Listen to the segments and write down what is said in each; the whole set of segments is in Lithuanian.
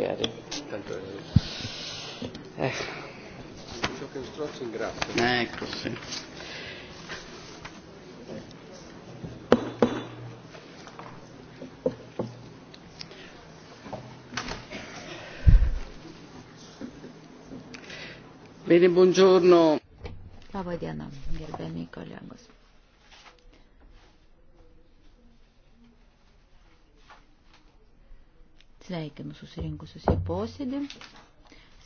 ieri. Eh. Ecco, sì. Bene, buongiorno. Labą dieną, gerbiami kolegos. Sveikinu susirinkusius į posėdį.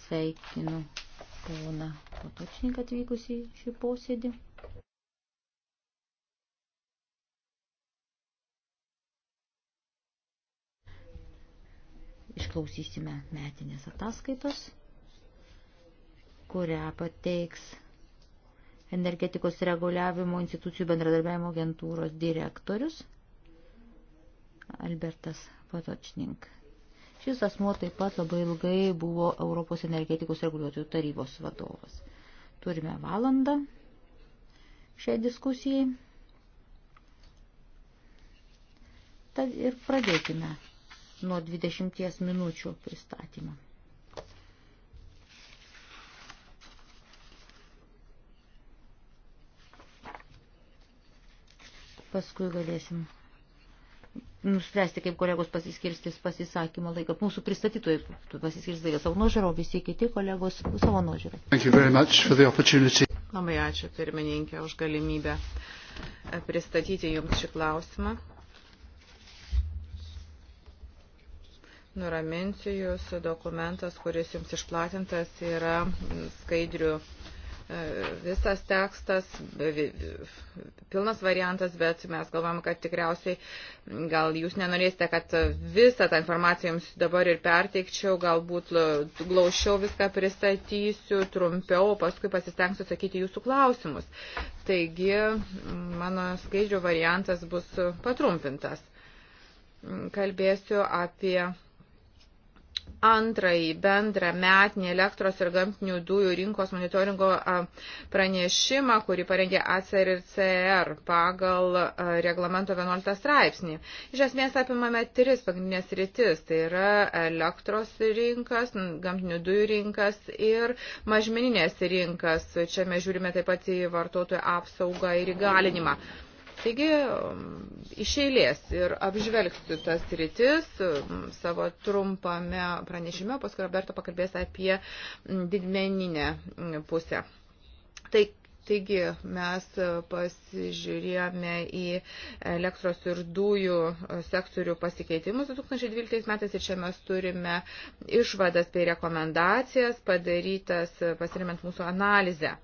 Sveikinu poną Potočniką atvykusį į šį posėdį. Išklausysime metinės ataskaitos, kurią pateiks energetikos reguliavimo institucijų bendradarbiavimo agentūros direktorius Albertas Potočnink. Šis asmuo taip pat labai ilgai buvo Europos energetikos reguliuotojų tarybos vadovas. Turime valandą šiai diskusijai. Tad ir pradėkime nuo 20 minučių pristatymą. Paskui galėsim nuspręsti, kaip kolegos pasiskirstys pasisakymo laiką. Mūsų pristatytojai pasiskirstys laiką savo nuožiūro, visi kiti kolegos savo nuožiūro. Labai ačiū pirmininkė už galimybę e, pristatyti jums šį klausimą. Nuraminsiu jūs, dokumentas, kuris jums išplatintas, yra skaidrių E, visas tekstas, pilnas variantas, bet mes galvojame, kad tikriausiai gal jūs nenorėsite, kad visą tą informaciją jums dabar ir perteikčiau, galbūt glaušiau viską pristatysiu, trumpiau, paskui pasistengsiu atsakyti jūsų klausimus. Taigi mano skaidžių variantas bus patrumpintas. Kalbėsiu apie antrąjį bendrą metinį elektros ir gamtinių dujų rinkos monitoringo pranešimą, kurį parengė ACR ir CR pagal reglamento 11 straipsnį. Iš esmės apimame tris pagrindinės rytis, tai yra elektros rinkas, gamtinių dujų rinkas ir mažmeninės rinkas. Čia mes žiūrime taip pat į vartotojų apsaugą ir įgalinimą. Mm. Taigi, um, iš eilės ir apžvelgsiu tas rytis um, savo trumpame pranešime, paskui Roberto pakalbės apie mm, didmeninę mm, pusę. Tai Taigi mes pasižiūrėjome į elektros ir dujų sektorių pasikeitimus 2012 metais ir čia mes turime išvadas bei rekomendacijas padarytas pasirimant mūsų analizę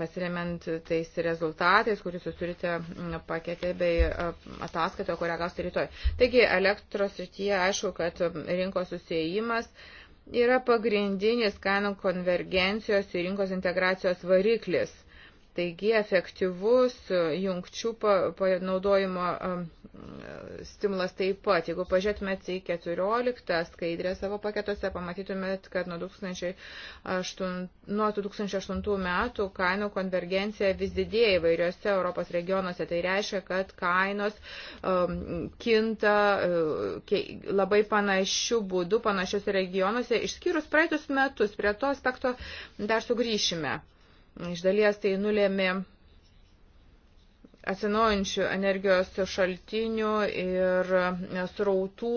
pasiremiant tais rezultatais, kuris jūs turite mm, pakete bei e, ataskaitoje, kurią gausite rytoj. Taigi, elektros rytyje aišku, kad rinkos susijimas yra pagrindinis kainų konvergencijos ir rinkos integracijos variklis – Taigi efektyvus jungčių panaudojimo stimulas taip pat. Jeigu pažiūrėtumėt į 14 skaidrę savo paketuose, pamatytumėt, kad nuo 2008, nuo 2008 metų kainų konvergencija vis didėja įvairiose Europos regionuose. Tai reiškia, kad kainos um, kinta um, labai panašių būdų, panašiose regionuose, išskyrus praeitus metus. Prie to aspekto dar sugrįšime. Iš dalies tai nulėmė atsinaujančių energijos šaltinių ir srautų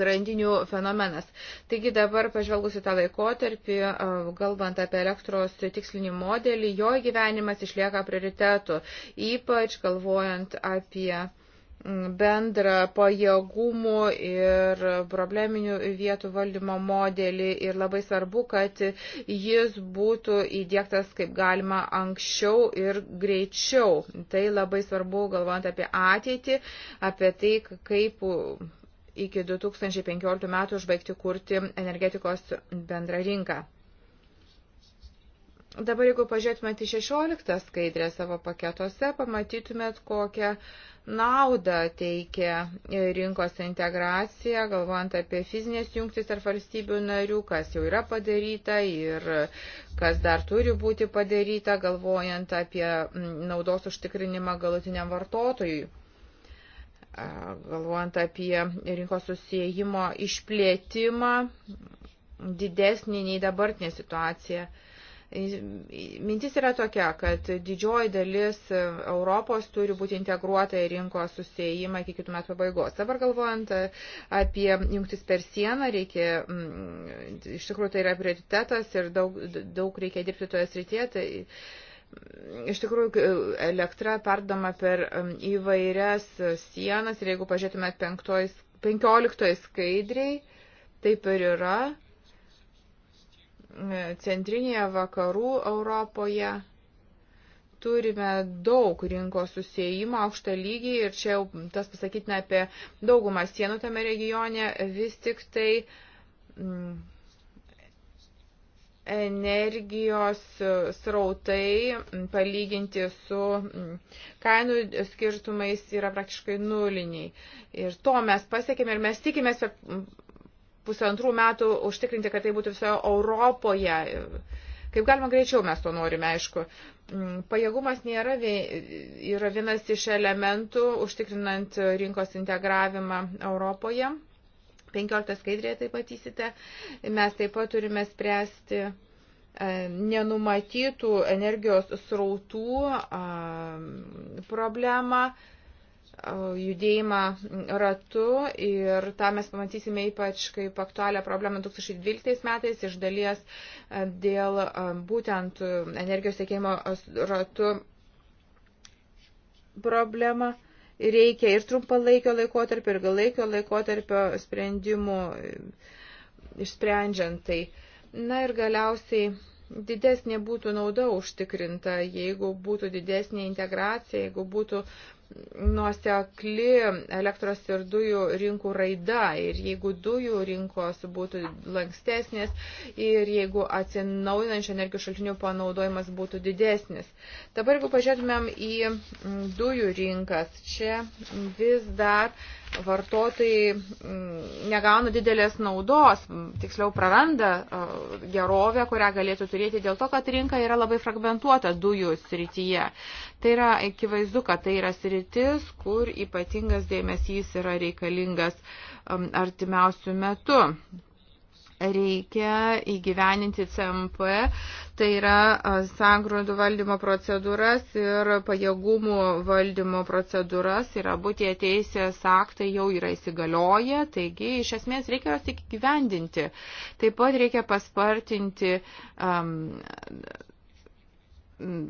grandinių fenomenas. Taigi dabar pažvelgus į tą laikotarpį, galvant apie elektros tikslinį modelį, jo gyvenimas išlieka prioritetu, ypač galvojant apie bendrą pajėgumų ir probleminių vietų valdymo modelį ir labai svarbu, kad jis būtų įdėktas kaip galima anksčiau ir greičiau. Tai labai svarbu, galvojant apie ateitį, apie tai, kaip iki 2015 metų užbaigti kurti energetikos bendrą rinką. Dabar jeigu pažiūrėtumėt į 16 skaidrę savo paketuose, pamatytumėt, kokią naudą teikia rinkos integracija, galvojant apie fizinės jungtis ar valstybių narių, kas jau yra padaryta ir kas dar turi būti padaryta, galvojant apie naudos užtikrinimą galutiniam vartotojui galvojant apie rinkos susijimo išplėtimą didesnį nei dabartinė situacija. Uh, Mintis yra tokia, kad didžioji dalis Europos turi būti integruota į rinkos susijimą iki kitų metų pabaigos. Dabar galvojant apie jungtis per sieną, reikia, mm, iš tikrųjų tai yra prioritetas ir daug, daug reikia dirbti toje srityje. Tai, mm, iš tikrųjų elektra perdama per mm, įvairias sienas ir jeigu pažiūrėtumėt 15 skaidriai, taip ir yra centrinėje vakarų Europoje turime daug rinkos susijimo aukštą lygį ir čia jau tas pasakytina apie daugumą sienų tame regione, vis tik tai mm, energijos srautai mm, palyginti su mm, kainų skirtumais yra praktiškai nuliniai. Ir to mes pasiekėme ir mes tikimės per pusantrų metų užtikrinti, kad tai būtų visoje Europoje. Kaip galima greičiau mes to norime, aišku. Mm, pajėgumas nėra yra vienas iš elementų užtikrinant rinkos integravimą Europoje. 15 skaidrėje taip pat įsite. Mes taip pat turime spręsti e, nenumatytų energijos srautų problemą judėjimą ratu ir tą mes pamatysime ypač kaip aktualią problemą 2012 metais iš dalies e, dėl e, būtent energijos tiekėjimo e, ratu problemą. Reikia ir trumpalaikio laikotarpio, ir galaikio laikotarpio sprendimų išsprendžiant tai. Na ir galiausiai didesnė būtų nauda užtikrinta, jeigu būtų didesnė integracija, jeigu būtų nuosekli elektros ir dujų rinkų raida ir jeigu dujų rinkos būtų lankstesnės ir jeigu atsinaujinančių energijos šaltinių panaudojimas būtų didesnis. Dabar jeigu pažiūrėtumėm į dujų rinkas, čia vis dar vartotojai mm, negauna didelės naudos, tiksliau praranda e, gerovę, kurią galėtų turėti dėl to, kad rinka yra labai fragmentuota dujų srityje. Tai yra akivaizdu, kad tai yra sritis, kur ypatingas dėmesys yra reikalingas artimiausių metų reikia įgyveninti CMP, tai yra sangrūdų valdymo procedūras ir pajėgumų valdymo procedūras ir abu tie teisės aktai jau yra įsigalioję, taigi iš esmės reikia juos tik įgyvendinti. Taip pat reikia paspartinti. Um,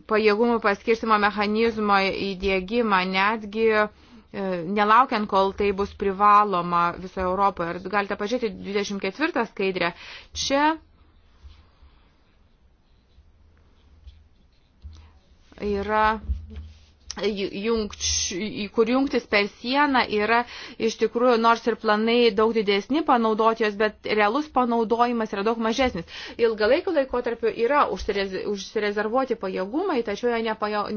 pajėgumų paskirstimo mechanizmo įdėgymą netgi uh, E, nelaukiant, kol tai bus privaloma visoje Europoje. Ir galite pažiūrėti 24 skaidrę. Čia yra jungč, kur jungtis per sieną yra iš tikrųjų, nors ir planai daug didesni panaudoti jos, bet realus panaudojimas yra daug mažesnis. Ilgalaikio laikotarpiu yra užsirezervuoti pajėgumai, tačiau jie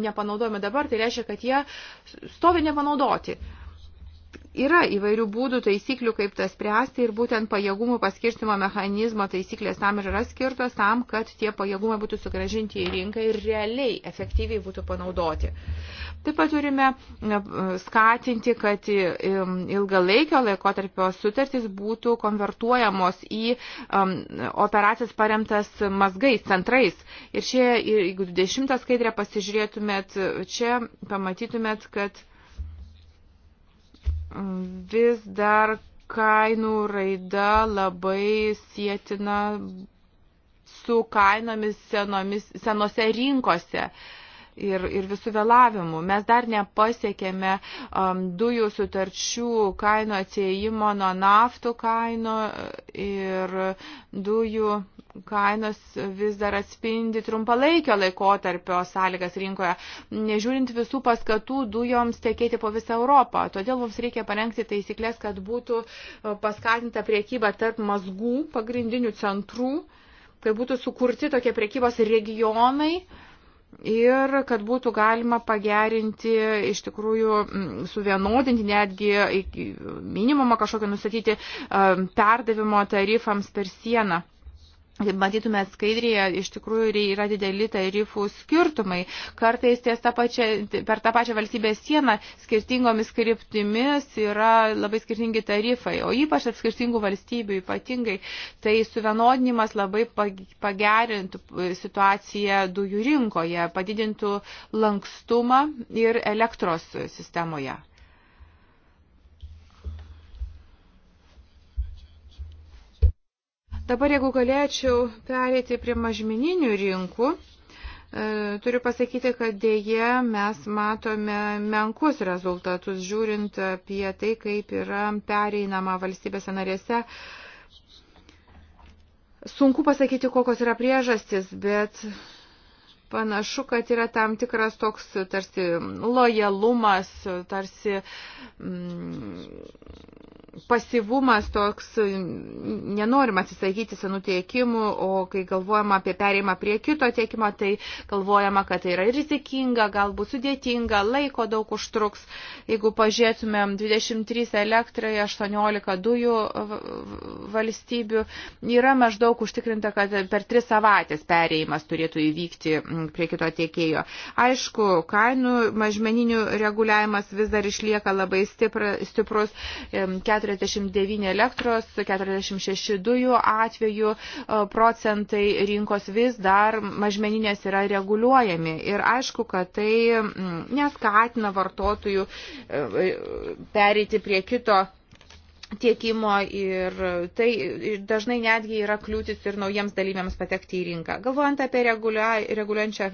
nepanaudojami dabar, tai reiškia, kad jie stovi nepanaudoti yra įvairių būdų, taisyklių, kaip tas spręsti ir būtent pajėgumų paskirstimo mechanizmo taisyklės tam ir yra skirtos, tam, kad tie pajėgumai būtų sugražinti į rinką ir realiai efektyviai būtų panaudoti. Taip pat turime skatinti, kad ilgalaikio laikotarpio sutartys būtų konvertuojamos į um, operacijas paremtas mazgais, centrais. Ir čia, jeigu 20 skaidrę pasižiūrėtumėt, čia pamatytumėt, kad vis dar kainų raida labai sėtina su kainomis senomis, senose rinkose. Uh, ir, ir visų vėlavimų. Mes dar nepasiekėme um, dujų sutarčių kaino atsiejimo nuo naftų kaino ir dujų kainos vis dar atspindi trumpalaikio laikotarpio sąlygas rinkoje, nežiūrint visų paskatų dujoms tekėti po visą Europą. Todėl mums reikia parengti taisyklės, kad būtų uh, paskatinta priekyba tarp mazgų, pagrindinių centrų, kad būtų sukurti tokie priekybos regionai, uh, ir kad būtų galima pagerinti, iš tikrųjų suvienodinti netgi iki minimumą kažkokią nustatyti perdavimo tarifams per sieną. Kaip matytume skaidrėje, iš tikrųjų yra dideli tarifų skirtumai. Kartais ties tą pačią, per tą pačią valstybės sieną skirtingomis kryptimis yra labai skirtingi tarifai, o ypač tarp skirtingų valstybių ypatingai. Tai suvienodinimas labai pagerintų situaciją dujų rinkoje, padidintų lankstumą ir elektros sistemoje. Dabar jeigu galėčiau pereiti prie mažmeninių rinkų, e, turiu pasakyti, kad dėje mes matome menkus rezultatus, žiūrint apie tai, kaip yra pereinama valstybėse narėse. Sunku pasakyti, kokios yra priežastis, bet panašu, kad yra tam tikras toks tarsi lojalumas, tarsi. Mm, pasivumas toks nenorima atsisakyti senų tiekimų, o kai galvojama apie perėjimą prie kito tiekimo, tai galvojama, kad tai yra rizikinga, galbūt sudėtinga, laiko daug užtruks. Jeigu pažiūrėtumėm 23 elektrai, 18 dujų valstybių, yra maždaug užtikrinta, kad per 3 savaitės perėjimas turėtų įvykti prie kito tiekėjo. Aišku, kainų mažmeninių reguliavimas vis dar išlieka labai stipra, stiprus. 40 49 elektros, 46 dujų atveju e, procentai rinkos vis dar mažmeninės yra reguliuojami. Ir aišku, kad tai mm, neskatina vartotojų e, e, pereiti prie kito tiekimo ir tai ir dažnai netgi yra kliūtis ir naujiems dalyviams patekti į rinką. Galvojant apie reguliuojančią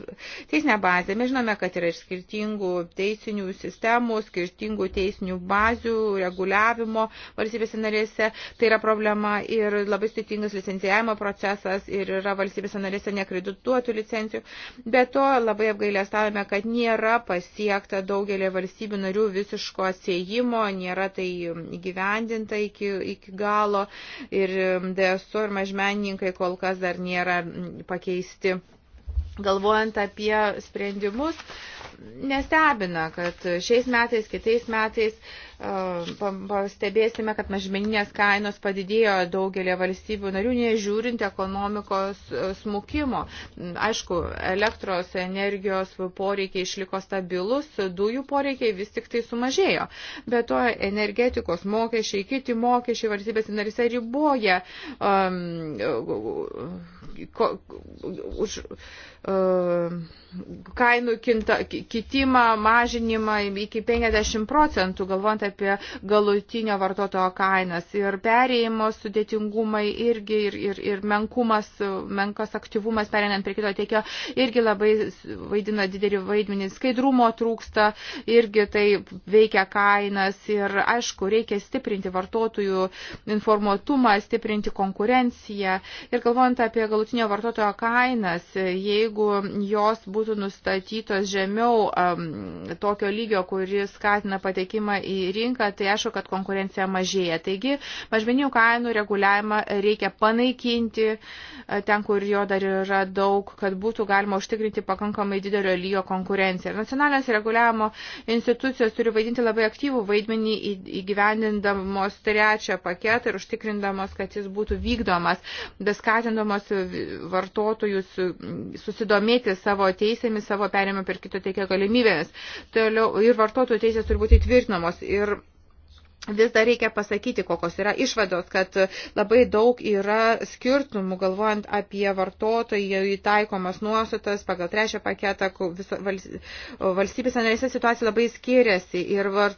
teisinę bazę, mes žinome, kad yra ir skirtingų teisinių sistemų, skirtingų teisinių bazių, reguliavimo valstybėse narėse. Tai yra problema ir labai skirtingas licencijavimo procesas ir yra valstybėse narėse nekredituotų licencijų. Be to labai apgailėstavome, kad nėra pasiekta daugelį valstybių narių visiško atsiejimo, nėra tai gyvendinti įgyvendinta iki, iki galo ir um, DSO ir mažmenininkai kol kas dar nėra pakeisti. Galvojant apie sprendimus, nestebina, kad šiais metais, kitais metais E, pastebėsime, kad mažmeninės kainos padidėjo daugelį valstybių narių, nežiūrint ekonomikos e, smukimo. Aišku, elektros energijos poreikiai išliko stabilus, dujų poreikiai vis tik tai sumažėjo. Be to, energetikos mokesčiai, kiti mokesčiai valstybės narise riboja um, ko, už um, kainų kinta, kitimą, mažinimą iki 50 procentų, galvojant kalbant apie galutinio vartotojo kainas. Ir perėjimo sudėtingumai irgi ir, ir, ir menkumas, menkas aktyvumas perinant prie kito tiekio irgi labai vaidina didelį vaidmenį. Skaidrumo trūksta, irgi tai veikia kainas. Ir aišku, reikia stiprinti vartotojų informuotumą, stiprinti konkurenciją. Ir galvojant apie galutinio vartotojo kainas, jeigu jos būtų nustatytos žemiau um, tokio lygio, kuris skatina patekimą į rinką, tai aišku, kad konkurencija mažėja. Taigi, mažmeninių kainų reguliavimą reikia panaikinti e, ten, kur jo dar yra daug, kad būtų galima užtikrinti pakankamai didelio lygio konkurenciją. Nacionalinės reguliavimo institucijos turi vaidinti labai aktyvų vaidmenį įgyvendindamos trečią paketą ir užtikrindamos, kad jis būtų vykdomas, beskatindamos vartotojus susidomėti savo teisėmis, savo perėmimo per kito teikėjo galimybėmis. Toliau ir vartotojų teisės turi būti tvirtinamos. Ir ir Vis dar reikia pasakyti, kokios yra išvados, kad labai daug yra skirtumų, galvojant apie vartotojų įtaikomas nuostatas pagal trečią paketą, viso, valstybės analizė situacija labai skiriasi ir var,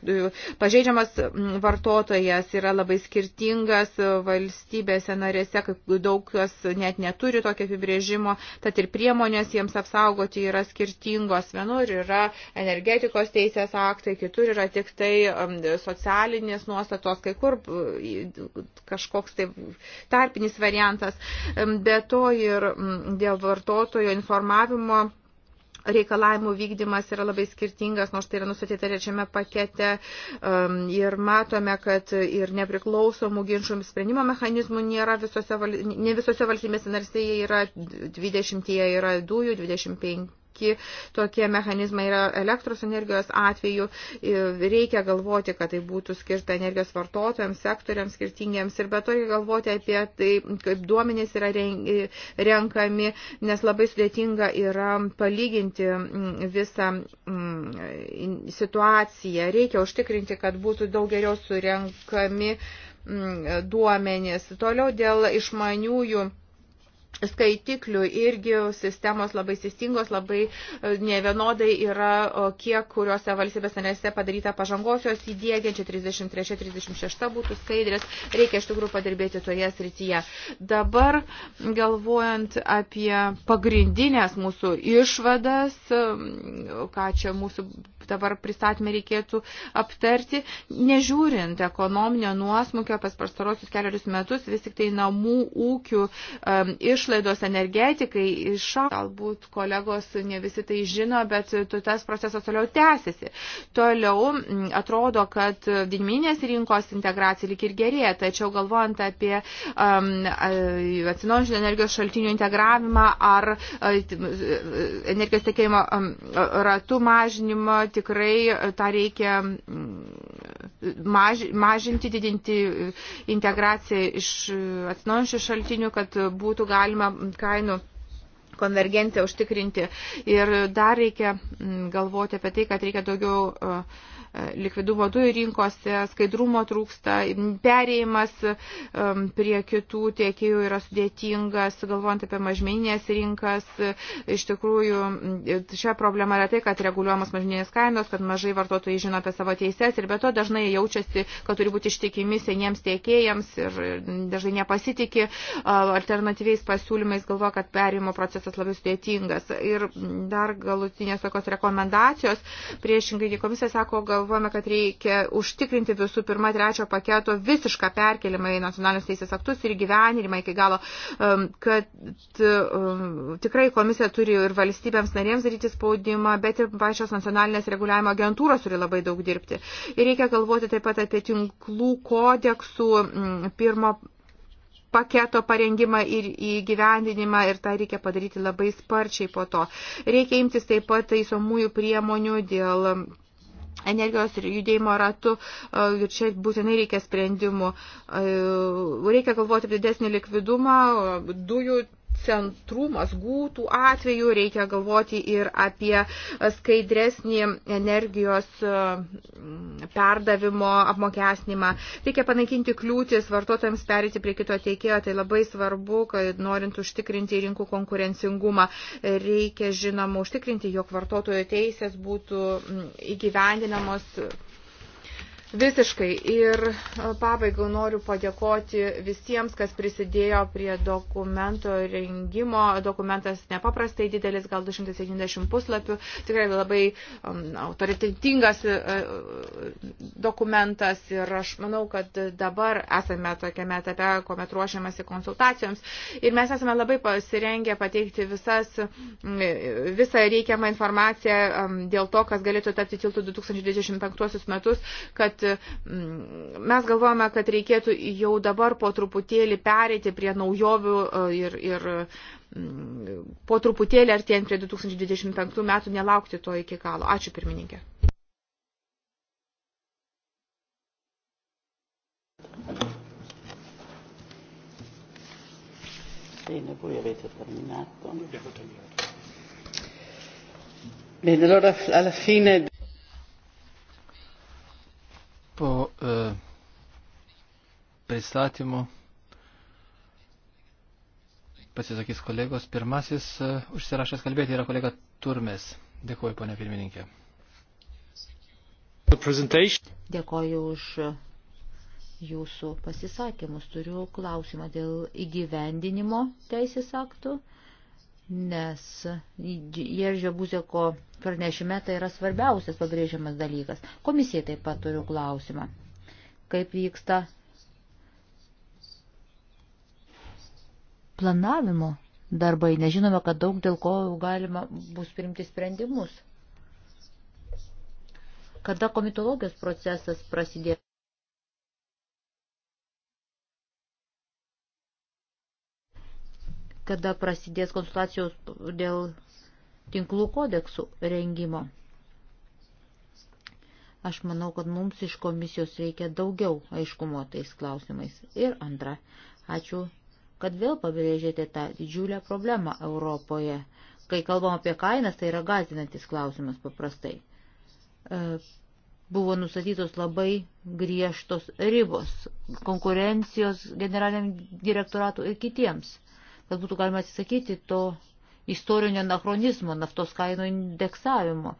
pažeidžiamas vartotojas yra labai skirtingas valstybėse narėse, kai daug kas net neturi tokio apibrėžimo, tad ir priemonės jiems apsaugoti yra skirtingos. Vienur yra energetikos teisės aktai, kitur yra tik tai socialinis teisinės nuostatos, kai kur e, kažkoks tai tarpinis variantas, bet to ir dėl vartotojo informavimo reikalavimų vykdymas yra labai skirtingas, nors tai yra nustatyta rečiame pakete ir matome, kad ir nepriklausomų ginčių sprendimo mechanizmų nėra visose, ne visose valstybėse narstėje yra 20 yra dujų, 25 tokį, tokie mechanizmai yra elektros energijos atveju. Reikia galvoti, kad tai būtų skirta energijos vartotojams, sektoriams skirtingiems ir be to reikia galvoti apie tai, kaip duomenys yra renkami, nes labai sudėtinga yra palyginti mm, visą mm, situaciją. Reikia užtikrinti, kad būtų daug geriau surenkami mm, duomenys. Toliau dėl išmaniųjų skaitiklių irgi sistemos labai sistingos, labai e, nevienodai yra, kiek kuriuose valstybės narėse padaryta pažangosios įdėgiant, čia 33-36 būtų skaidrės, reikia iš tikrųjų padirbėti toje srityje. Dabar, galvojant apie pagrindinės mūsų išvadas, ką čia mūsų dabar pristatymę reikėtų aptarti, nežiūrint ekonominio nuosmukio pas pastarosius keliarius metus, vis tik tai namų ūkių um, išlaidos energetikai iššau. Galbūt kolegos ne visi tai žino, bet tas procesas toliau tęsiasi. Toliau atrodo, kad didminės rinkos integracija lik ir gerėja, tačiau galvojant apie um, atsinaujančių energijos šaltinių integravimą ar e, energijos tekėjimo ratų mažinimą, tikrai e, tą reikia maž, mažinti, didinti e, integraciją iš e, atsinaujančių šaltinių, kad būtų galima kainų konvergenciją užtikrinti. Ir dar reikia galvoti apie tai, kad reikia daugiau uh, likvidumo dujų rinkose, skaidrumo trūksta, perėjimas um, prie kitų tiekėjų yra sudėtingas, galvojant apie mažmeninės rinkas. Iš tikrųjų, mm, šia problema yra tai, kad reguliuojamos mažmeninės kainos, kad mažai vartotojai žino apie savo teises ir be to dažnai jaučiasi, kad turi būti ištikimi seniems tiekėjams ir mm, dažnai nepasitikė alternatyviais pasiūlymais, galvoja, kad perėjimo procesas labai sudėtingas. Ir dar galutinės tokios rekomendacijos, priešingai komisija sako, gal galvojame, kad reikia užtikrinti visų pirma trečio paketo visišką perkelimą į nacionalinius teisės aktus ir gyvenimą iki galo, um, kad um, tikrai komisija turi ir valstybėms narėms daryti spaudimą, bet ir pačios nacionalinės reguliavimo agentūros turi labai daug dirbti. Ir reikia galvoti taip pat apie tinklų kodeksų mm, pirmo paketo parengimą ir įgyvendinimą ir tą reikia padaryti labai sparčiai po to. Reikia imtis taip pat taisomųjų priemonių dėl energijos ir judėjimo ratu e, ir čia būtinai reikia sprendimų. E, reikia galvoti apie didesnį likvidumą, dujų centrų, mazgūtų atveju reikia galvoti ir apie skaidresnį energijos e, perdavimo apmokesnimą. Reikia panaikinti kliūtis vartotojams perėti prie kito teikėjo, tai labai svarbu, kad norint užtikrinti rinkų konkurencingumą, reikia žinoma užtikrinti, jog vartotojo teisės būtų įgyvendinamos Visiškai. Ir e, pabaigai noriu padėkoti visiems, kas prisidėjo prie dokumento rengimo. Dokumentas nepaprastai didelis, gal 270 puslapių. Tikrai labai um, autoritetingas uh, dokumentas. Ir aš manau, kad dabar esame tokiame etape, kuomet ruošiamasi konsultacijoms. Ir mes esame labai pasirengę pateikti visas, visą reikiamą informaciją um, dėl to, kas galėtų tapti tiltų 2025 metus, kad kad mm, mes galvojame, kad reikėtų jau dabar po truputėlį pereiti prie naujovių e, ir, ir mm, po truputėlį artėjant prie 2025 metų nelaukti to iki galo. Ačiū pirmininkė. Bene, voi avete terminato. Abbiamo terminato. Bene, allora alla fine. Po e, pristatymo pasisakys kolegos. Pirmasis e, užsirašęs kalbėti yra kolega Turmes. Dėkuoju, ponia pirmininkė. Dėkoju už jūsų pasisakymus. Turiu klausimą dėl įgyvendinimo teisės aktų nes Jeržio Buzeko pranešime tai yra svarbiausias pabrėžiamas dalykas. Komisijai taip pat turiu klausimą. Kaip vyksta planavimo darbai? Nežinome, kad daug dėl ko galima bus priimti sprendimus. Kada komitologijos procesas prasidės? kada prasidės konsultacijos dėl tinklų kodeksų rengimo. Aš manau, kad mums iš komisijos reikia daugiau aiškumo tais klausimais. Ir antra, ačiū, kad vėl pabrėžėte tą didžiulę problemą Europoje. Kai kalbam apie kainas, tai yra gazinantis klausimas paprastai. E, buvo nustatytos labai griežtos ribos konkurencijos generaliniam direktoratui ir kitiems kad būtų galima atsisakyti to istorinio anachronizmo, naftos kainų indeksavimo.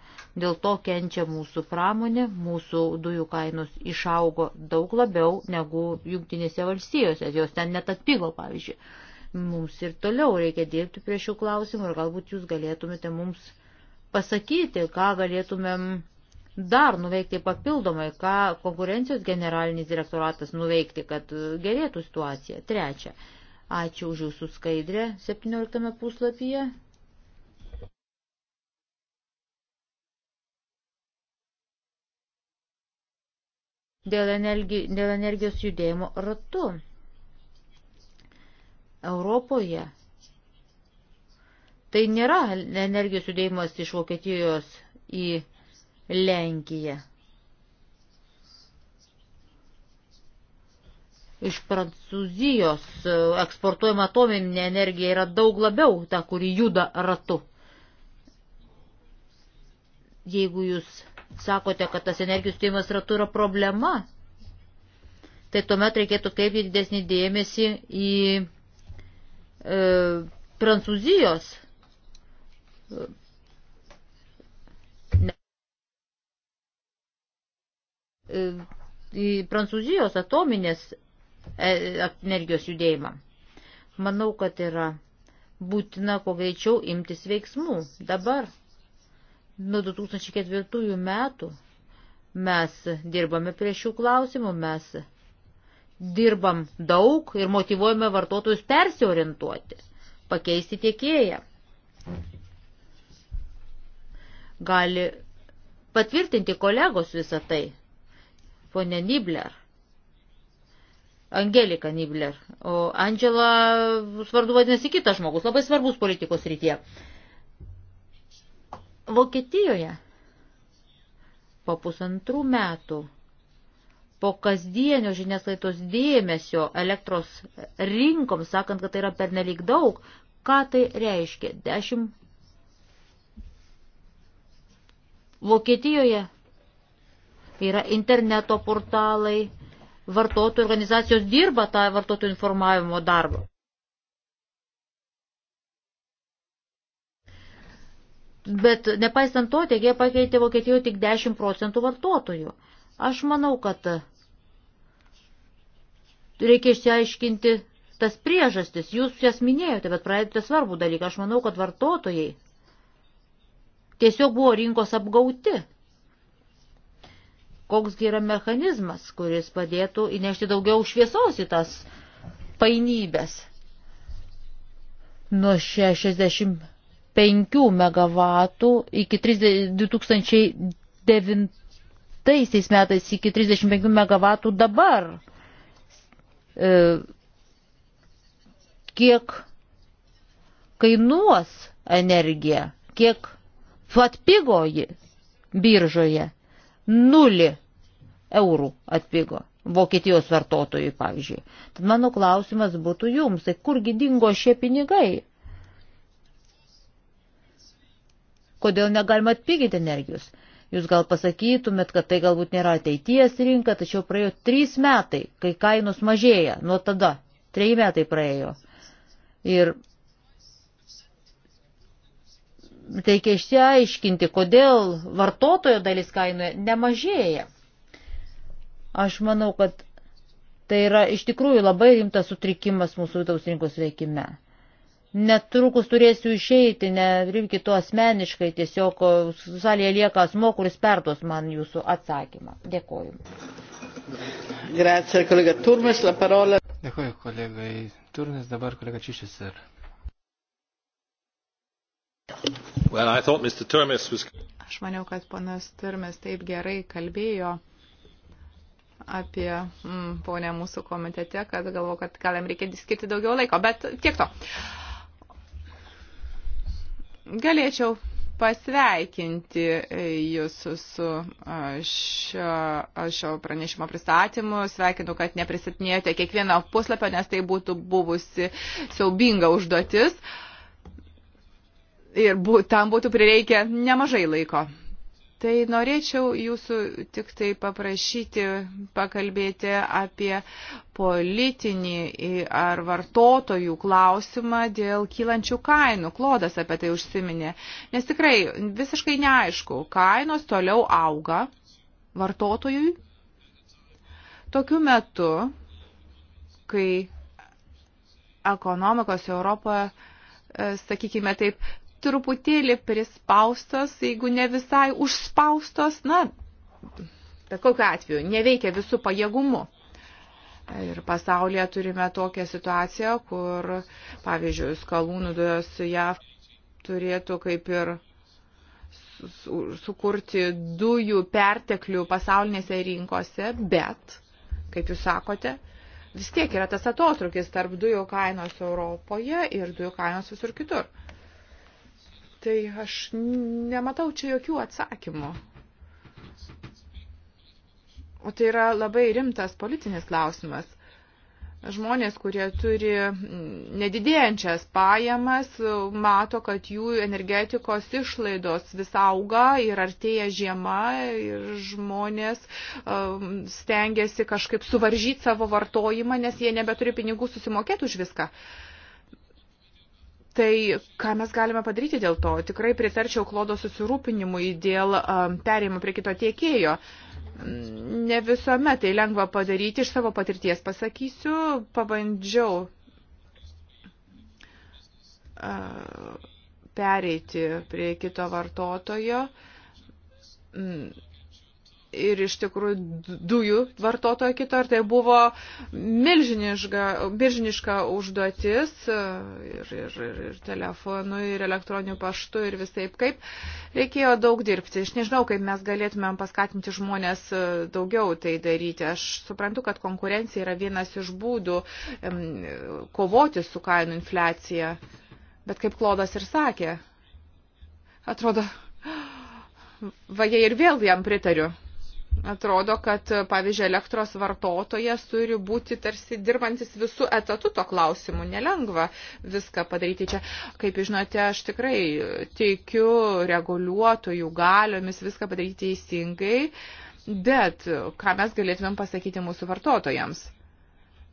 Dėl to kenčia mūsų pramonė, mūsų dujų kainos išaugo daug labiau negu jungtinėse valstijose, jos ten net atpigo, pavyzdžiui. Mums ir toliau reikia dirbti prie šių klausimų ir galbūt jūs galėtumėte mums pasakyti, ką galėtumėm dar nuveikti papildomai, ką konkurencijos generalinis direktoratas nuveikti, kad gerėtų situacija. Trečia, Ačiū už jūsų skaidrę 17 puslapyje. Dėl, energi, dėl energijos judėjimo ratu. Europoje tai nėra energijos judėjimas iš Vokietijos į Lenkiją. iš Prancūzijos e, eksportuojama atominė energija yra daug labiau ta, kuri juda ratu. Jeigu jūs sakote, kad tas energijos teimas ratu yra problema, tai tuomet reikėtų kreipti didesnį dėmesį į e, Prancūzijos e, į Prancūzijos atominės E, energijos judėjimą. Manau, kad yra būtina kuo greičiau imtis veiksmų. Dabar, nuo 2004 metų, mes dirbame prie šių klausimų, mes dirbam daug ir motivuojame vartotojus persiorientuoti, pakeisti tiekėją. Gali patvirtinti kolegos visą tai. Pone Nibler, Angelika Nibler. O Angela vardu vadinasi kitas žmogus, labai svarbus politikos rytie. Vokietijoje po pusantrų metų, po kasdienio žiniasklaidos dėmesio elektros rinkoms, sakant, kad tai yra pernelyg daug, ką tai reiškia? 10 Vokietijoje yra interneto portalai, vartotojų organizacijos dirba tą vartotojų informavimo darbą. Bet nepaisant to, tiekėjai pakeitė Vokietijoje tik 10 procentų vartotojų. Aš manau, kad reikia išsiaiškinti tas priežastis. Jūs jas minėjote, bet pradėjote svarbų dalyką. Aš manau, kad vartotojai tiesiog buvo rinkos apgauti koksgi yra mechanizmas, kuris padėtų įnešti daugiau šviesos į tas painybės. Nuo 65 MW iki 2009 metais iki 35 MW dabar. E, kiek kainuos energija, kiek atpigoji biržoje nulį eurų atpigo Vokietijos vartotojui, pavyzdžiui. Tad mano klausimas būtų jums, tai kurgi dingo šie pinigai? Kodėl negalima atpiginti energijos? Jūs gal pasakytumėt, kad tai galbūt nėra ateities rinka, tačiau praėjo trys metai, kai kainos mažėja, nuo tada, treji metai praėjo. Ir Teikia išsiaiškinti, kodėl vartotojo dalis kainoje nemažėja. Aš manau, kad tai yra iš tikrųjų labai rimtas sutrikimas mūsų vidaus rinkos veikime. Netrukus turėsiu išeiti, nerimki to asmeniškai, tiesiog salėje lieka asmo, kuris perduos man jūsų atsakymą. Dėkoju. Grazie, kolega Turmes, la parola. Dėkoju, kolegai Turmes, dabar kolega Čišis ir. Well, was... Aš maniau, kad panas Turmes taip gerai kalbėjo apie mm, ponę mūsų komitete, kad galvo, kad gal jam reikia skirti daugiau laiko, bet tiek to. Galėčiau pasveikinti jūs su šio, šio pranešimo pristatymu. Sveikinu, kad nepristatinėjote kiekvieno puslapio, nes tai būtų buvusi siaubinga užduotis. Uh, ir bu, tam būtų prireikę nemažai laiko. Tai norėčiau jūsų tik tai paprašyti pakalbėti apie politinį ar vartotojų klausimą dėl kylančių kainų. Klodas apie tai užsiminė. Nes tikrai visiškai neaišku, kainos toliau auga vartotojui. Tokiu metu, kai ekonomikos Europoje sakykime taip, truputėlį prispaustos, jeigu ne visai užspaustos, na, bet kokiu atveju, neveikia visų pajėgumu. Ir pasaulyje turime tokią situaciją, kur, pavyzdžiui, skalūnų dujos JAV turėtų kaip ir sukurti dujų perteklių pasaulinėse rinkose, bet, kaip jūs sakote, vis tiek yra tas atotrukis tarp dujų kainos Europoje ir dujų kainos visur kitur. Tai aš nematau čia jokių atsakymų. O tai yra labai rimtas politinis klausimas žmonės, kurie turi nedidėjančias pajamas, mato, kad jų energetikos išlaidos vis auga ir artėja žiema ir žmonės um, stengiasi kažkaip suvaržyti savo vartojimą, nes jie nebeturi pinigų susimokėti už viską. Uh, Tai ką mes galime padaryti dėl to? Tikrai pritarčiau klodo susirūpinimui dėl um, perėjimo prie kito tiekėjo. Ne visuomet tai lengva padaryti, iš savo patirties pasakysiu, pabandžiau uh, pereiti prie kito vartotojo. Mm ir iš tikrųjų dujų vartotojo kito, ir tai buvo milžiniška, milžiniška užduotis ir, ir, ir, ir telefonu, ir elektroniniu paštu, ir visaip kaip. Reikėjo daug dirbti. Aš nežinau, kaip mes galėtumėm paskatinti žmonės e, daugiau tai daryti. Aš suprantu, kad konkurencija yra vienas iš būdų kovoti su kainų infliacija. Bet kaip Klodas ir sakė, atrodo, vagiai ir vėl jam pritariu. Atrodo, kad, pavyzdžiui, elektros vartotojas turi būti tarsi dirbantis visų etatų to klausimu. Nelengva viską padaryti čia. Kaip žinote, aš tikrai teikiu reguliuotojų galiomis viską padaryti teisingai, bet ką mes galėtumėm pasakyti mūsų vartotojams,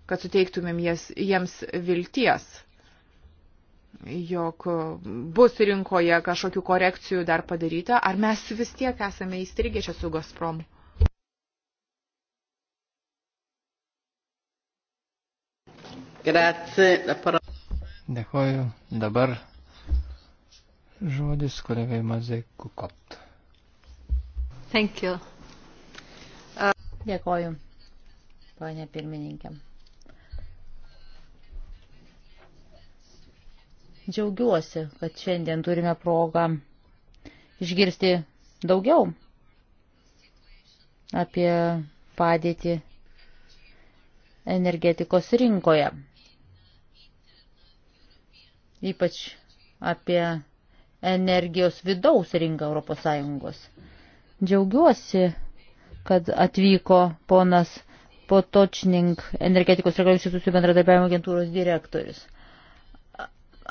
kad suteiktumėm jas, jiems vilties jog bus rinkoje kažkokių korekcijų dar padaryta, ar mes vis tiek esame įstrigę čia su Gazpromu? Dėkoju. Dabar žodis kolegai Mazai Kukot. Thank you. Uh, Dėkoju, ponė pirmininkė. Džiaugiuosi, kad šiandien turime progą išgirsti daugiau apie padėtį energetikos rinkoje ypač apie energijos vidaus rinką ES. Džiaugiuosi, kad atvyko ponas Potočning, energetikos reikalų institucijų bendradarbiavimo agentūros direktorius.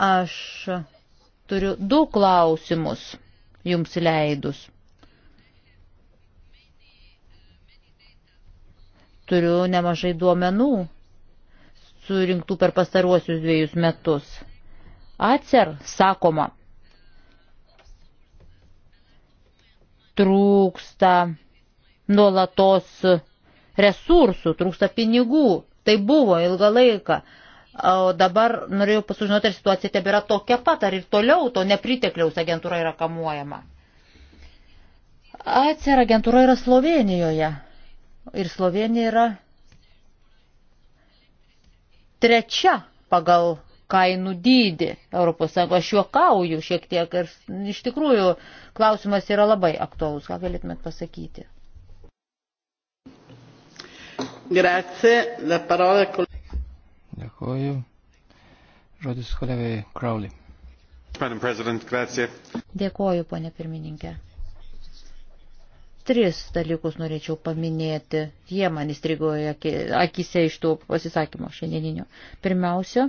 Aš turiu du klausimus jums leidus. Turiu nemažai duomenų surinktų per pastaruosius dviejus metus. Acer sakoma, trūksta nuolatos resursų, trūksta pinigų. Tai buvo ilgą laiką. O dabar norėjau pasužinoti, ar situacija tebėra tokia pat, ar ir toliau to nepritekliaus agentūra yra kamuojama. ACER agentūra yra Slovenijoje. Ir Slovenija yra trečia pagal kainų dydį ES. Aš juokauju šiek tiek ir iš tikrųjų klausimas yra labai aktuolus. Ką galėtumėt pasakyti? Grazie, la parola. Dėkuoju. Žodis kolegai Crowley. Madam President, grazie. Dėkuoju, ponė pirmininkė. Tris dalykus norėčiau paminėti. Jie man įstrigoja akise iš tų pasisakymų šiandieninio. Pirmiausia,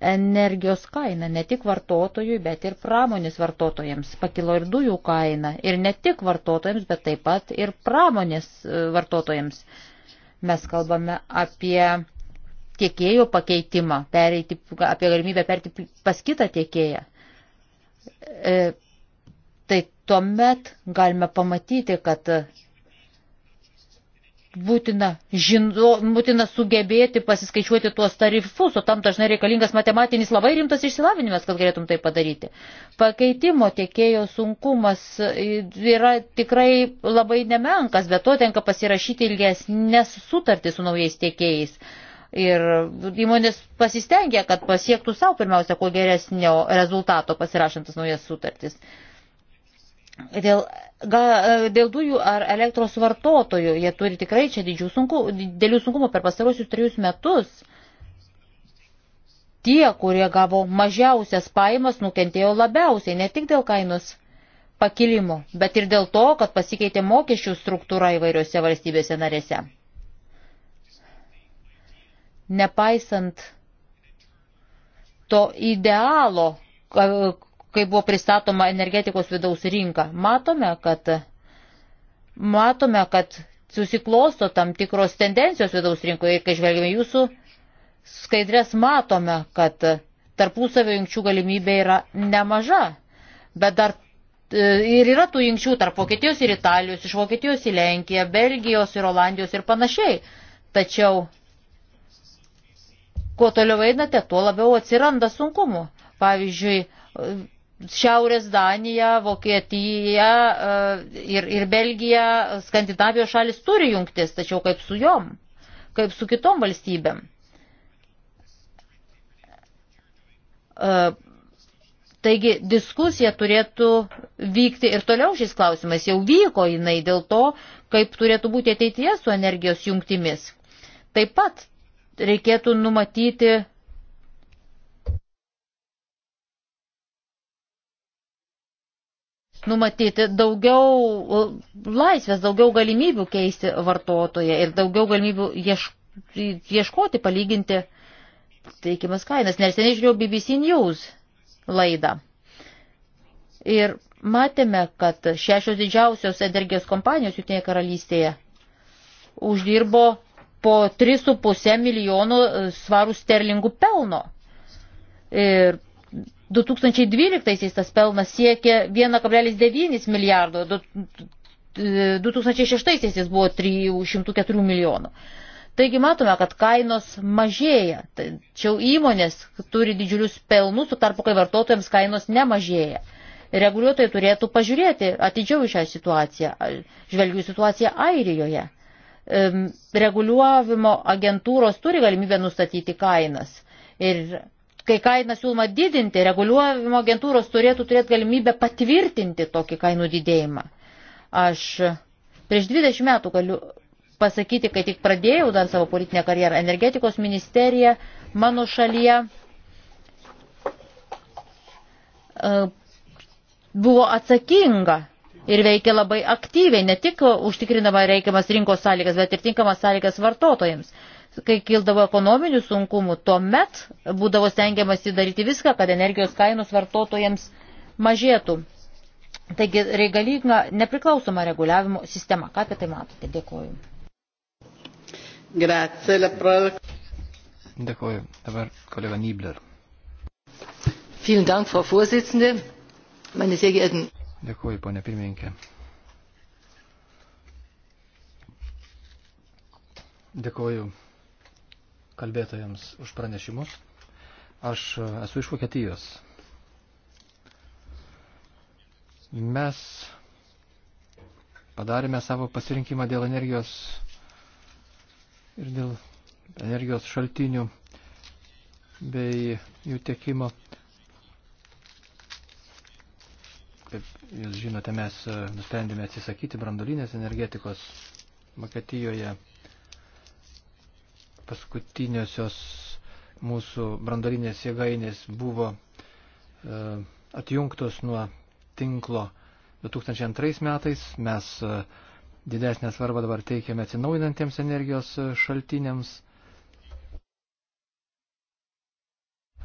energijos kaina ne tik vartotojui, bet ir pramonės vartotojams. Pakilo ir dujų kaina ir ne tik vartotojams, bet taip pat ir pramonės e, vartotojams. Mes kalbame apie tiekėjo pakeitimą, pereiti, apie galimybę perti pas kitą tiekėją. E, tai tuomet galime pamatyti, kad būtina, žino, būtina sugebėti pasiskaičiuoti tuos tarifus, o tam dažnai reikalingas matematinis labai rimtas išsilavinimas, kad galėtum tai padaryti. Pakeitimo tiekėjo sunkumas yra tikrai labai nemenkas, bet to tenka pasirašyti ilgesnės sutartį su naujais tiekėjais. Ir įmonės pasistengia, kad pasiektų savo pirmiausia, kuo geresnio rezultato pasirašantas naujas sutartis. Dėl Gal e, dėl dujų ar elektros vartotojų jie turi tikrai čia didelių sunku, sunkumų per pastarosius trejus metus. Tie, kurie gavo mažiausias paimas, nukentėjo labiausiai, ne tik dėl kainos pakilimo, bet ir dėl to, kad pasikeitė mokesčių struktūra įvairiose valstybėse narėse. Nepaisant to idealo, e, kai buvo pristatoma energetikos vidaus rinka. Matome, kad, matome, kad susiklosto tam tikros tendencijos vidaus rinkoje ir kai žvelgime jūsų skaidrės, matome, kad tarpusavio jungčių galimybė yra nemaža, bet dar e, ir yra tų jungčių tarp Vokietijos ir Italijos, iš Vokietijos į Lenkiją, Belgijos ir Olandijos ir panašiai. Tačiau kuo toliau einate, tuo labiau atsiranda sunkumų. Pavyzdžiui, Šiaurės Danija, Vokietija e, ir, ir Belgija, Skandinavijos šalis turi jungtis, tačiau kaip su jom, kaip su kitom valstybėm. E, taigi diskusija turėtų vykti ir toliau šiais klausimais. Jau vyko jinai dėl to, kaip turėtų būti ateityje su energijos jungtimis. Taip pat reikėtų numatyti numatyti daugiau e, laisvės, daugiau galimybių keisti vartotoje ir daugiau galimybių ieškoti, palyginti teikiamas kainas. Nes ten išgiau BBC News laidą. Ir matėme, kad šešios didžiausios energijos kompanijos Jutinėje karalystėje uždirbo po 3,5 milijonų svarų sterlingų pelno. Ir 2012 tas pelnas siekė 1,9 milijardo, 2006 e, jis buvo 304 milijonų. Taigi matome, kad kainos mažėja, tačiau įmonės turi didžiulius pelnus, tu tarpu, kai vartotojams kainos nemažėja. Reguliuotojai turėtų pažiūrėti atidžiau į šią situaciją, žvelgiu situaciją Airijoje. Reguliuojimo agentūros turi galimybę nustatyti kainas ir kai kainą siūloma didinti, reguliuojimo agentūros turėtų turėti galimybę patvirtinti tokį kainų didėjimą. Aš prieš 20 metų galiu pasakyti, kai tik pradėjau dar savo politinę karjerą, energetikos ministerija mano šalyje e, buvo atsakinga ir veikė labai aktyviai, ne tik užtikrinama reikiamas rinkos sąlygas, bet ir tinkamas sąlygas vartotojams kai kildavo ekonominių sunkumų, tuomet būdavo stengiamasi daryti viską, kad energijos kainos vartotojams mažėtų. Taigi reikalinga nepriklausoma reguliavimo sistema. Ką apie tai matote? Dėkuoju. Grazie, la Dėkuoju. Dabar kolega Nibler. Vielen Dank, Frau Vorsitzende. Meine sehr geehrten. Dėkuoju, ponia pirmininkė. Dėkuoju kalbėtojams už pranešimus. Aš e, esu iš Vokietijos. Mes padarėme savo pasirinkimą dėl energijos ir dėl energijos šaltinių bei jų tiekimo. Kaip jūs žinote, mes e, nusprendėme atsisakyti brandolinės energetikos Vokietijoje paskutiniosios mūsų brandolinės jėgainės buvo e, atjungtos nuo tinklo 2002 metais. Mes e, didesnę svarbą dabar teikiame atsinaujinantiems energijos e, šaltiniams.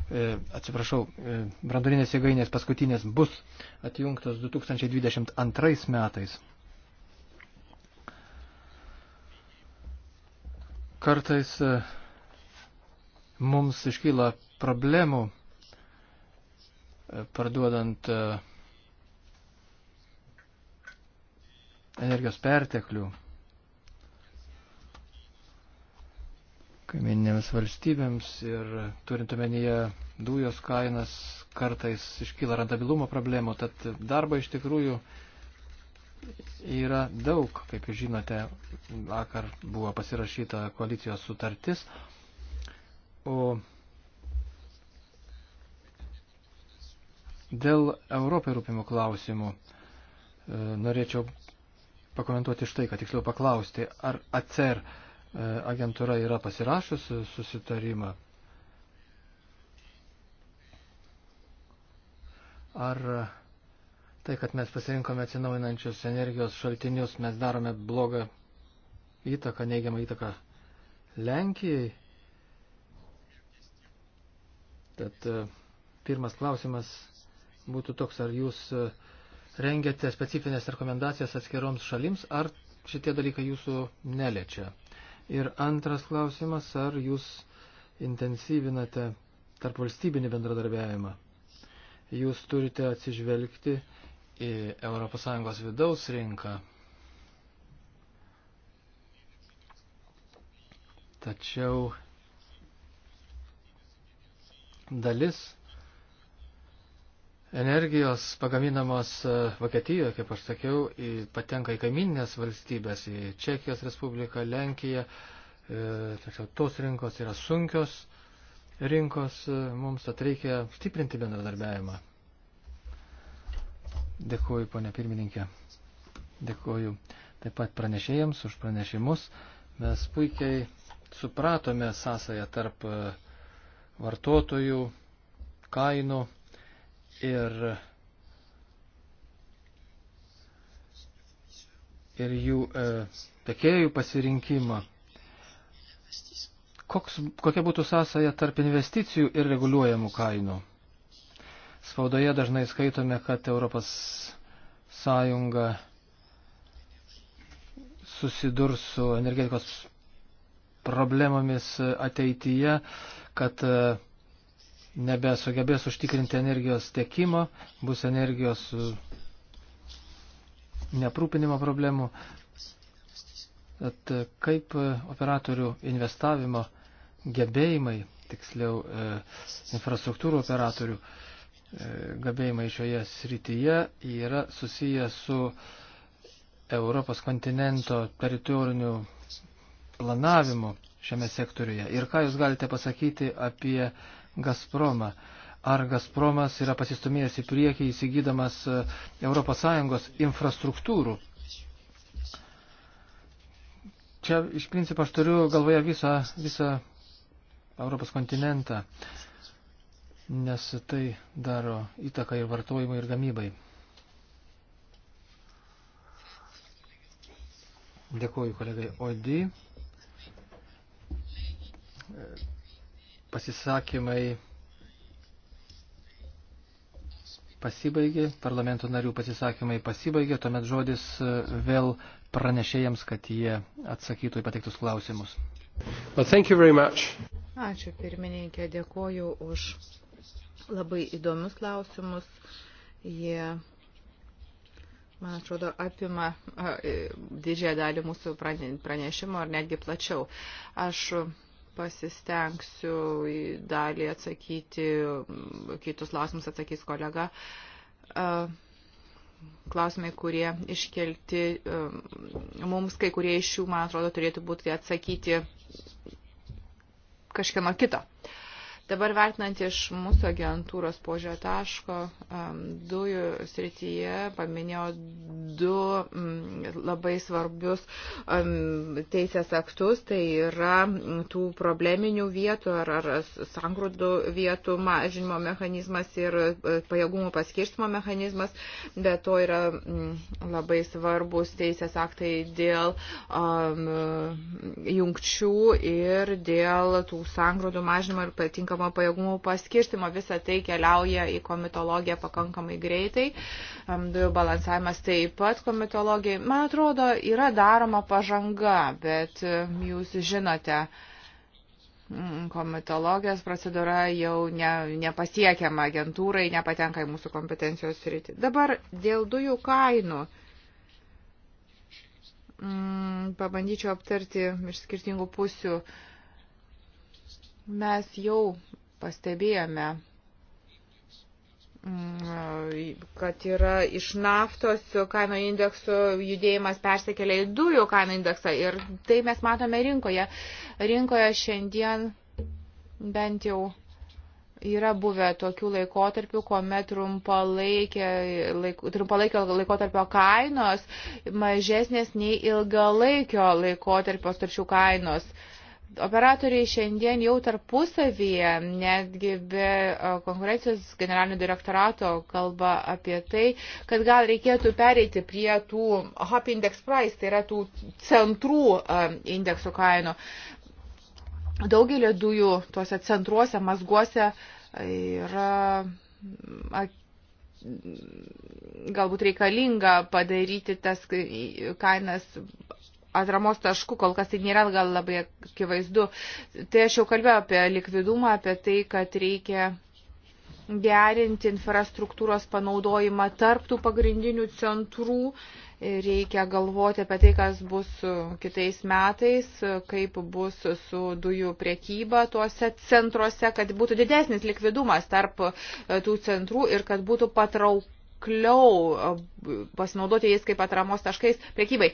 E, atsiprašau, e, brandolinės jėgainės paskutinės bus atjungtos 2022 metais. Kartais e, mums iškyla problemų e, parduodant e, energijos perteklių kaiminėms valstybėms ir turint omenyje dujos kainas kartais iškyla rentabilumo problemų, tad darbą iš tikrųjų yra daug, kaip jūs žinote, vakar buvo pasirašyta koalicijos sutartis, o dėl Europai rūpimų klausimų e, norėčiau pakomentuoti štai, kad tiksliau paklausti, ar ACER e, agentūra yra pasirašus susitarimą. Ar Tai, kad mes pasirinkome atsinaujinančius energijos šaltinius, mes darome blogą įtaką, neigiamą įtaką Lenkijai. Tad e, pirmas klausimas būtų toks, ar jūs e, rengiate specifines rekomendacijas atskiroms šalims, ar šitie dalykai jūsų neliečia. Ir antras klausimas, ar jūs intensyvinate tarp valstybinį bendradarbiavimą. Jūs turite atsižvelgti į ES vidaus rinką. Tačiau dalis energijos pagaminamos e, Vokietijoje, kaip aš sakiau, į, patenka į kaiminės valstybės, į Čekijos Respubliką, Lenkiją. E, tačiau tos rinkos yra sunkios rinkos, e, mums tad reikia stiprinti bendradarbiavimą. Dėkuoju, ponė pirmininkė. Dėkuoju taip pat pranešėjams už pranešimus. Mes puikiai supratome sąsąją tarp e, vartotojų, kainų ir, ir jų e, tekėjų pasirinkimą. Koks, kokia būtų sąsaja tarp investicijų ir reguliuojamų kainų? Spaudoje dažnai skaitome, kad Europos Sąjunga susidurs su energetikos problemomis ateityje, kad e, nebesugebės užtikrinti energijos tiekimo, bus energijos e, neprūpinimo problemų. Tad kaip operatorių investavimo gebėjimai, tiksliau e, infrastruktūrų operatorių, E, gabėjimai šioje srityje yra susiję su Europos kontinento teritoriniu planavimu šiame sektoriuje. Ir ką jūs galite pasakyti apie Gazpromą? Ar Gazpromas yra pasistumėjęs į priekį įsigydamas ES infrastruktūrų? Čia iš principo aš turiu galvoje visą, visą Europos kontinentą. Uh, nes tai daro įtaką ir vartojimui, ir gamybai. Dėkuoju kolegai Odi. Pasisakymai pasibaigė, parlamento narių pasisakymai pasibaigė, tuomet žodis vėl pranešėjams, kad jie atsakytų į pateiktus klausimus. Well, Ačiū pirmininkė, dėkuoju už labai įdomius klausimus. Jie, man atrodo, apima e, didžiąją dalį mūsų pranešimo ar netgi plačiau. Aš pasistengsiu į dalį atsakyti, kitus klausimus atsakys kolega. Uh, klausimai, kurie iškelti mums, kai kurie iš jų, man atrodo, turėtų būti atsakyti kažkieno kito. Uh, Dabar vertinant iš mūsų agentūros požio taško, dujų srityje paminėjo du labai svarbius teisės aktus, tai yra tų probleminių vietų ar, ar sangrūdų vietų mažinimo mechanizmas ir e, pajėgumų paskirstimo mechanizmas, bet to yra labai svarbus teisės aktai dėl um, jungčių ir dėl tų sangrūdų mažinimo ir patinkamų tinkamo pajėgumų paskirstimo. Visa tai keliauja į komitologiją pakankamai greitai. Dujų balansavimas taip pat komitologijai. Man atrodo, yra daroma pažanga, bet jūs žinote, komitologijos procedūra jau ne, nepasiekiama agentūrai, nepatenka į mūsų kompetencijos sritį. Dabar dėl dujų kainų. Mm, pabandyčiau aptarti iš skirtingų pusių. Uh, Mes jau pastebėjome mm, kad yra iš naftos kaino indeksų judėjimas persikelia į dujų kaino indeksą ir tai mes matome rinkoje. Rinkoje šiandien bent jau yra buvę tokių laikotarpių, kuomet trumpalaikio laiko, laikotarpio kainos mažesnės nei ilgalaikio laikotarpio starčių kainos. Uh, operatoriai šiandien jau tarpusavyje, netgi be konkurencijos generalinio direktorato kalba apie tai, kad gal reikėtų pereiti prie tų hop index price, tai yra tų centrų indeksų kainų. Daugelio dujų tuose centruose, mazguose yra galbūt reikalinga padaryti tas kainas atramos taškų, kol kas tai nėra gal labai akivaizdu. Tai aš jau kalbėjau apie likvidumą, apie tai, kad reikia gerinti infrastruktūros panaudojimą tarptų pagrindinių centrų. Reikia galvoti apie tai, kas bus kitais metais, kaip bus su dujų priekyba tuose centruose, kad būtų didesnis likvidumas tarp e, tų centrų ir kad būtų patrauk nuosekliau pasinaudoti jais kaip atramos taškais priekybai.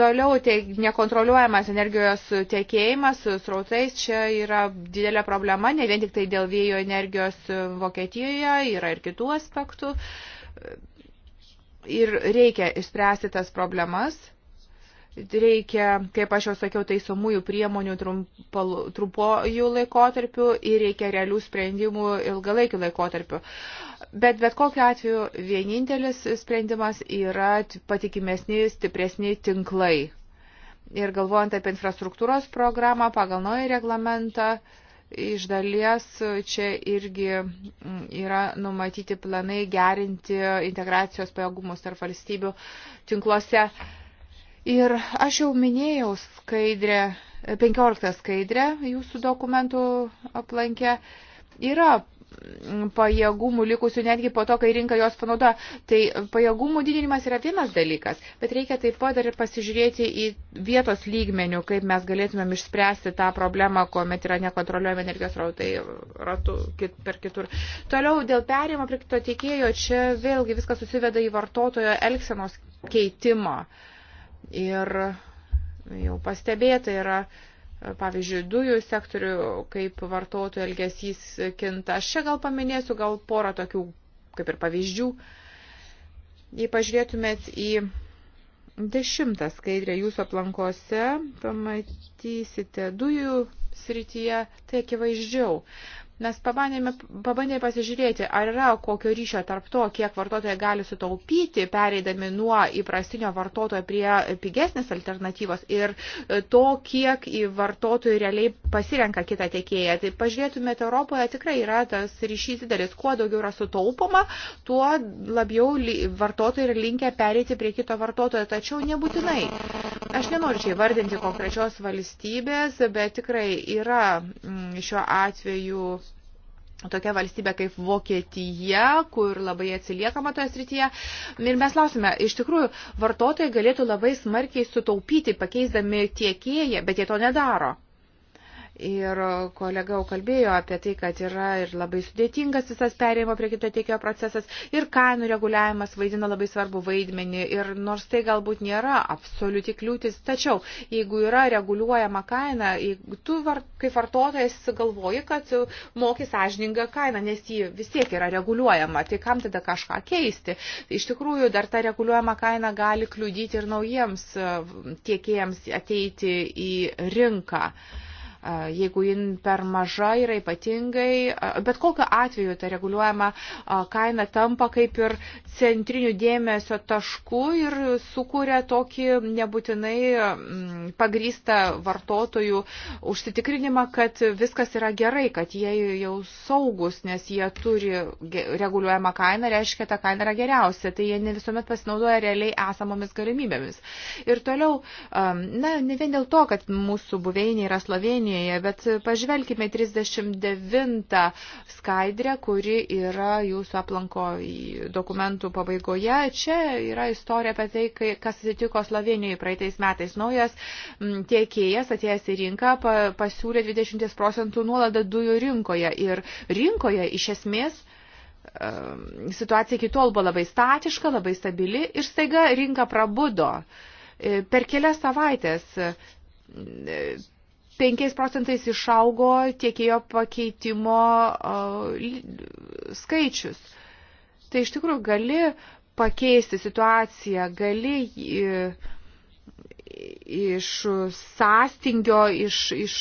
Toliau tie nekontroliuojamas energijos tiekėjimas srautais čia yra didelė problema, ne vien tik tai dėl vėjo energijos Vokietijoje, yra ir kitų aspektų. Ir reikia išspręsti tas problemas reikia, kaip aš jau sakiau, taisomųjų priemonių trumpojų laikotarpių ir reikia realių sprendimų ilgalaikių laikotarpių. Bet bet kokiu atveju vienintelis sprendimas yra patikimesni, stipresni tinklai. Ir galvojant apie infrastruktūros programą pagal naują reglamentą, iš dalies čia irgi yra numatyti planai gerinti integracijos pajėgumus tarp valstybių tinkluose. Ir aš jau minėjau skaidrę, 15 skaidrę jūsų dokumentų aplankė. Yra pajėgumų likusių netgi po to, kai rinka jos panaudoja. Tai pajėgumų didinimas yra vienas dalykas, bet reikia taip pat dar ir pasižiūrėti į vietos lygmenių, kaip mes galėtumėm išspręsti tą problemą, kuomet yra nekontroliuojami energijos rautai ratu, kit, per kitur. Toliau dėl perėjimo prie kito tiekėjo, čia vėlgi viskas susiveda į vartotojo elksenos keitimą. Uh, Ir jau pastebėta yra, pavyzdžiui, dujų sektorių, kaip vartotojų elgesys kinta. Aš čia gal paminėsiu gal porą tokių kaip ir pavyzdžių. Jei pažiūrėtumėt į dešimtą skaidrę jūsų aplankose, pamatysite dujų srityje, tai akivaizdžiau. Mes pabandėme, pabandėme pasižiūrėti, ar yra kokio ryšio tarp to, kiek vartotojai gali sutaupyti, pereidami nuo įprastinio vartotojo prie pigesnės alternatyvos ir e, to, kiek vartotojai realiai pasirenka kitą tiekėją. Tai pažiūrėtumėte, Europoje tikrai yra tas ryšys didelis. Kuo daugiau yra sutaupoma, tuo labiau vartotojai yra linkę pereiti prie kito vartotojo, tačiau nebūtinai. Aš nenoriu čia įvardinti konkrečios valstybės, bet tikrai yra mm, šiuo atveju tokia valstybė kaip Vokietija, kur labai atsiliekama toje srityje. Ir mes lausime, iš tikrųjų, vartotojai galėtų labai smarkiai sutaupyti, pakeisdami tiekėją, bet jie to nedaro. Ir kolega jau kalbėjo apie tai, kad yra ir labai sudėtingas visas perėjimo prie kito tiekėjo procesas ir kainų reguliavimas vaidina labai svarbu vaidmenį. Ir nors tai galbūt nėra absoliuti kliūtis, tačiau jeigu yra reguliuojama kaina, tu var, kaip vartotojas galvoji, kad moki sąžiningą kainą, nes ji vis tiek yra reguliuojama, tai kam tada kažką keisti. Iš tikrųjų, dar ta reguliuojama kaina gali kliudyti ir naujiems e, tiekėjams ateiti į rinką jeigu jin per maža yra ypatingai, bet kokiu atveju ta reguliuojama kaina tampa kaip ir centriniu dėmesio tašku ir sukuria tokį nebūtinai mm, pagrįstą vartotojų užsitikrinimą, kad viskas yra gerai, kad jie jau saugus, nes jie turi reguliuojamą kainą, reiškia, ta kaina yra geriausia, tai jie ne visuomet pasinaudoja realiai esamomis galimybėmis. Ir toliau, na, ne vien dėl to, kad mūsų buveinė yra Slovenija, Kinėje, bet pažvelkime 39 skaidrę, kuri yra jūsų aplanko dokumentų pabaigoje. Čia yra istorija apie tai, kas atsitiko Slovenijoje praeitais metais. Naujas mm, tiekėjas atėjęs į rinką pasiūlė 20 procentų nuolaidą dujų rinkoje ir rinkoje iš esmės situacija iki tol buvo labai statiška, labai stabili ir staiga rinka prabudo. E, per kelias savaitės 5 procentais išaugo tiekėjo pakeitimo skaičius. Tai iš tikrųjų gali pakeisti situaciją, gali iš sąstingio, iš, iš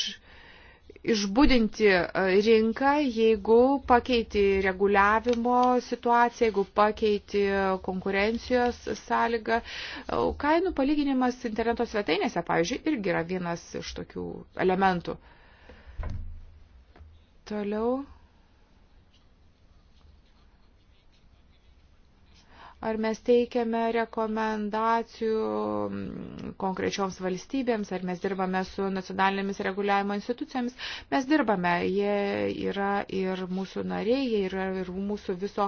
išbūdinti e, rinką, jeigu pakeiti reguliavimo situaciją, jeigu pakeiti konkurencijos sąlygą. E, kainų palyginimas interneto svetainėse, pavyzdžiui, irgi yra vienas iš tokių elementų. Toliau. ar mes teikiame rekomendacijų mm, konkrečioms valstybėms, ar mes dirbame su nacionalinėmis reguliavimo institucijomis. Mes dirbame, jie yra ir mūsų nariai, jie yra ir mūsų viso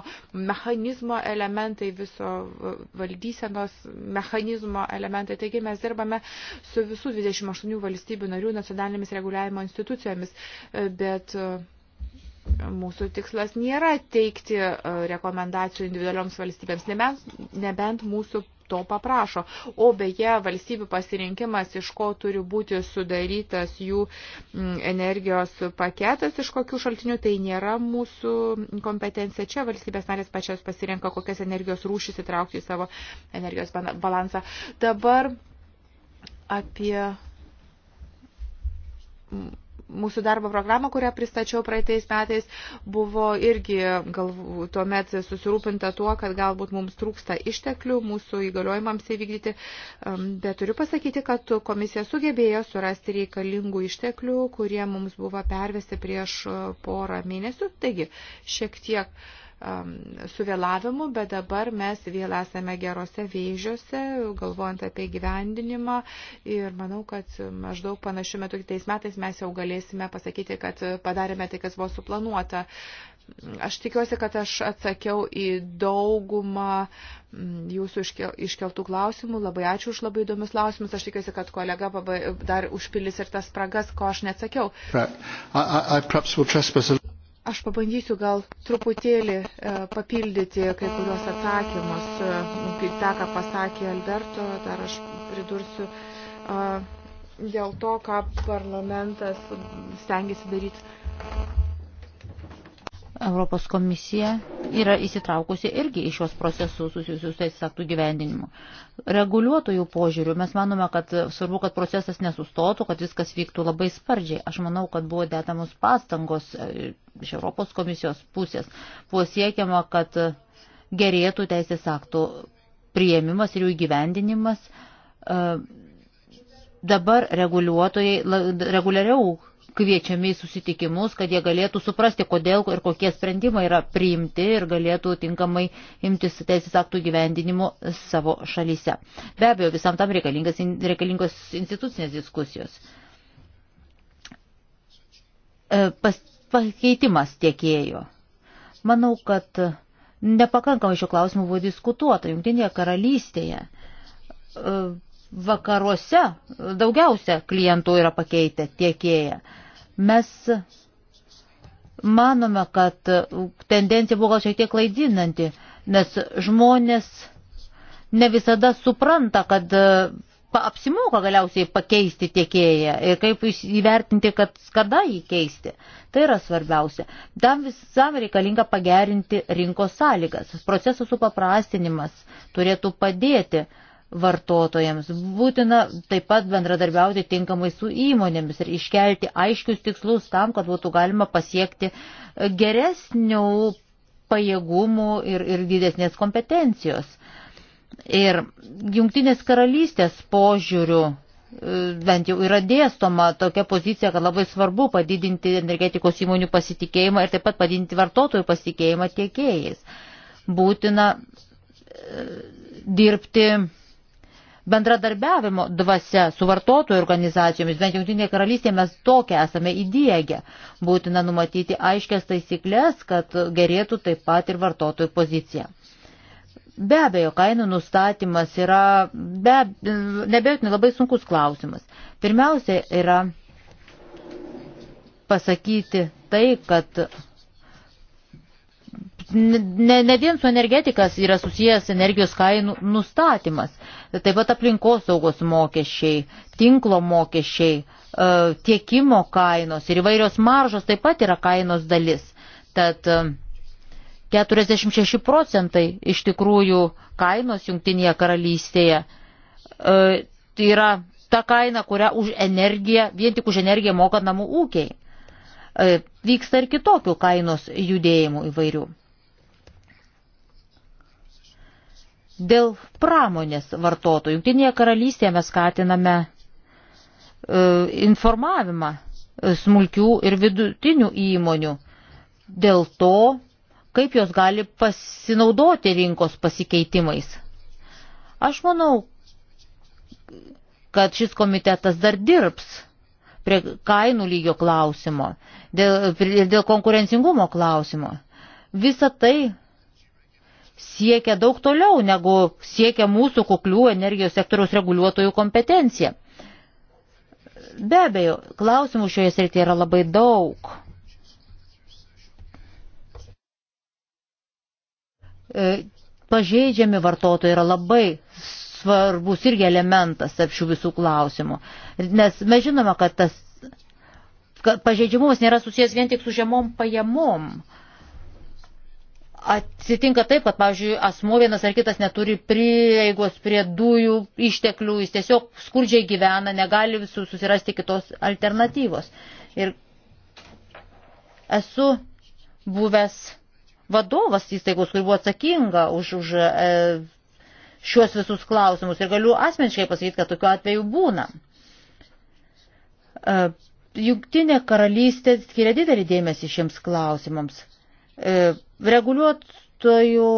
mechanizmo elementai, viso valdysenos mechanizmo elementai. Taigi mes dirbame su visų 28 valstybių narių nacionalinėmis reguliavimo institucijomis, bet Mūsų tikslas nėra teikti e, rekomendacijų individualioms valstybėms, nebent, nebent mūsų to paprašo. O beje, valstybių pasirinkimas, iš ko turi būti sudarytas jų energijos paketas, iš kokių šaltinių, tai nėra mūsų kompetencija. Čia valstybės narės pačios pasirenka, kokias energijos rūšis įtraukti į savo energijos balansą. Dabar apie mūsų darbo programą, kurią pristačiau praeitais metais, buvo irgi galvų, tuomet susirūpinta tuo, kad galbūt mums trūksta išteklių mūsų įgaliojimams įvykdyti, um, bet turiu pasakyti, kad komisija sugebėjo surasti reikalingų išteklių, kurie mums buvo pervesti prieš uh, porą mėnesių, taigi šiek tiek uh, um, suvėlavimu, bet dabar mes vėl esame gerose vėžiuose, galvojant apie gyvendinimą ir manau, kad maždaug panašiu metu kitais metais mes jau galėsime pasakyti, kad padarėme tai, kas buvo suplanuota. Aš tikiuosi, kad aš atsakiau į daugumą mm, jūsų iškeltų klausimų. Labai ačiū už labai įdomius klausimus. Aš tikiuosi, kad kolega dar užpilys ir tas spragas, ko aš neatsakiau. Right. I, I, I Aš pabandysiu gal truputėlį e, papildyti kai kurios atsakymus, e, kaip tą, ką pasakė Alberto, dar aš pridursiu e, dėl to, ką parlamentas stengiasi daryti. Europos komisija yra įsitraukusi irgi į šios procesus susijusius teisės aktų gyvendinimu. Reguliuotojų požiūrių mes manome, kad svarbu, kad procesas nesustotų, kad viskas vyktų labai spardžiai. Aš manau, kad buvo dedamos pastangos e, iš Europos komisijos pusės. Buvo siekiama, kad gerėtų teisės aktų prieimimas ir jų įgyvendinimas. E, dabar reguliuotojai reguliariau kviečiami į susitikimus, kad jie galėtų suprasti, kodėl ir kokie sprendimai yra priimti ir galėtų tinkamai imtis teisės aktų gyvendinimo savo šalyse. Be abejo, visam tam reikalingos institucinės diskusijos. E, pas, pakeitimas tiekėjo. Manau, kad nepakankamai šio klausimu buvo diskutuota Junktinėje karalystėje e, vakaruose daugiausia klientų yra pakeitę tiekėję. Mes manome, kad tendencija buvo šiek tiek klaidinanti, nes žmonės ne visada supranta, kad e, apsimoka galiausiai pakeisti tiekėją ir kaip įvertinti, kad kada jį keisti. Tai yra svarbiausia. Tam visam reikalinga pagerinti rinkos sąlygas. Proceso supaprastinimas turėtų padėti vartotojams. Būtina taip pat bendradarbiauti tinkamai su įmonėmis ir iškelti aiškius tikslus tam, kad būtų galima pasiekti geresnių pajėgumų ir, ir didesnės kompetencijos. Ir jungtinės karalystės požiūrių e, bent jau yra dėstoma tokia pozicija, kad labai svarbu padidinti energetikos įmonių pasitikėjimą ir taip pat padidinti vartotojų pasitikėjimą tiekėjais. Būtina e, dirbti bendradarbiavimo dvasia su vartotojų organizacijomis, bent jungtinėje karalystėje mes tokią esame įdėgę. Būtina numatyti aiškias taisyklės, kad gerėtų taip pat ir vartotojų pozicija. Be abejo, kainų nustatymas yra be, nebejotinai labai sunkus klausimas. Pirmiausia yra pasakyti tai, kad ne, ne vien su energetikas yra susijęs energijos kainų nustatymas, taip pat aplinkosaugos mokesčiai, tinklo mokesčiai, e, tiekimo kainos ir įvairios maržos taip pat yra kainos dalis. Tad 46 e, procentai iš tikrųjų kainos Junktinėje karalystėje e, tai yra ta kaina, kurią už energiją, vien tik už energiją moka namų ūkiai. Vyksta ir kitokių kainos judėjimų įvairių. Dėl pramonės vartotojų. Junktinėje karalystėje mes skatiname e, informavimą e, smulkių ir vidutinių įmonių dėl to, kaip jos gali pasinaudoti rinkos pasikeitimais. Aš manau, kad šis komitetas dar dirbs prie kainų lygio klausimo, dėl, dėl konkurencingumo klausimo. Visa tai siekia daug toliau, negu siekia mūsų kuklių energijos sektoriaus reguliuotojų kompetencija. Be abejo, klausimų šioje srityje yra labai daug. E, pažeidžiami vartotojai yra labai svarbus irgi elementas tarp šių visų klausimų. Nes mes žinome, kad tas kad pažeidžiamumas nėra susijęs vien tik su žemom pajamom. Uh, Atsitinka taip, kad, pavyzdžiui, asmo vienas ar kitas neturi prieigos prie dujų išteklių, jis tiesiog skurdžiai gyvena, negali visų susirasti kitos alternatyvos. Ir esu buvęs vadovas įstaigos, kur buvo atsakinga už, už e, šiuos visus klausimus ir galiu asmeniškai pasakyti, kad tokiu atveju būna. E, Jungtinė karalystė skiria didelį dėmesį šiems klausimams. E, Reguliuotojų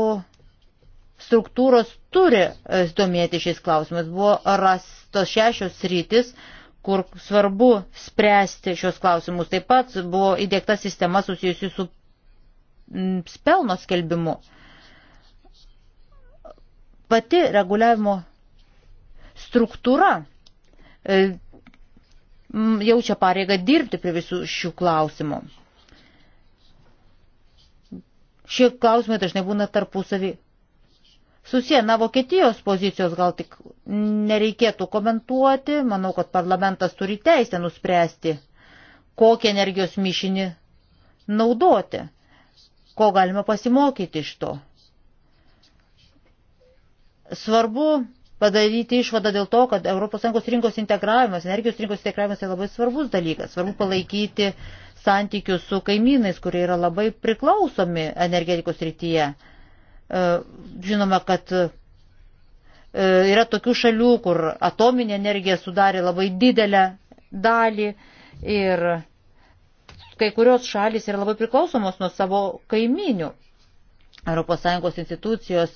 struktūros turi e, domėti šiais klausimais. Buvo rastos šešios rytis, kur svarbu spręsti šios klausimus. Taip pat buvo įdėkta sistema susijusi su spelno skelbimu. Pati reguliavimo struktūra e, jaučia pareigą dirbti prie visų šių klausimų. Šie klausimai dažnai būna tarpusavį susiję. Na, Vokietijos pozicijos gal tik nereikėtų komentuoti. Manau, kad parlamentas turi teisę nuspręsti, kokį energijos mišinį naudoti, ko galima pasimokyti iš to. Svarbu padaryti išvadą dėl to, kad ES rinkos integravimas, energijos rinkos integravimas yra labai svarbus dalykas. Svarbu palaikyti uh, santykius su kaimynais, kurie yra labai priklausomi energetikos rytyje. E, žinoma, kad e, yra tokių šalių, kur atominė energija sudarė labai didelę dalį ir kai kurios šalis yra labai priklausomos nuo savo kaiminių. ES institucijos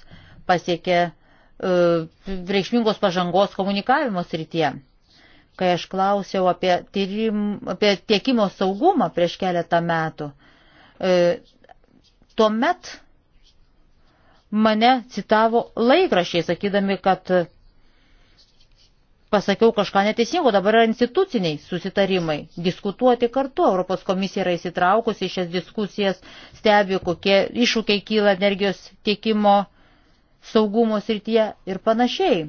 pasiekė e, reikšmingos pažangos komunikavimo srityje kai aš klausiau apie, tyrim, apie tiekimo saugumą prieš keletą metų, e, tuomet mane citavo laikrašiai, sakydami, kad pasakiau kažką neteisingo, dabar yra instituciniai susitarimai, diskutuoti kartu. Europos komisija yra įsitraukusi į šias diskusijas, stebi, kokie iššūkiai kyla energijos tiekimo saugumo srityje ir panašiai.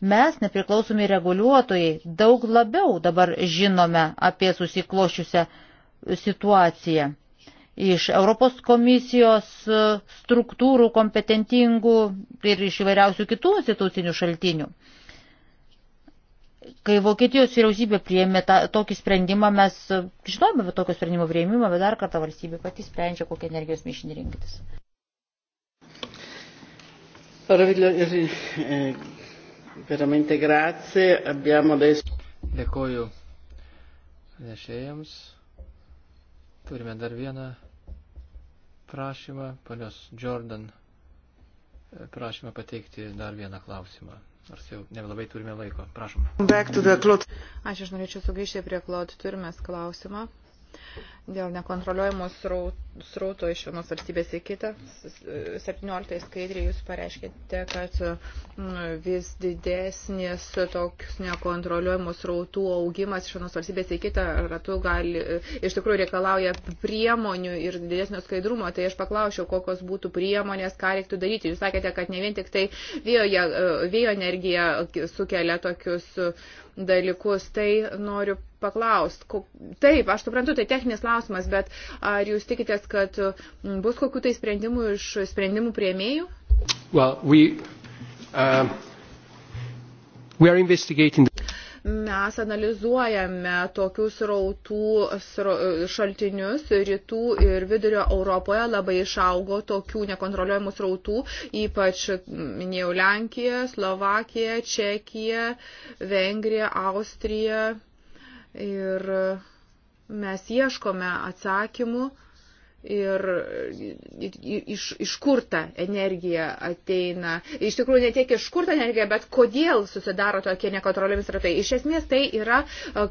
Mes, nepriklausomi reguliuotojai, daug labiau dabar žinome apie susiklošiusią situaciją. Iš Europos komisijos struktūrų kompetentingų ir iš įvairiausių kitų institucinių šaltinių. Kai Vokietijos vyriausybė priėmė tą, tokį sprendimą, mes žinojame apie tokio sprendimo prieimimą, bet dar kartą valstybė pati sprendžia, kokią energijos mišinį rinktis. Para, eh, Veramente grazie. Abbiamo adesso. Dėkoju nešėjams. Turime dar vieną prašymą, ponios Jordan e, prašymą pateikti dar vieną klausimą. Nors jau nebelabai turime laiko. Prašom. Aš iš norėčiau sugrįžti prie Klaud Turmės klausimą dėl nekontroliuojamo srauto iš vienos valstybės į kitą. 17 skaidrė jūs pareiškite, kad mm, vis didesnis toks nekontroliuojamų srautų augimas iš vienos valstybės į kitą ratų gali, iš tikrųjų reikalauja priemonių ir didesnio skaidrumo. Tai aš paklausiau, kokios būtų priemonės, ką reiktų daryti. Jūs sakėte, kad ne vien tik tai vėjo, vėjo energija sukelia tokius dalykus. Tai noriu paklausti. Taip, aš suprantu, tai techninis klausimas klausimas, bet ar jūs tikitės, kad mm, bus kokiu tai sprendimu iš sprendimų prieimėjų? Well, we, uh, we investigating... Mes analizuojame tokius rautų šaltinius. Rytų ir vidurio Europoje labai išaugo tokių nekontroliuojamų rautų, ypač mm, minėjau Lenkiją, Slovakiją, Čekiją, Vengriją, Austriją ir Mes ieškome atsakymų ir iš, iš kur ta energija ateina. Iš tikrųjų, ne tiek iš kur ta energija, bet kodėl susidaro tokie nekontroliuojami srautai. Iš esmės tai yra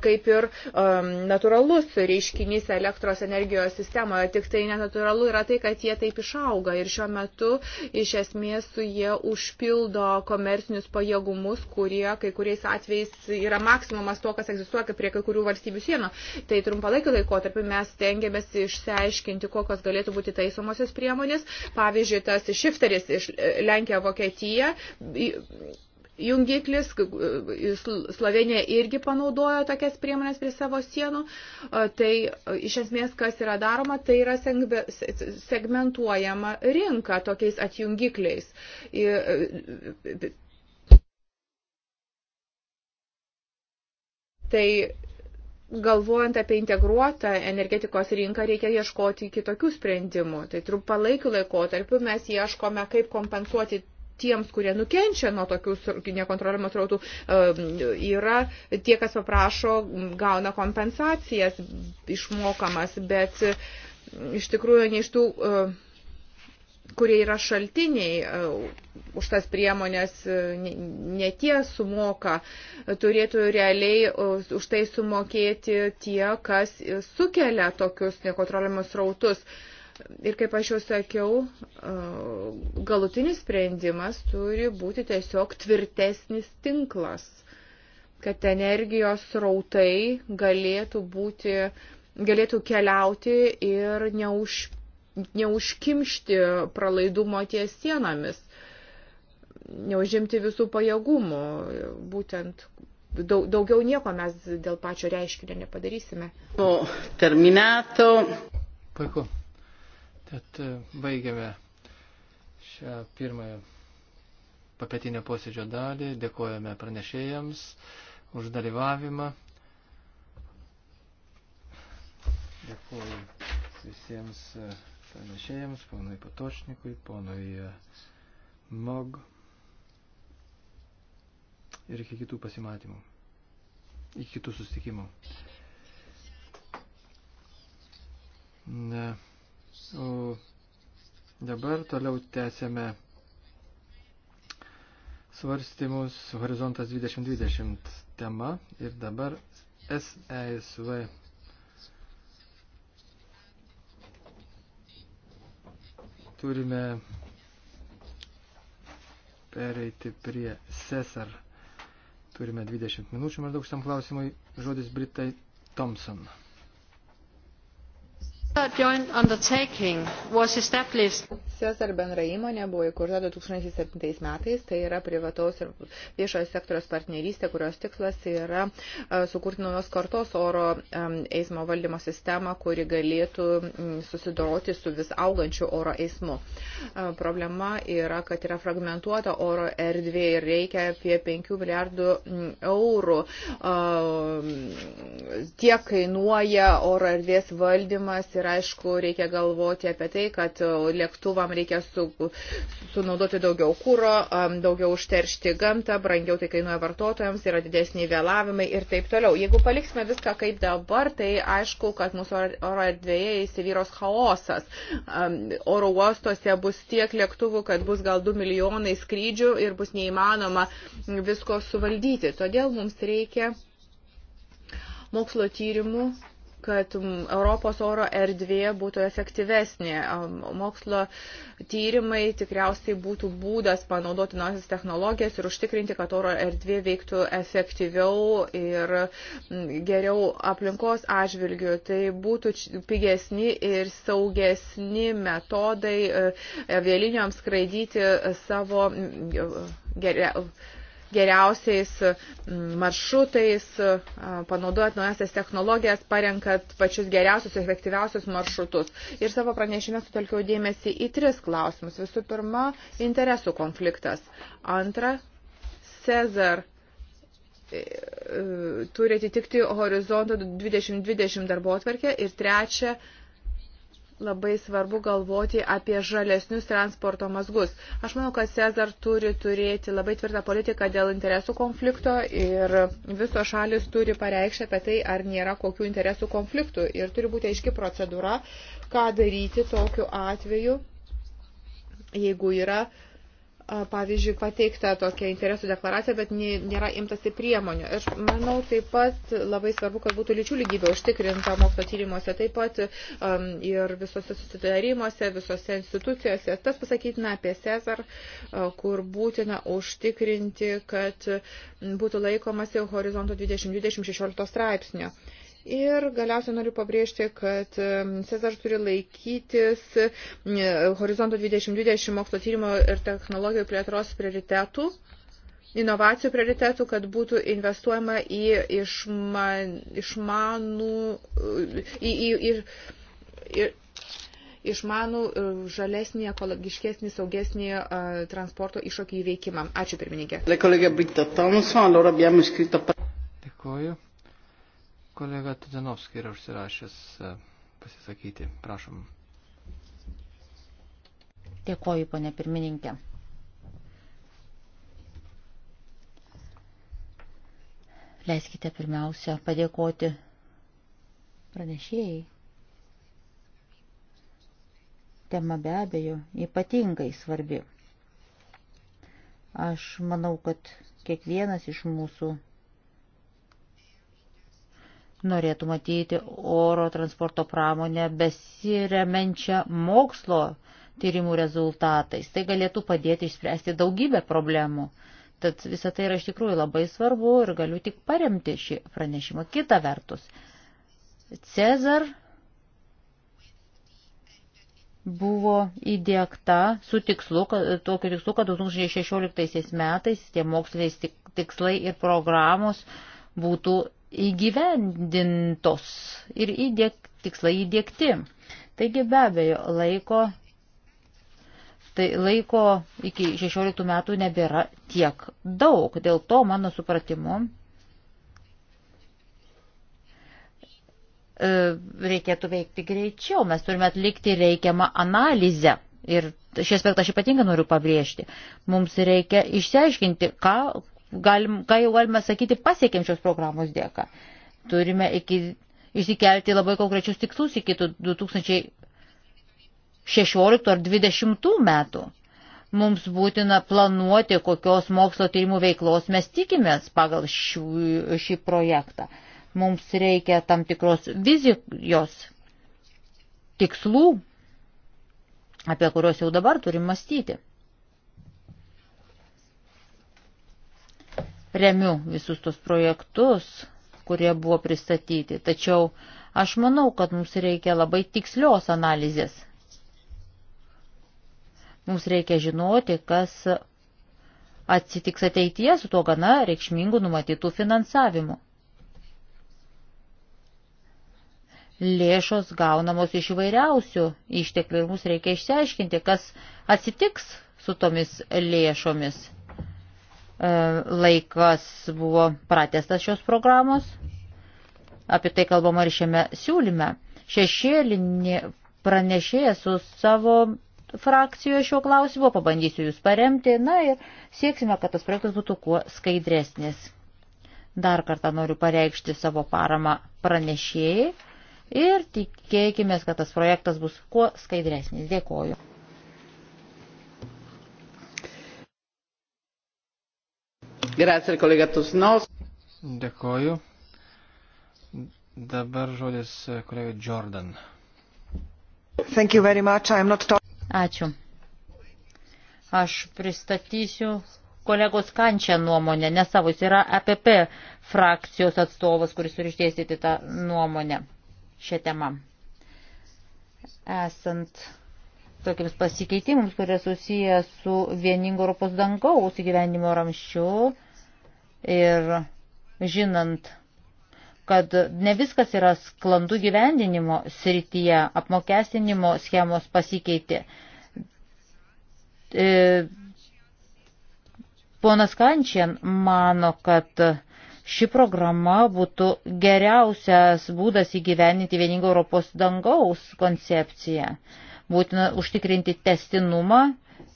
kaip ir um, natūralus reiškinys elektros energijos sistemoje, tik tai nenatūralu yra tai, kad jie taip išauga ir šiuo metu iš esmės jie užpildo komercinius pajėgumus, kurie kai kuriais atvejais yra maksimumas to, kas egzistuoja prie kai kurių valstybių sienų. Tai trumpalaikiu laikotarpiu mes tengiamės išsiaiškinti, kokios galėtų būti taisomosios priemonės. Pavyzdžiui, tas šifteris iš Lenkija Vokietija jungiklis, Slovenija irgi panaudojo tokias priemonės prie savo sienų. Tai iš esmės, kas yra daroma, tai yra segmentuojama rinka tokiais atjungikliais. Tai galvojant apie integruotą energetikos rinką, reikia ieškoti kitokių sprendimų. Tai trumpalaikiu laikotarpiu mes ieškome, kaip kompensuoti tiems, kurie nukenčia nuo tokių nekontroliuojamų srautų, ehm, yra tie, kas paprašo, gauna kompensacijas išmokamas, bet iš tikrųjų ne iš tų uh, kurie yra šaltiniai e, už tas priemonės e, netie sumoka, turėtų realiai e, už tai sumokėti tie, kas sukelia tokius nekontroliamus rautus. Ir kaip aš jau sakiau, galutinis sprendimas turi būti tiesiog tvirtesnis tinklas, kad energijos rautai galėtų būti galėtų keliauti ir neuž, neužkimšti pralaidumo ties sienomis, neužimti visų pajėgumų. Būtent daug, daugiau nieko mes dėl pačio reiškinio nepadarysime. O terminato. Puiku. Tad e, baigiame šią pirmąją papetinio posėdžio dalį. Dėkojame pranešėjams už dalyvavimą. Dėkuoju visiems e, pranešėjams, ponui Patočnikui, ponui e, Mog ir iki kitų pasimatymų, iki kitų susitikimų. Ne. O dabar toliau tęsėme svarstymus Horizontas 2020 tema ir dabar SESV turime pereiti prie Cesar. Turime 20 minučių maždaug šiam klausimui. Žodis Britai Thompson. Sesar bendra įmonė buvo įkurta 2007 metais, tai yra privataus ir viešojo sektoriaus partnerystė, kurios tikslas yra e, sukurti naujos kartos oro eismo valdymo sistemą, kuri galėtų susidoroti su vis augančiu oro eismu. E, problema yra, kad yra fragmentuota oro erdvė ir reikia apie 5 milijardų eurų. E, tiek kainuoja oro erdvės valdymas Ir aišku, reikia galvoti apie tai, kad e, lėktuvam reikia su, sunaudoti daugiau kūro, daugiau užteršti gamtą, brangiau tai kainuoja vartotojams, yra didesni vėlavimai ir taip toliau. Jeigu paliksime viską kaip dabar, tai aišku, kad mūsų oro erdvėje įsivyros chaosas. Oro uostuose bus tiek lėktuvų, kad bus gal 2 milijonai skrydžių ir bus neįmanoma visko suvaldyti. Todėl mums reikia mokslo tyrimų kad Europos oro erdvė būtų efektyvesnė. Mokslo tyrimai tikriausiai būtų būdas panaudoti naujas technologijas ir užtikrinti, kad oro erdvė veiktų efektyviau ir geriau aplinkos atžvilgių. Tai būtų pigesni ir saugesni metodai e, avialinijoms skraidyti savo geriau geriausiais mm, maršrutais, panaudojant naujasias technologijas, parenkat pačius geriausius, efektyviausius maršrutus. Ir savo pranešime sutelkiau dėmesį į tris klausimus. Visų pirma, interesų konfliktas. Antra, Cezar e, e, turi atitikti horizonto 2020 darbo atverkę. Ir trečia, labai svarbu galvoti apie žalesnius transporto mazgus. Aš manau, kad Cezar turi turėti labai tvirtą politiką dėl interesų konflikto ir visos šalis turi pareikšti apie tai, ar nėra kokių interesų konfliktų. Ir turi būti aiški procedūra, ką daryti tokiu atveju, jeigu yra uh, pavyzdžiui, pateikta tokia interesų deklaracija, bet nėra imtasi priemonių. Aš manau taip pat labai svarbu, kad būtų lyčių lygybė užtikrinta mokslo tyrimuose, taip pat um, ir visose susitarimuose, visose institucijose. Tas pasakytina apie Cezar, kur būtina užtikrinti, kad būtų laikomasi horizonto 2020-2016 straipsnio. Uh, Ir galiausiai noriu pabrėžti, kad Cezar turi laikytis Horizonto 2020 mokslo tyrimo ir technologijų plėtros prioritetų, inovacijų prioritetų, kad būtų investuojama į išman, išmanų, į, į, į, į, išmanų e, žalesnį, ekologiškesnį, saugesnį e, transporto iššokį įveikimą. Ačiū pirmininkė. Dėkoju. Kolega Tudinovski yra užsirašęs e, pasisakyti. Prašom. Dėkoju, ponė pirmininkė. Leiskite pirmiausia padėkoti pranešėjai. Tema be abejo ypatingai svarbi. Aš manau, kad kiekvienas iš mūsų norėtų matyti oro transporto pramonę besiremenčią mokslo tyrimų rezultatais. Tai galėtų padėti išspręsti daugybę problemų. Tad visa tai yra iš tikrųjų labai svarbu ir galiu tik paremti šį pranešimą. Kita vertus, Cezar buvo įdėkta su tikslu, kad, tokiu tikslu, kad 2016 metais tie moksliniai tikslai ir programos būtų įgyvendintos ir įdėk, tikslai įdėkti. Taigi be abejo, laiko, tai laiko iki 16 metų nebėra tiek daug. Dėl to, mano supratimu, e, reikėtų veikti greičiau. Mes turime atlikti reikiamą analizę. Ir šį aspektą aš ypatingai noriu pabrėžti. Mums reikia išsiaiškinti, ką, galim, ką jau galime sakyti, pasiekėm šios programos dėka. Turime iki, išsikelti labai konkrečius tikslus iki 2016 ar 2020 metų. Mums būtina planuoti, kokios mokslo tyrimų veiklos mes tikimės pagal šių, šį projektą. Mums reikia tam tikros vizijos tikslų, apie kuriuos jau dabar turim mąstyti. remiu visus tos projektus, kurie buvo pristatyti. Tačiau aš manau, kad mums reikia labai tikslios analizės. Mums reikia žinoti, kas atsitiks ateityje su tuo gana reikšmingu numatytų finansavimu. Lėšos gaunamos iš įvairiausių išteklių ir mums reikia išsiaiškinti, kas atsitiks su tomis lėšomis E, laikas buvo pratestas šios programos. Apie tai kalbama ir šiame siūlyme. Šešėlinė pranešėja su savo frakcijoje šiuo klausimu, pabandysiu jūs paremti, na ir sieksime, kad tas projektas būtų kuo skaidresnis. Dar kartą noriu pareikšti savo paramą pranešėjai ir tikėkime, kad tas projektas bus kuo skaidresnis. Dėkoju. Grazie, kolega Tusnos. Dėkoju. Dabar žodis e, kolega Jordan. Thank you very much. I'm not talking. Ačiū. Aš pristatysiu kolegos kančią nuomonę, nes savo jis yra APP frakcijos atstovas, kuris turi išdėstyti tą nuomonę šią temą. Esant tokiams pasikeitimams, kurie susiję su vieningo Europos dangaus įgyvenimo ramščiu, ir žinant, kad ne viskas yra sklandų gyvendinimo srityje, apmokestinimo schemos pasikeitė. E, ponas Kančian mano, kad ši programa būtų geriausias būdas įgyveninti vieningą Europos dangaus koncepciją. Būtina užtikrinti testinumą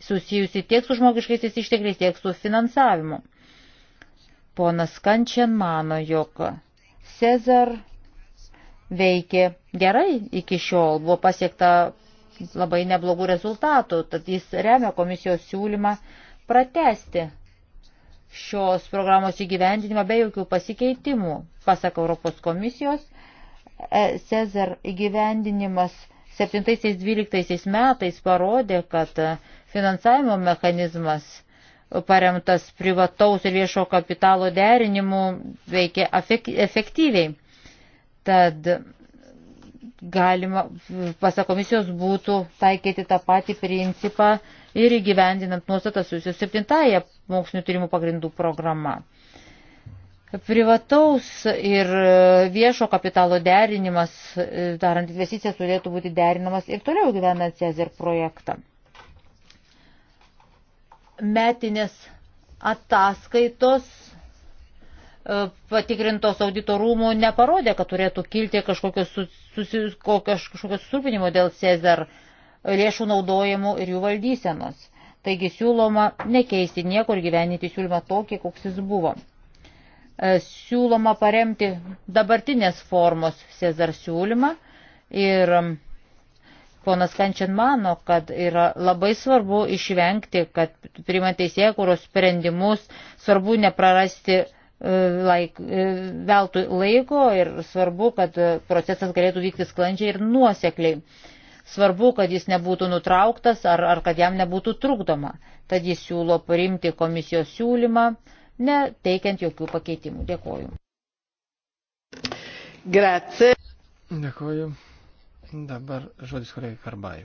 susijusi tiek su žmogiškaisiais ištekliais, tiek su finansavimu. Ponas Kančian mano, jog Cezar veikė gerai iki šiol, buvo pasiekta labai neblogų rezultatų, tad jis remia komisijos siūlymą pratesti šios programos įgyvendinimą be jokių pasikeitimų. Pasak Europos komisijos, e, Cezar įgyvendinimas 7-12 metais parodė, kad finansavimo mechanizmas paremtas privataus ir viešo kapitalo derinimu veikia efektyviai. Tad galima, pasak komisijos, būtų taikyti tą patį principą ir įgyvendinant nuostatas susijusios septintąją mokslinio tyrimų pagrindų programą. Privataus ir viešo kapitalo derinimas, darant investicijas, turėtų būti derinamas ir toliau gyvenant Cezar projektą metinės ataskaitos e, patikrintos auditorumų neparodė, kad turėtų kilti kažkokios, susis, kokios, kažkokios surpinimo dėl Cezar lėšų naudojimų ir jų valdysenos. Taigi siūloma nekeisti niekur gyveninti siūlymą tokį, koks jis buvo. E, siūloma paremti dabartinės formos Cezar siūlymą ir Ponas Kančian mano, kad yra labai svarbu išvengti, kad priimant teisėje, kurios sprendimus svarbu neprarasti e, laik, e, veltui laiko ir svarbu, kad e, procesas galėtų vykti sklandžiai ir nuosekliai. Svarbu, kad jis nebūtų nutrauktas ar, ar kad jam nebūtų trukdoma. Tad jis siūlo priimti komisijos siūlymą, neteikiant jokių pakeitimų. Dėkoju. Grazie. Dėkoju. Dabar žodis kolegai Karbai.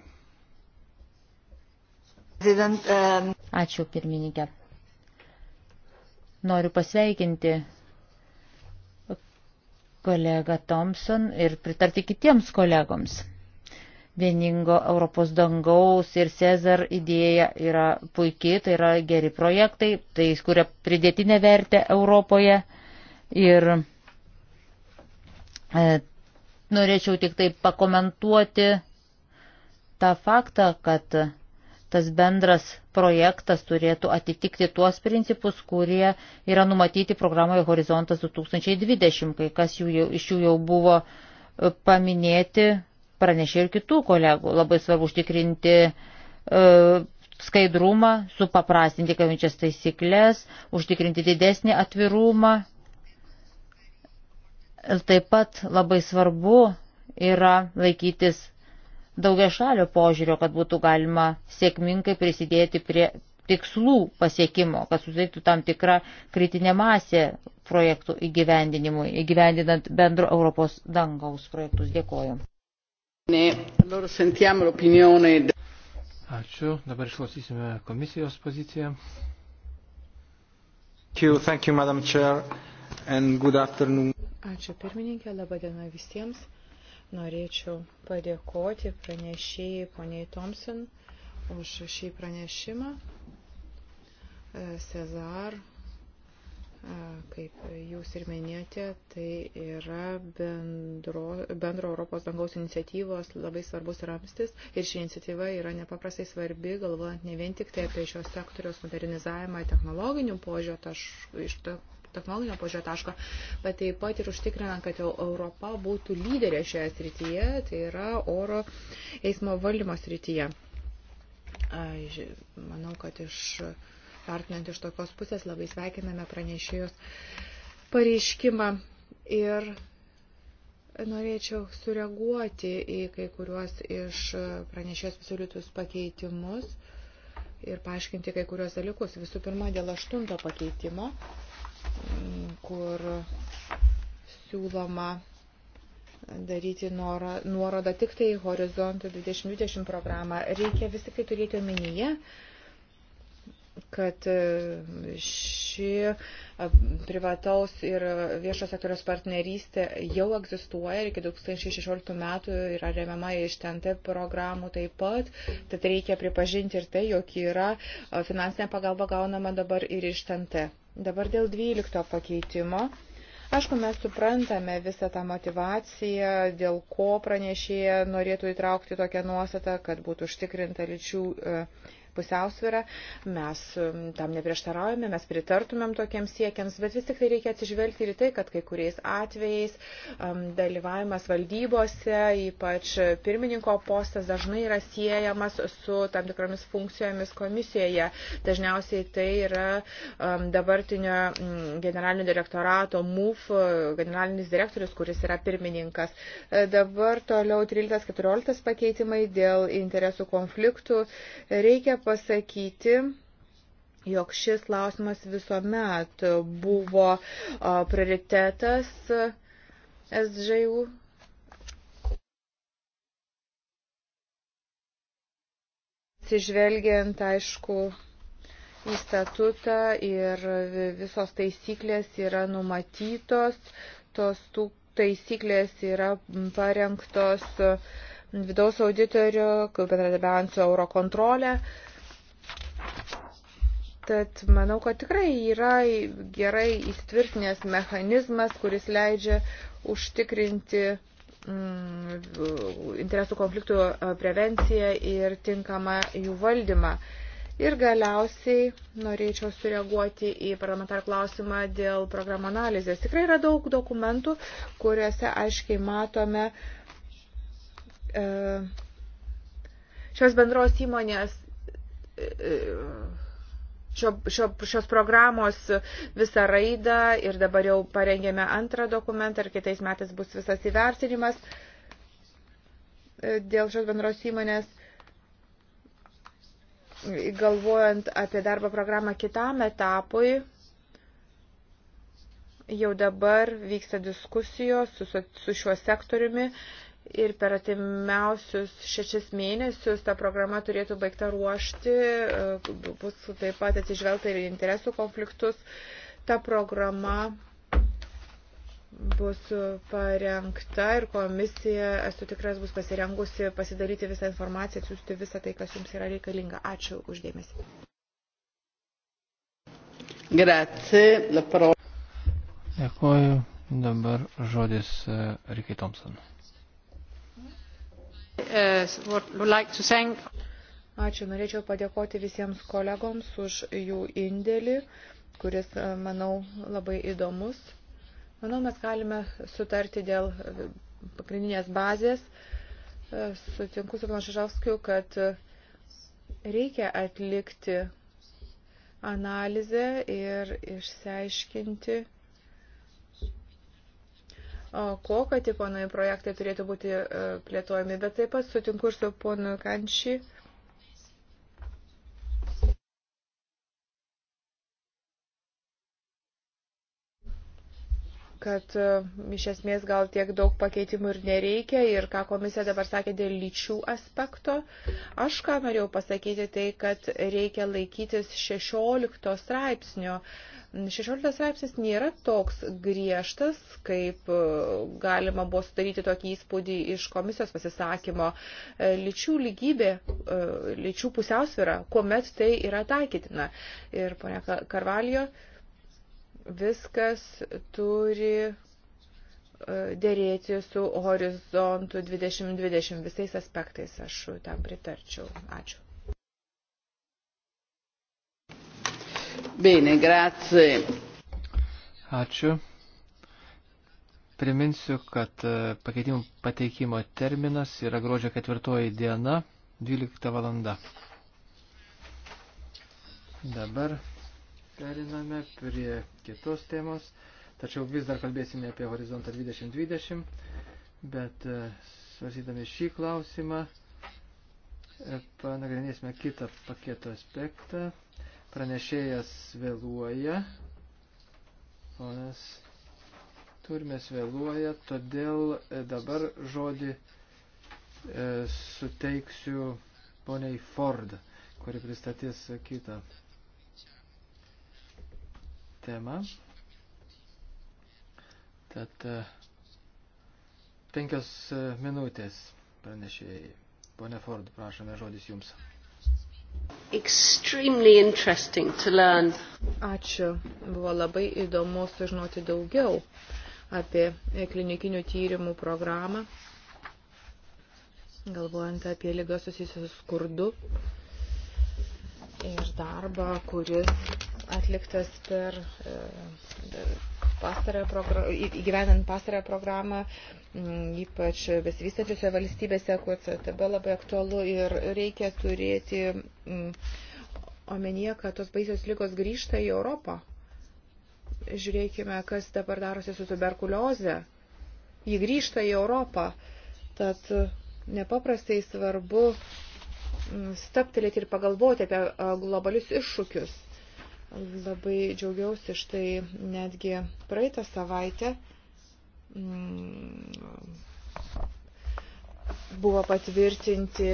Ačiū pirmininkė. Noriu pasveikinti kolegą Thompson ir pritarti kitiems kolegoms. Vieningo Europos dangaus ir Cezar idėja yra puikiai, tai yra geri projektai, tai skuria pridėtinę vertę Europoje ir e, norėčiau tik tai pakomentuoti tą faktą, kad tas bendras projektas turėtų atitikti tuos principus, kurie yra numatyti programoje Horizontas 2020, kai kas jų, iš jų jau buvo e, paminėti, pranešė ir kitų kolegų. Labai svarbu užtikrinti e, skaidrumą, supaprastinti kavinčias taisyklės, užtikrinti didesnį atvirumą Taip pat labai svarbu yra laikytis daugia šalio požiūrio, kad būtų galima sėkmingai prisidėti prie tikslų pasiekimo, kad susidarytų tam tikra kritinė masė projektų įgyvendinimui, įgyvendinant bendro Europos dangaus projektus. Dėkoju. Ačiū. Dabar išklausysime komisijos poziciją. Thank you, thank you, Madam Chair, and good afternoon. Ačiū pirmininkė, laba diena visiems. Norėčiau padėkoti pranešėjai poniai Thompson už šį pranešimą. E, Cezar, e, kaip jūs ir minėjote, tai yra bendro, bendro Europos dangaus iniciatyvos labai svarbus ramstis ir ši iniciatyva yra nepaprastai svarbi, galvojant ne vien tik tai apie šios sektoriaus modernizavimą technologinių požiūrio taš, iš technologinio požiūrio taško, bet taip pat ir užtikrinant, kad Europa būtų lyderė šioje srityje, tai yra oro eismo valdymo srityje. Manau, kad iš vertinant iš tokios pusės labai sveikiname pranešėjus pareiškimą ir norėčiau sureaguoti į kai kuriuos iš pranešėjos pasiūlytus pakeitimus ir paaiškinti kai kuriuos dalykus. Visų pirma, dėl aštunto pakeitimo kur siūloma daryti norą, nuorodą tik tai horizontų 2020 programą. Reikia vis tik tai turėti omenyje, kad e, ši privataus ir viešo sektoriaus partnerystė jau egzistuoja ir iki 2016 metų yra remiama iš TNT programų taip pat. Tad reikia pripažinti ir tai, jog yra finansinė pagalba gaunama dabar ir iš TNT. Dabar dėl 12 pakeitimo. Aišku, mes suprantame visą tą motivaciją, dėl ko pranešėja norėtų įtraukti tokią nuostatą, kad būtų užtikrinta lyčių e, pusiausvyrą. Mes tam neprieštaraujame, mes pritartumėm tokiems siekiams, bet vis tik tai reikia atsižvelgti ir tai, kad kai kuriais atvejais dalyvavimas valdybose, ypač pirmininko postas dažnai yra siejamas su tam tikromis funkcijomis komisijoje. Dažniausiai tai yra dabartinio generalinio direktorato MUF generalinis direktorius, kuris yra pirmininkas. E, dabar toliau 13-14 pakeitimai dėl interesų konfliktų. Reikia pasakyti, jog šis klausimas visuomet buvo prioritetas SGU atsižvelgiant, aišku, į statutą ir visos taisyklės yra numatytos, tos tų taisyklės yra parengtos vidaus auditorio, bendradarbiaujant su Eurokontrolė. Uh, Tad manau, kad tikrai yra gerai įtvirtinęs mechanizmas, kuris leidžia užtikrinti mm, interesų konfliktų e, prevenciją ir tinkamą jų valdymą. Ir galiausiai norėčiau sureaguoti į parlamentar klausimą dėl programų analizės. Tikrai yra daug dokumentų, kuriuose aiškiai matome e, šios bendros įmonės šio, šio, šios programos visą raidą ir dabar jau parengėme antrą dokumentą ir kitais metais bus visas įvertinimas e, dėl šios bendros įmonės. Galvojant apie darbo programą kitam etapui, jau dabar vyksta diskusijos su, su šiuo sektoriumi. Uh, Ir per atimiausius šešis mėnesius ta programa turėtų baigta ruošti, e, bus taip pat atsižvelgta ir interesų konfliktus. Ta programa bus parengta ir komisija, esu tikras, bus pasirengusi pasidaryti visą informaciją, atsiųsti visą tai, kas jums yra reikalinga. Ačiū uždėmesi. Grazie. Dėkuoju. Dabar žodis e, Rikai Thompson. Uh, Ačiū, norėčiau padėkoti visiems kolegoms už jų indėlį, kuris, uh, manau, labai įdomus. Manau, mes galime sutarti dėl uh, pagrindinės bazės. Sutinku su Planšažavskiu, kad reikia atlikti analizę ir išsiaiškinti kokio tipo projektai turėtų būti e, plėtojami, bet taip pat sutinku ir su ponu Kančiu kad e, iš esmės gal tiek daug pakeitimų ir nereikia ir ką komisija dabar sakė dėl lyčių aspekto. Aš ką norėjau pasakyti, tai kad reikia laikytis 16 straipsnio. 16 straipsnis nėra toks griežtas, kaip e, galima buvo sudaryti tokį įspūdį iš komisijos pasisakymo. E, lyčių lygybė, lyčių pusiausvyrą, kuomet tai yra taikytina. Ir ponia Karvalijo, viskas turi e, dėrėti su horizontu 2020 visais aspektais. Aš tam pritarčiau. Ačiū. Bene, grazie. Ačiū. Priminsiu, kad e, pakeitimų pateikimo terminas yra gruodžio ketvirtoji diena, 12 valanda. Dabar Periname prie kitos temos, tačiau vis dar kalbėsime apie horizontą 2020, bet e, svarsydami šį klausimą e, panagrinėsime kitą paketo aspektą. Pranešėjas vėluoja, ponas turime svėluoja, todėl e, dabar žodį e, suteiksiu poniai Ford, kuri pristatys kitą temą. Tad e, penkios e, minutės pranešėjai. Pone Ford, prašome žodis jums. Ačiū. Buvo labai įdomu sužinoti daugiau apie klinikinių tyrimų programą, galvojant apie lygą susijusią su skurdu ir darbą, kuris atliktas per e, pastarąją įgyvenant pastarąją programą, ypač besivystančiose valstybėse, kur CTB labai aktualu ir reikia turėti omenyje, kad tos baisios lygos grįžta į Europą. Žiūrėkime, kas dabar darosi su tuberkulioze. Ji grįžta į Europą. Tad nepaprastai svarbu staptelėti ir pagalvoti apie globalius iššūkius. Labai džiaugiausi štai netgi praeitą savaitę mm, buvo patvirtinti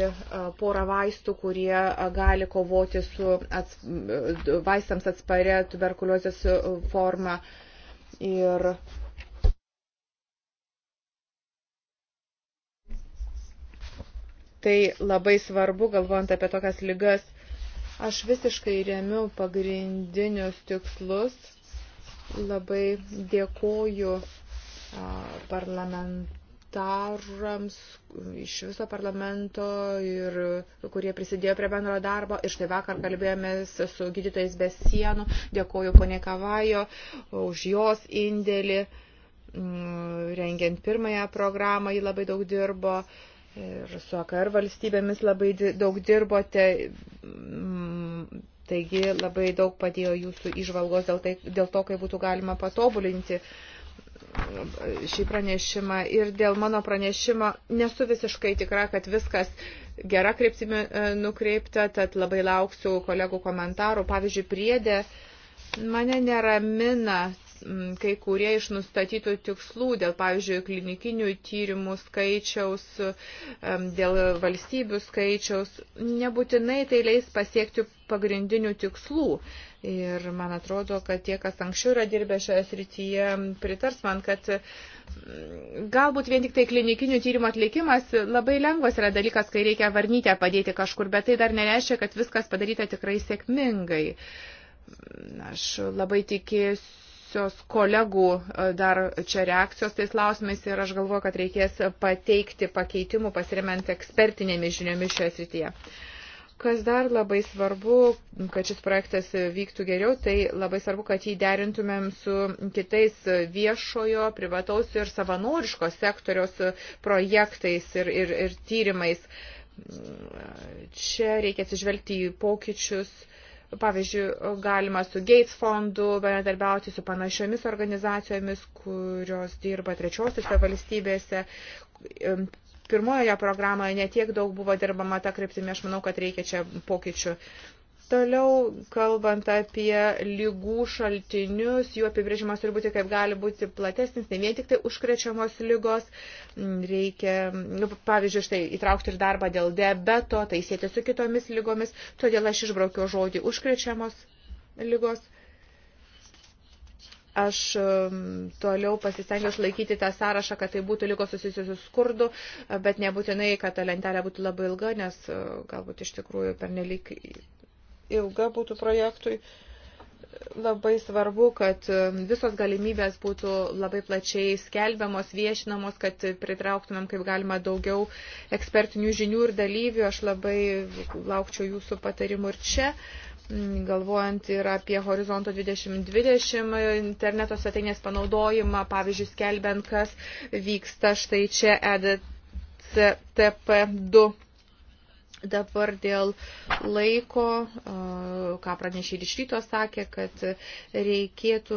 porą vaistų, kurie gali kovoti su ats, vaistams atsparę tuberkuliozės formą. Ir tai labai svarbu, galvojant apie tokias lygas, Aš visiškai remiu pagrindinius tikslus. Labai dėkoju parlamentarams iš viso parlamento ir kurie prisidėjo prie bendro darbo. Ir štai vakar kalbėjomės su gydytojais be sienų. Dėkoju ponė Kavajo už jos indėlį. Rengiant pirmąją programą, ji labai daug dirbo. Uh, ir su AKR valstybėmis labai daug dirbote, mm, taigi labai daug padėjo jūsų išvalgos dėl, tai, dėl to, kaip būtų galima patobulinti mm, šį pranešimą ir dėl mano pranešimo nesu visiškai tikra, kad viskas gera kryptimi e, nukreipta, tad labai lauksiu kolegų komentarų. Pavyzdžiui, priedė mane neramina kai kurie iš nustatytų tikslų dėl, pavyzdžiui, klinikinių tyrimų skaičiaus, dėl valstybių skaičiaus, nebūtinai tai leis pasiekti pagrindinių tikslų. Ir man atrodo, kad tie, kas anksčiau yra dirbę šioje srityje, pritars man, kad galbūt vien tik tai klinikinių tyrimų atlikimas labai lengvas yra dalykas, kai reikia varnytę padėti kažkur, bet tai dar nereiškia, kad viskas padaryta tikrai sėkmingai. Aš labai tikėsiu lauksiuos kolegų e, dar čia reakcijos tais klausimais ir aš galvoju, kad reikės pateikti pakeitimų pasiremiant ekspertinėmis žiniomis šioje srityje. Kas dar labai svarbu, kad šis projektas vyktų geriau, tai labai svarbu, kad jį derintumėm su kitais viešojo, privataus ir savanoriško sektoriaus projektais ir, ir, ir tyrimais. Čia reikia atsižvelgti į pokyčius uh, Pavyzdžiui, galima su Gates fondu bendradarbiauti su panašiomis organizacijomis, kurios dirba trečiosiuose valstybėse. Pirmojoje programoje netiek daug buvo dirbama tą kryptimį, aš manau, kad reikia čia pokyčių. Toliau, kalbant apie lygų šaltinius, jų apibrėžimas turi būti kaip gali būti platesnis, ne vien tik tai užkrečiamos lygos, reikia, nu, pavyzdžiui, štai įtraukti ir darbą dėl diabeto, tai sėti su kitomis lygomis, todėl aš išbraukiau žodį užkrečiamos lygos. Aš um, toliau pasistengiau išlaikyti tą sąrašą, kad tai būtų lygos susijusios su skurdu, bet nebūtinai, kad ta lentelė būtų labai ilga, nes uh, galbūt iš tikrųjų per nelik ilga būtų projektui. Labai svarbu, kad um, visos galimybės būtų labai plačiai skelbiamos, viešinamos, kad pritrauktumėm kaip galima daugiau ekspertinių žinių ir dalyvių. Aš labai laukčiau jūsų patarimų ir čia mm, galvojant ir apie Horizonto 2020 e, interneto svetainės panaudojimą, pavyzdžiui, skelbiant, kas vyksta štai čia EDCTP2 Dabar dėl laiko, ką pranešė ir iš ryto sakė, kad reikėtų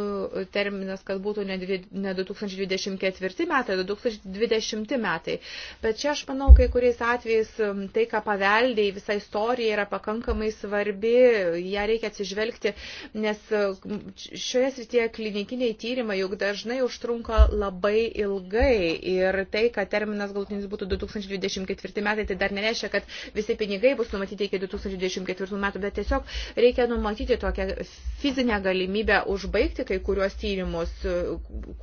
terminas, kad būtų ne 2024 metai, o 2020 metai. Bet čia aš manau, kai kuriais atvejais tai, ką paveldėjai, visa istorija yra pakankamai svarbi, ją reikia atsižvelgti, nes šioje srityje klinikiniai tyrimai juk dažnai užtrunka labai ilgai ir tai, kad terminas galutinis būtų 2024 metai, tai dar nereiškia, kad visi pinigai bus numatyti iki 2024 metų, bet tiesiog reikia numatyti tokią fizinę galimybę užbaigti kai kuriuos tyrimus,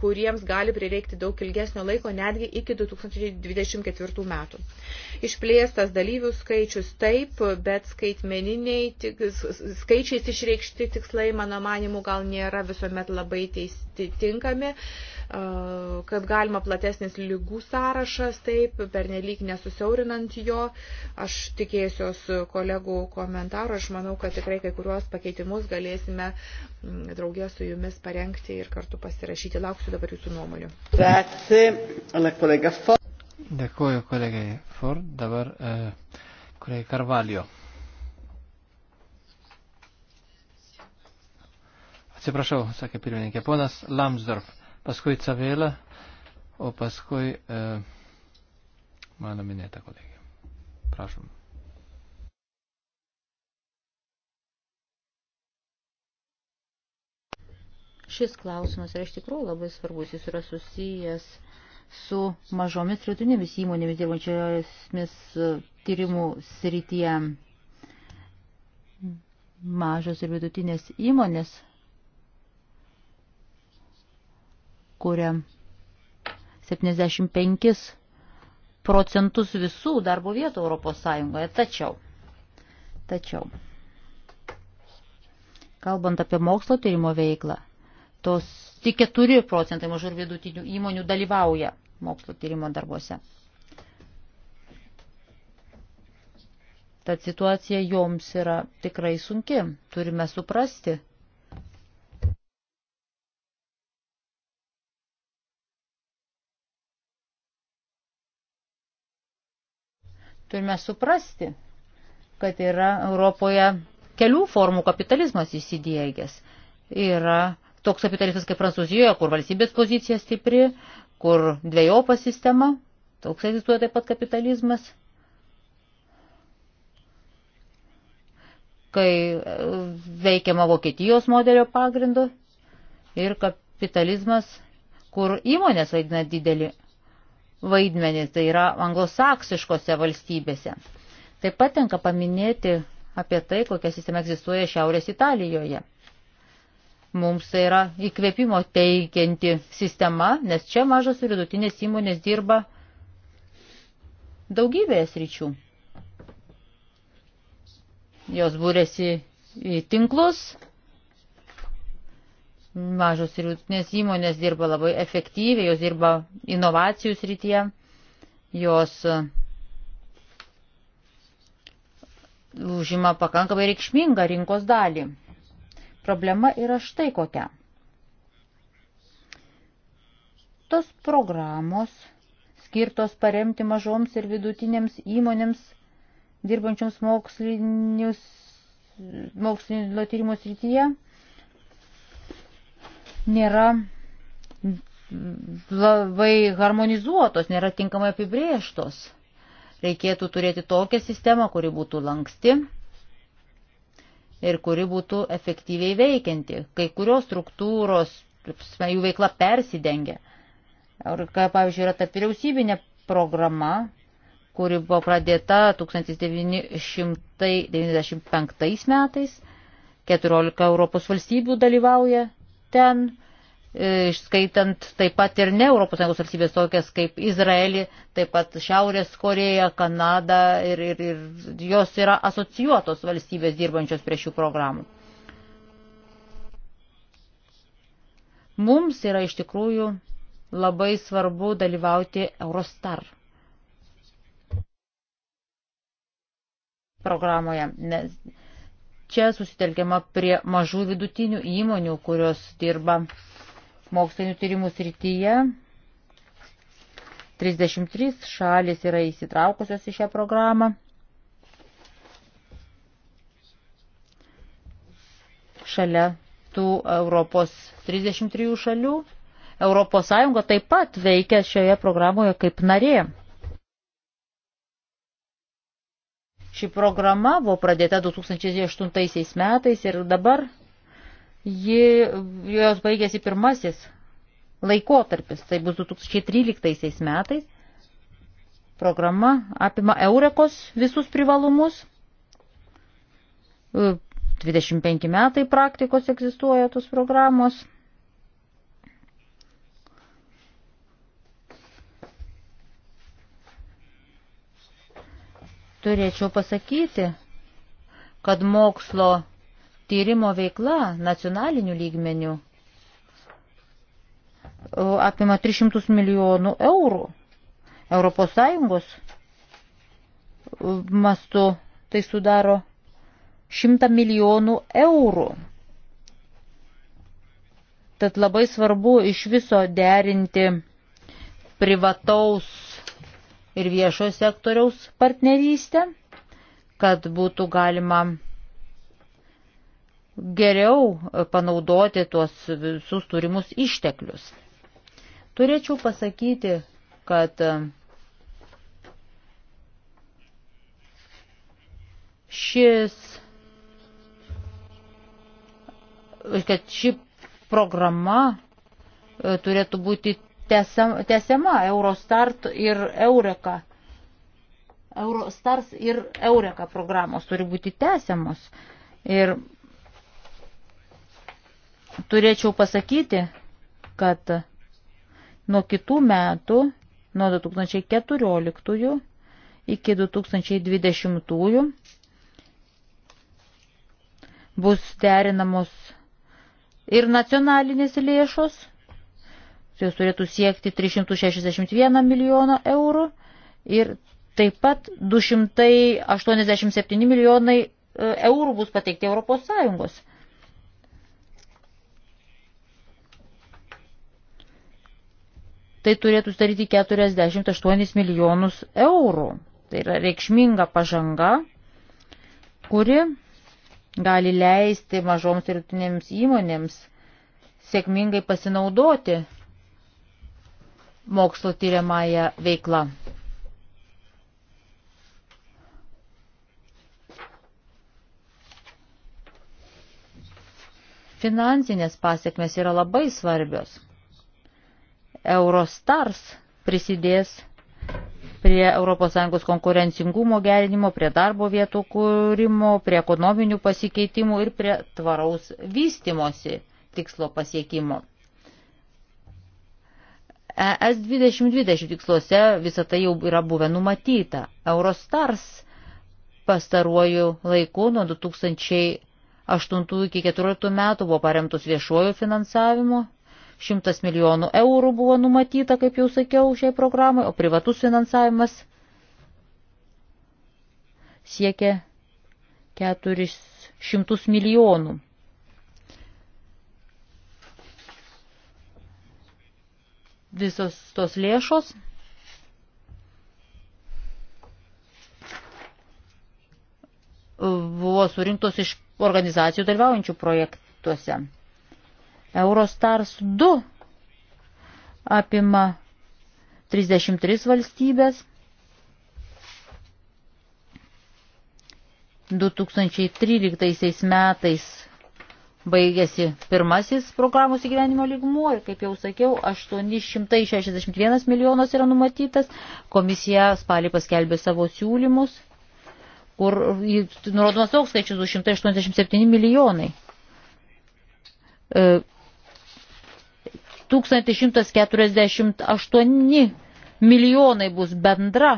kuriems gali prireikti daug ilgesnio laiko netgi iki 2024 metų. Išplėstas dalyvių skaičius taip, bet skaitmeniniai tik, skaičiais išreikšti tikslai, mano manimu, gal nėra visuomet labai teisti, tinkami. Uh, kaip galima platesnis lygų sąrašas, taip, pernelyg nesusiaurinant jo. Aš tikėsiuos kolegų komentarų, aš manau, kad tikrai kai kuriuos pakeitimus galėsime draugė su jumis parengti ir kartu pasirašyti. Lauksiu dabar jūsų nuomonių. Dėkuoju kolegai Ford, dabar e, kolegai Karvalio. Atsiprašau, sakė pirmininkė, ponas Lamsdorf paskui Cavėlą, o paskui e, mano minėta kolegė. Prašom. Šis klausimas yra iš tikrųjų labai svarbus, jis yra susijęs su mažomis rytinėmis įmonėmis dirbančiomis e, tyrimų srityje. Mažos ir vidutinės įmonės kuriam 75 procentus visų darbo vietų Europos Sąjungoje. Tačiau, tačiau, kalbant apie mokslo tyrimo veiklą, tos tik 4 procentai mažų ir vidutinių įmonių dalyvauja mokslo tyrimo darbuose. Tad situacija joms yra tikrai sunki. Turime suprasti, Turime suprasti, kad yra Europoje kelių formų kapitalizmas įsidėgęs. Yra toks kapitalizmas kaip Prancūzijoje, kur valstybės pozicija stipri, kur dviejopa sistema, toks egzistuoja taip pat kapitalizmas. kai e, veikiama Vokietijos modelio pagrindu ir kapitalizmas, kur įmonės vaidina didelį vaidmenį, tai yra anglosaksiškose valstybėse. Taip pat tenka paminėti apie tai, kokia sistema egzistuoja Šiaurės Italijoje. Mums tai yra įkvėpimo teikianti sistema, nes čia mažos ir vidutinės įmonės dirba daugybėje sričių. Jos būrėsi į tinklus, Mažos ir vidutinės įmonės dirba labai efektyviai, jos dirba inovacijų srityje, jos e, užima pakankamai reikšmingą rinkos dalį. Problema yra štai kokia. Tos programos skirtos paremti mažoms ir vidutinėms įmonėms dirbančioms mokslinio tyrimo srityje nėra labai harmonizuotos, nėra tinkamai apibrėžtos. Reikėtų turėti tokią sistemą, kuri būtų lanksti ir kuri būtų efektyviai veikianti. Kai kurios struktūros, jų veikla persidengia. Ir, pavyzdžiui, yra ta vyriausybinė programa, kuri buvo pradėta 1995 metais. 14 Europos valstybių dalyvauja ten, e, išskaitant taip pat ir ne ES valstybės tokias kaip Izraelį, taip pat Šiaurės Koreja, Kanada ir, ir, ir jos yra asocijuotos valstybės dirbančios prie šių programų. Mums yra iš tikrųjų labai svarbu dalyvauti Eurostar programoje, nes Čia susitelkiama prie mažų vidutinių įmonių, kurios dirba mokslinių tyrimų srityje. 33 šalis yra įsitraukusios į šią programą. Šalia tų Europos 33 šalių Europos Sąjunga taip pat veikia šioje programoje kaip narė. Ši programa buvo pradėta 2008 metais ir dabar ji, jos baigėsi pirmasis laikotarpis, tai bus 2013 metais. Programa apima Eurekos visus privalumus. 25 metai praktikos egzistuoja tos programos. Turėčiau pasakyti, kad mokslo tyrimo veikla nacionaliniu lygmeniu e, apima 300 milijonų eurų. Europos Sąjungos e, mastu tai sudaro 100 milijonų eurų. Tad labai svarbu iš viso derinti privataus ir viešojo sektoriaus partnerystę, kad būtų galima geriau panaudoti tuos visus turimus išteklius. Turėčiau pasakyti, kad šis, kad ši programa e, turėtų būti tęsiama Eurostart ir Eureka. Eurostars ir Eureka programos turi būti tęsiamos. Ir turėčiau pasakyti, kad nuo kitų metų, nuo 2014 iki 2020 bus derinamos ir nacionalinės lėšos jos turėtų siekti 361 milijoną eurų ir taip pat 287 milijonai e, eurų bus pateikti Europos Sąjungos. Tai turėtų sudaryti 48 milijonus eurų. Tai yra reikšminga pažanga, kuri gali leisti mažoms ir rytinėms įmonėms sėkmingai pasinaudoti mokslo tyriamąją veiklą. Finansinės pasiekmes yra labai svarbios. Eurostars prisidės prie ES konkurencingumo gerinimo, prie darbo vietų kūrimo, prie ekonominių pasikeitimų ir prie tvaraus vystimosi tikslo pasiekimo. ES 2020 tiksluose visą tai jau yra buvę numatyta. Eurostars pastaruoju laiku nuo 2008 iki 2014 metų buvo paremtos viešuoju finansavimu. 100 milijonų eurų buvo numatyta, kaip jau sakiau, šiai programai, o privatus finansavimas siekia 400 milijonų. visos tos lėšos. buvo surinktos iš organizacijų dalyvaujančių projektuose. Eurostars 2 apima 33 valstybės, 2013 metais Baigėsi pirmasis programos įgyvenimo lygmuo ir, kaip jau sakiau, 861 milijonas yra numatytas. Komisija spalį paskelbė savo siūlymus, kur nurodomas toks skaičius 287 milijonai. 1148 e, milijonai bus bendra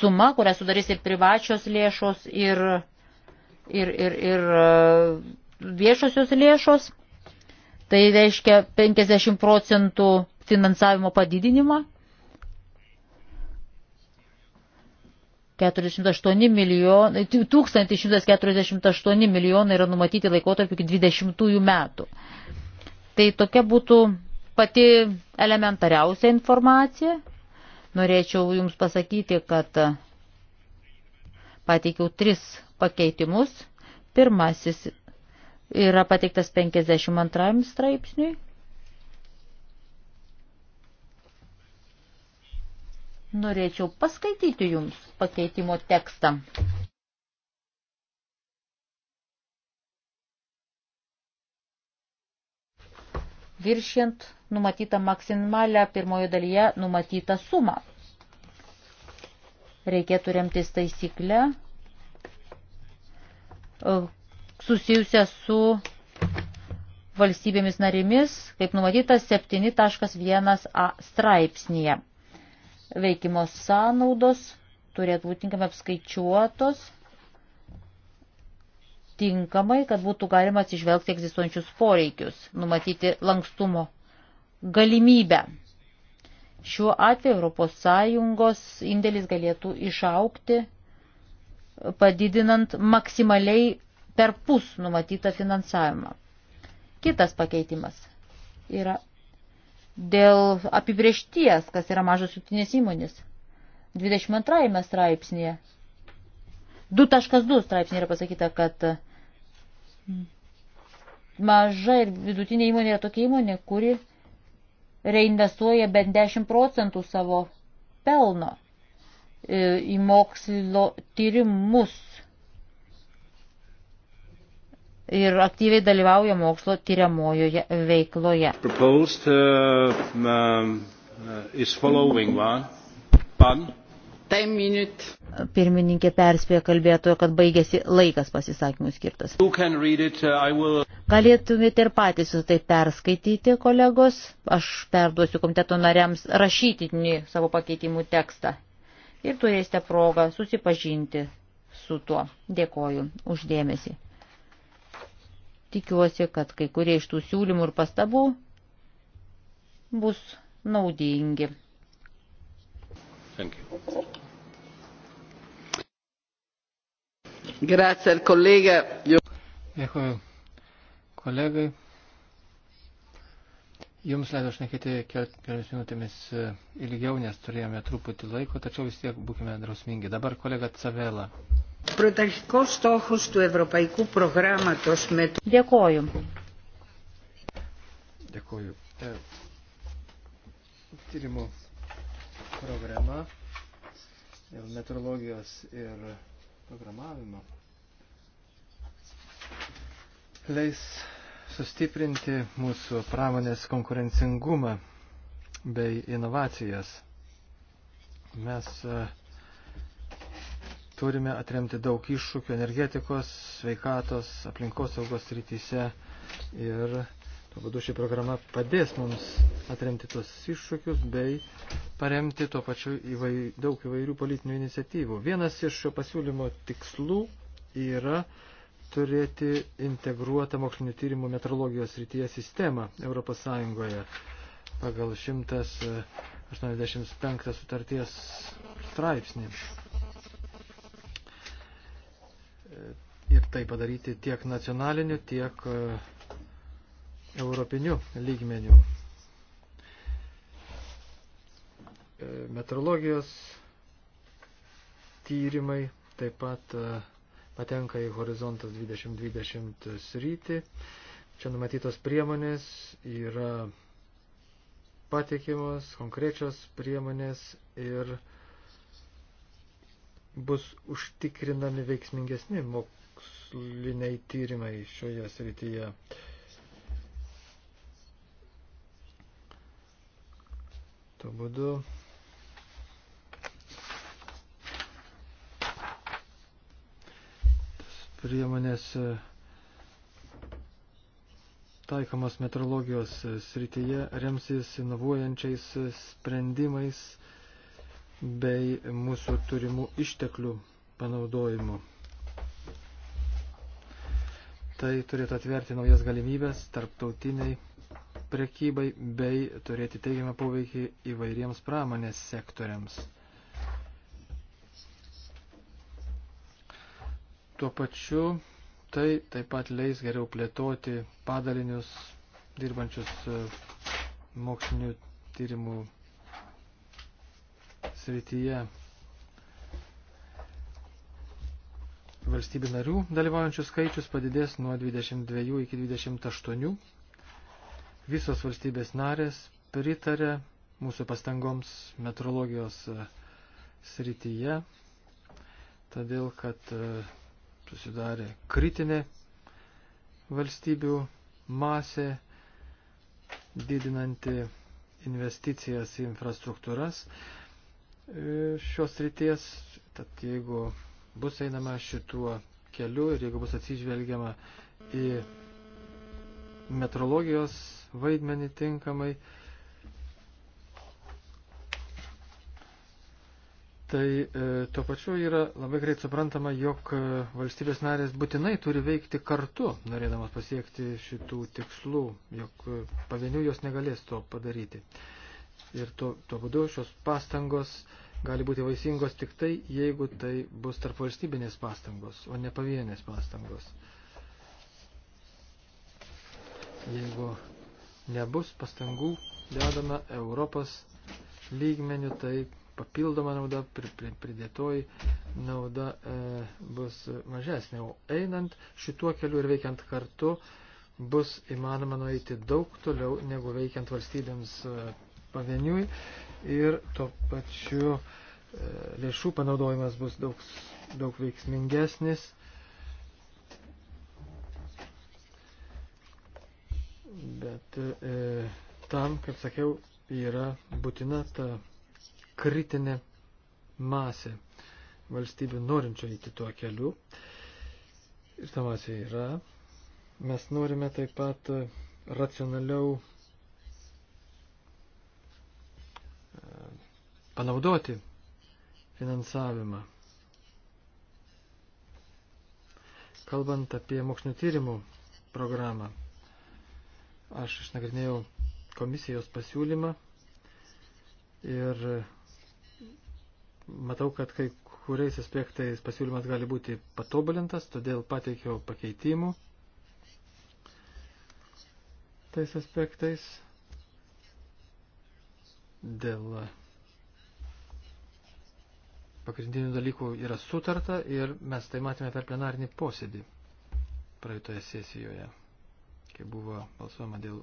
suma, kurią sudarys ir privačios lėšos, ir, ir, ir, ir e, viešosios lėšos, tai reiškia 50 procentų finansavimo padidinimą. 48 milijonai, 1148 milijonai yra numatyti laikotarpiu iki 20 metų. Tai tokia būtų pati elementariausia informacija. Norėčiau Jums pasakyti, kad pateikiau tris pakeitimus. Pirmasis yra pateiktas 52 straipsniui. Norėčiau paskaityti jums pakeitimo tekstą. Viršint numatytą maksimalę pirmojo dalyje numatytą sumą. Reikėtų remtis taisyklę, susijusią su valstybėmis narimis, kaip numatyta 7.1a straipsnėje. Veikimo sąnaudos turėtų būti tinkamai apskaičiuotos tinkamai, kad būtų galima atsižvelgti egzistuojančius poreikius, numatyti lankstumo galimybę. Šiuo atveju ES indėlis galėtų išaukti, padidinant maksimaliai per pus numatytą finansavimą. Kitas pakeitimas yra dėl apibriešties, kas yra mažos jūtinės įmonės. 22 straipsnėje. 2.2 straipsnėje yra pasakyta, kad maža ir vidutinė įmonė yra tokia įmonė, kuri reinvestuoja bent 10 procentų savo pelno e, į mokslo tyrimus ir aktyviai dalyvauja mokslo tyriamojoje veikloje. Proposed, uh, um, Pirmininkė perspėjo kalbėtojo, kad baigėsi laikas pasisakymų skirtas. It, uh, will... Galėtumėte ir patys tai perskaityti, kolegos. Aš perduosiu komiteto nariams rašytinį savo pakeitimų tekstą. Ir turėsite progą susipažinti su tuo. Dėkoju uždėmesi. Tikiuosi, kad kai kurie iš tų siūlymų ir pastabų bus naudingi. Grazie al collega. Dėkuoju kolegai. Jums leido šnekėti keliomis minutėmis e, ilgiau, nes turėjome truputį laiko, tačiau vis tiek būkime drausmingi. Dabar kolega Cavela. Dėkoju. Dėkoju. E, tyrimų programa dėl meteorologijos ir programavimo leis sustiprinti mūsų pramonės konkurencingumą bei inovacijas. Mes uh, turime atremti daug iššūkių energetikos, sveikatos, aplinkos saugos rytise ir tuo būdu ši programa padės mums atremti tuos iššūkius bei paremti tuo pačiu įvai, daug įvairių politinių iniciatyvų. Vienas iš šio pasiūlymo tikslų yra turėti integruotą mokslinio tyrimų metrologijos rytyje sistemą ES pagal 185 sutarties straipsnį ir tai padaryti tiek nacionaliniu, tiek e, europiniu lygmeniu. E, metrologijos tyrimai taip pat e, patenka į horizontas 2020 sritį. Čia numatytos priemonės yra patikimos, konkrečios priemonės ir e, bus užtikrinami veiksmingesni moksliniai tyrimai šioje srityje. Tuo būdu priemonės e, taikomas metrologijos e, srityje remsis inovuojančiais e, sprendimais bei mūsų turimų išteklių panaudojimu. Tai turėtų atverti naujas galimybės tarptautiniai prekybai bei turėti teigiamą poveikį įvairiems pramonės sektoriams. Tuo pačiu tai taip pat leis geriau plėtoti padalinius dirbančius e, mokslinių tyrimų srityje valstybių narių dalyvaujančių skaičius padidės nuo 22 iki 28. Visos valstybės narės pritarė mūsų pastangoms metrologijos e, srityje, todėl kad e, susidarė kritinė valstybių masė, didinanti investicijas į infrastruktūras šios ryties, tad jeigu bus einama šituo keliu ir jeigu bus atsižvelgiama į metrologijos vaidmenį tinkamai, Tai e, tuo pačiu yra labai greit suprantama, jog e, valstybės narės būtinai turi veikti kartu, norėdamas pasiekti šitų tikslų, jog e, pavieniu jos negalės to padaryti. E, Ir tuo, tuo būdu šios pastangos gali būti vaisingos tik tai, jeigu tai bus tarp valstybinės pastangos, o ne pavienės pastangos. Jeigu nebus pastangų dedama Europos lygmenių, tai papildoma nauda, pridėtoji nauda e, bus mažesnė. O einant šituo keliu ir veikiant kartu, bus įmanoma nueiti daug toliau, negu veikiant valstybėms e, pavieniui ir tuo pačiu e, lėšų panaudojimas bus daug, daug veiksmingesnis. Bet e, tam, kaip sakiau, yra būtina ta kritinė masė valstybių norinčio eiti tuo keliu. Ir ta masė yra. Mes norime taip pat racionaliau panaudoti finansavimą. Kalbant apie mokslinio tyrimų programą, aš išnagrinėjau komisijos pasiūlymą ir matau, kad kai kuriais aspektais pasiūlymas gali būti patobulintas, todėl pateikiau pakeitimų tais aspektais dėl pagrindinių dalykų yra sutarta ir mes tai matėme per plenarinį posėdį praeitoje sesijoje, kai buvo balsuojama dėl,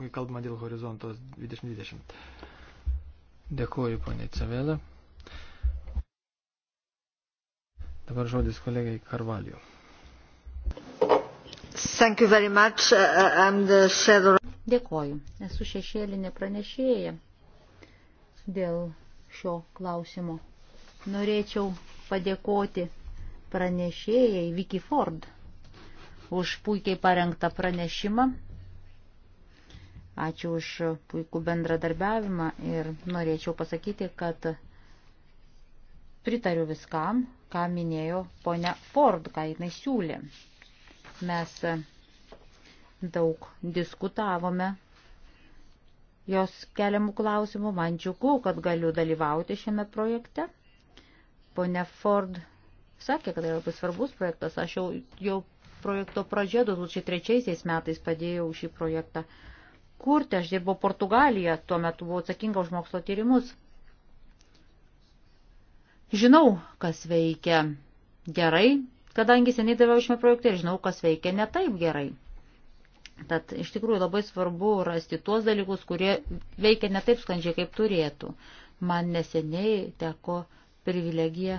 e, kalbama dėl horizontos 2020. Dėkuoju, ponė Cavela. Dabar žodis kolegai Karvaliu. Thank you very much. Uh, uh, I'm the shadow. Dėkuoju. Esu šešėlinė pranešėja dėl šio klausimo. Norėčiau padėkoti pranešėjai Vicky Ford už puikiai parengtą pranešimą. Ačiū už puikų bendradarbiavimą ir norėčiau pasakyti, kad pritariu viskam, ką minėjo ponia Ford, ką jinai siūlė. Mes daug diskutavome jos keliamų klausimų. Man džiugu, kad galiu dalyvauti šiame projekte. Pone Ford sakė, kad tai labai svarbus projektas. Aš jau, jau projekto pradžioje 2003 metais padėjau šį projektą kurti. Aš dirbau Portugaliją, tuo metu buvau atsakinga už mokslo tyrimus. Žinau, kas veikia gerai, kadangi seniai daviau šiame projekte ir žinau, kas veikia ne taip gerai. Tad iš tikrųjų labai svarbu rasti tuos dalykus, kurie veikia ne taip sklandžiai, kaip turėtų. Man neseniai teko privilegija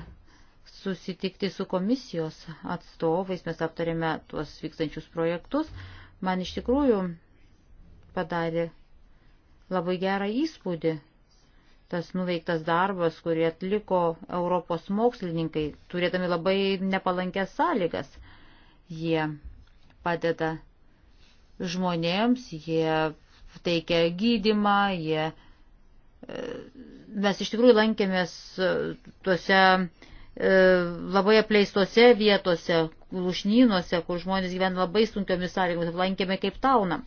susitikti su komisijos atstovais, mes aptarėme tuos vykstančius projektus. Man iš tikrųjų padarė labai gerą įspūdį tas nuveiktas darbas, kurį atliko Europos mokslininkai, turėdami labai nepalankęs sąlygas. Jie padeda žmonėms, jie teikia gydimą, jie. E, mes iš tikrųjų lankėmės e, tuose e, labai apleistose vietose, lūšnynuose, kur žmonės gyvena labai sunkiomis sąlygomis, lankėme kaip tauna.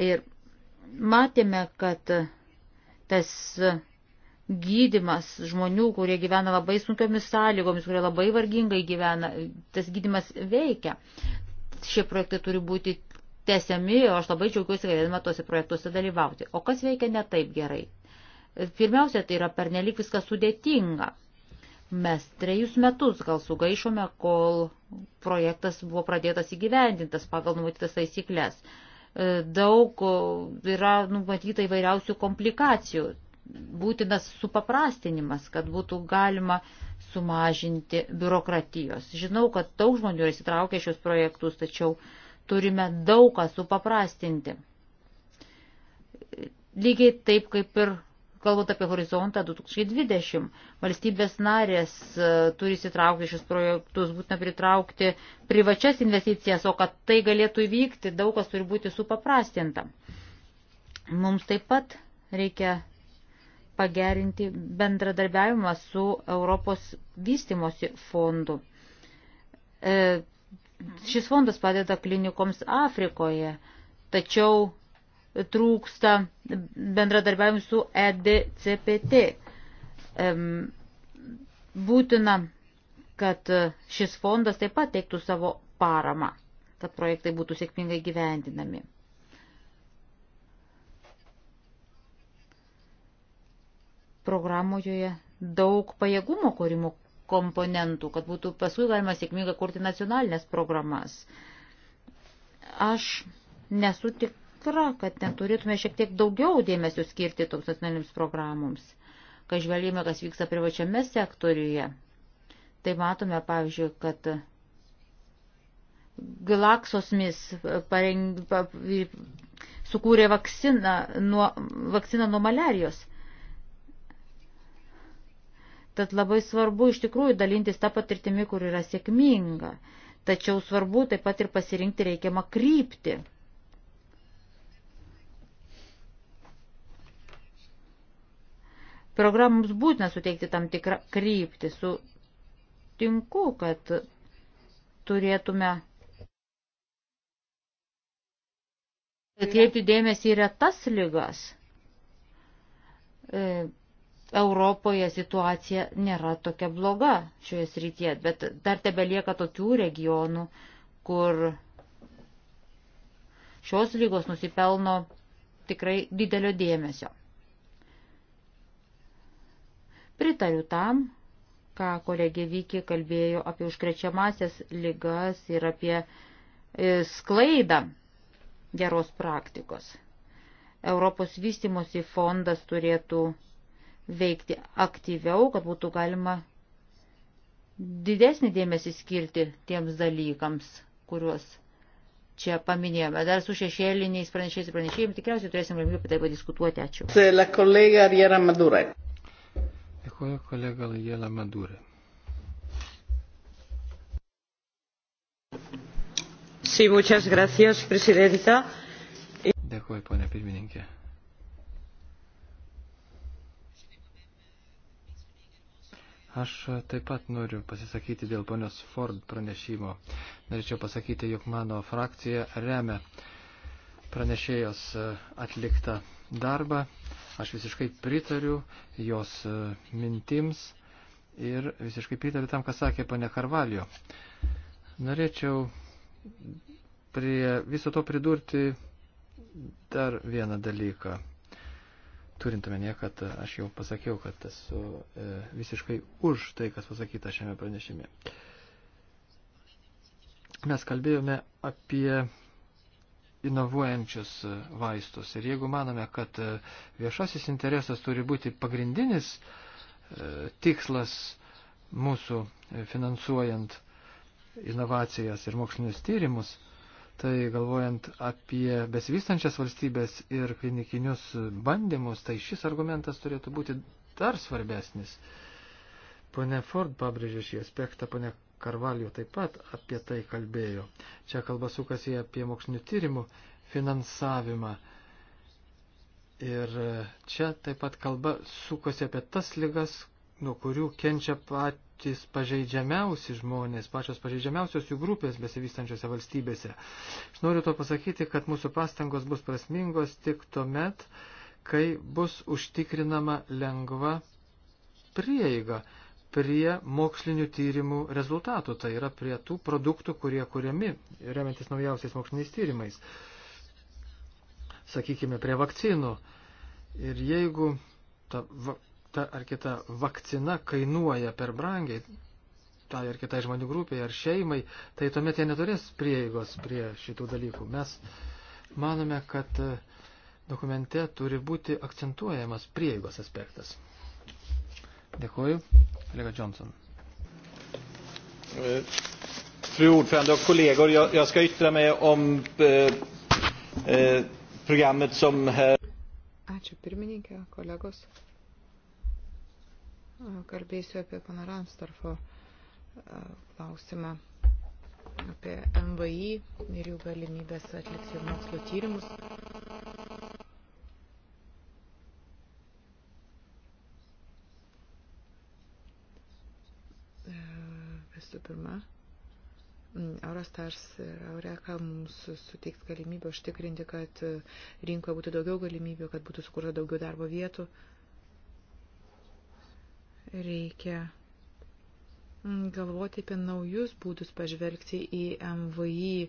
Ir matėme, kad tas gydimas žmonių, kurie gyvena labai sunkiomis sąlygomis, kurie labai vargingai gyvena, tas gydimas veikia. Šie projektai turi būti tesiami, o aš labai džiaugiuosi galėdama tuose projektuose dalyvauti. O kas veikia ne taip gerai? Pirmiausia, tai yra pernelyg viskas sudėtinga. Mes trejus metus gal sugaišome, kol projektas buvo pradėtas įgyvendintas pagal numatytas taisyklės. E, daug yra numatyta įvairiausių komplikacijų. Būtinas supaprastinimas, kad būtų galima sumažinti biurokratijos. Žinau, kad daug žmonių yra įsitraukę šios projektus, tačiau uh, turime daug ką supaprastinti. Lygiai taip kaip ir kalbant apie horizontą 2020, valstybės narės e, turi įsitraukti šius projektus, būtina pritraukti privačias investicijas, o kad tai galėtų įvykti, daug kas turi būti supaprastinta. Mums taip pat reikia pagerinti bendradarbiavimą su Europos vystimosi fondu. E, Šis fondas padeda klinikoms Afrikoje, tačiau trūksta bendradarbiavimų su EDCPT. Būtina, kad šis fondas taip pat teiktų savo paramą, kad projektai būtų sėkmingai gyvendinami. Programoje daug pajėgumo kūrimo komponentų, kad būtų paskui galima sėkmingai kurti nacionalinės programas. Aš nesu tikra, kad neturėtume šiek tiek daugiau dėmesio skirti toms nacionalinėms programoms. Kai žvelgime, kas vyksta privačiame sektoriuje, tai matome, pavyzdžiui, kad Glaxosmis pareng, pa, sukūrė vakciną nuo, vakciną nuo malerijos. Tad labai svarbu iš tikrųjų dalintis tą patirtimį, kur yra sėkminga. Tačiau svarbu taip pat ir pasirinkti reikiamą kryptį. Programoms būtina suteikti tam tikrą kryptį. Sutinku, kad turėtume atkreipti dėmesį į retas lygas. E, Europoje situacija nėra tokia bloga šioje srityje, bet dar tebe lieka tokių regionų, kur šios lygos nusipelno tikrai didelio dėmesio. Pritariu tam, ką kolegė Vykė kalbėjo apie užkrečiamasias lygas ir apie e, sklaidą geros praktikos. Europos vystimosi fondas turėtų veikti aktyviau, kad būtų galima didesnį dėmesį skirti tiems dalykams, kuriuos čia paminėjome. Dar su šešėliniais pranešėjais ir pranešėjim tikriausiai turėsim galimybę apie tai padiskutuoti. Ačiū. Dėkuoju kolega Jėla Madurė. Sí, muchas gracias, presidenta. Dėkuoju, ponė pirmininkė. Aš taip pat noriu pasisakyti dėl ponios Ford pranešimo. Norėčiau pasakyti, jog mano frakcija remia pranešėjos e, atliktą darbą. Aš visiškai pritariu jos e, mintims ir visiškai pritariu tam, ką sakė ponia Karvalio. Norėčiau prie viso to pridurti dar vieną dalyką turint omenyje, kad aš jau pasakiau, kad esu e, visiškai už tai, kas pasakyta šiame pranešime. Mes kalbėjome apie inovuojančius vaistus ir jeigu manome, kad e, viešasis interesas turi būti pagrindinis e, tikslas mūsų e, finansuojant inovacijas ir mokslinius tyrimus, e, Tai galvojant apie besivystančias valstybės ir klinikinius bandymus, tai šis argumentas turėtų būti dar svarbesnis. Pone Ford pabrėžė šį aspektą, pone Karvalio taip pat apie tai kalbėjo. Čia kalba sukasi apie mokslinių tyrimų finansavimą. Ir čia taip pat kalba sukosi apie tas lygas, nuo kurių kenčia patys pažeidžiamiausi žmonės, pačios pažeidžiamiausios jų grupės besivystančiose valstybėse. Aš noriu to pasakyti, kad mūsų pastangos bus prasmingos tik tuomet, kai bus užtikrinama lengva prieiga prie mokslinių tyrimų rezultatų, tai yra prie tų produktų, kurie kuriami, remiantis naujausiais moksliniais tyrimais, sakykime, prie vakcinų. Ir jeigu ta ta ar kita vakcina kainuoja per brangiai, tai ar kitai žmonių grupiai, ar šeimai, tai tuomet jie neturės prieigos prie šitų dalykų. Mes manome, kad e, dokumente turi būti akcentuojamas prieigos aspektas. Dėkuoju. Lega Johnson. E, fru ordförande och kollegor, jag, jag ska yttra mig om eh, eh, programmet som här... Ačiū pirmininkė, kolegos kalbėsiu apie pana Ramstorfo e, klausimą apie MVI ir jų galimybės atlikti mokslo tyrimus. E, visų pirma, Eurostars ir Eureka mums suteiks galimybę užtikrinti, kad e, rinkoje būtų daugiau galimybių, kad būtų sukurta daugiau darbo vietų. Uh, Reikia galvoti apie naujus būdus pažvelgti į MVI,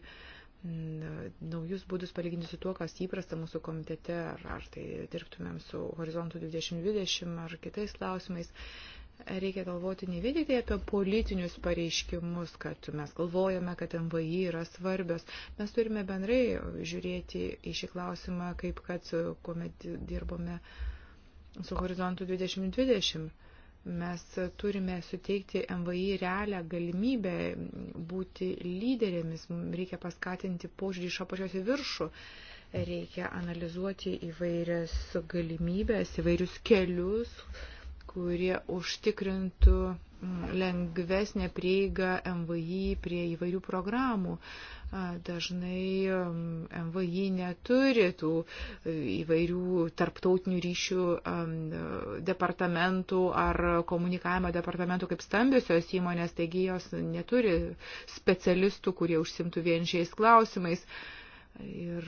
naujus būdus palyginti su tuo, kas įprasta mūsų komitete, ar, ar tai dirbtumėm su Horizontu 2020 ar kitais klausimais. Reikia galvoti ne vien tai apie politinius pareiškimus, kad mes galvojame, kad MVI yra svarbios. Mes turime bendrai žiūrėti į šį klausimą, kaip kad kuomet dirbome su Horizontu 2020 Mes turime suteikti MVI realią galimybę būti lyderėmis, reikia paskatinti požiūrį iš apačios į viršų, reikia analizuoti įvairias galimybės, įvairius kelius, kurie užtikrintų lengvesnė prieiga MVI prie įvairių programų. Dažnai MVI neturi tų e, įvairių tarptautinių ryšių e, departamentų ar komunikavimo departamentų kaip stambiosios įmonės, taigi jos neturi specialistų, kurie užsimtų vien šiais klausimais. Ir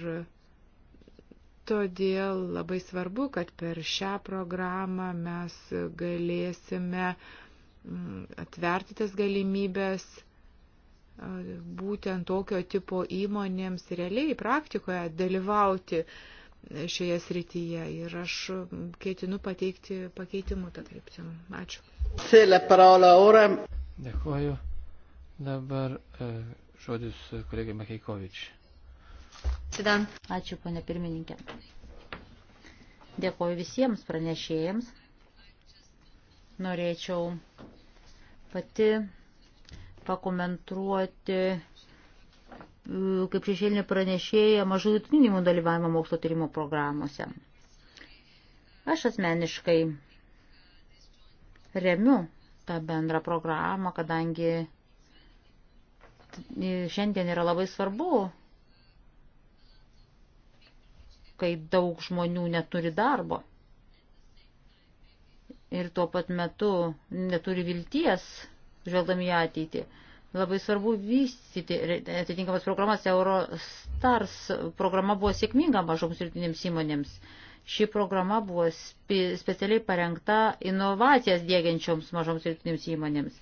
todėl labai svarbu, kad per šią programą mes galėsime uh, Mm, atverti tas galimybės būtent tokio tipo įmonėms realiai praktikoje dalyvauti šioje srityje ir aš ketinu pateikti pakeitimų tą kryptim. Ačiū. Dėkuoju. Dabar e, žodis kolegai Makeikovič. Sidan. Ačiū, ponė pirmininkė. Dėkuoju visiems pranešėjams. Norėčiau pati pakomentuoti e, kaip šešėlinė pranešėja mažų įtminimų dalyvavimo mokslo tyrimo programuose. Aš asmeniškai remiu tą bendrą programą, kadangi šiandien yra labai svarbu, kai daug žmonių neturi darbo ir tuo pat metu neturi vilties, žvelgdami į ateitį. Labai svarbu vystyti atitinkamas programas. Eurostars programa buvo sėkminga mažoms ir didinėms įmonėms. Ši programa buvo spe, specialiai parengta inovacijas dėgiančioms mažoms ir didinėms įmonėms.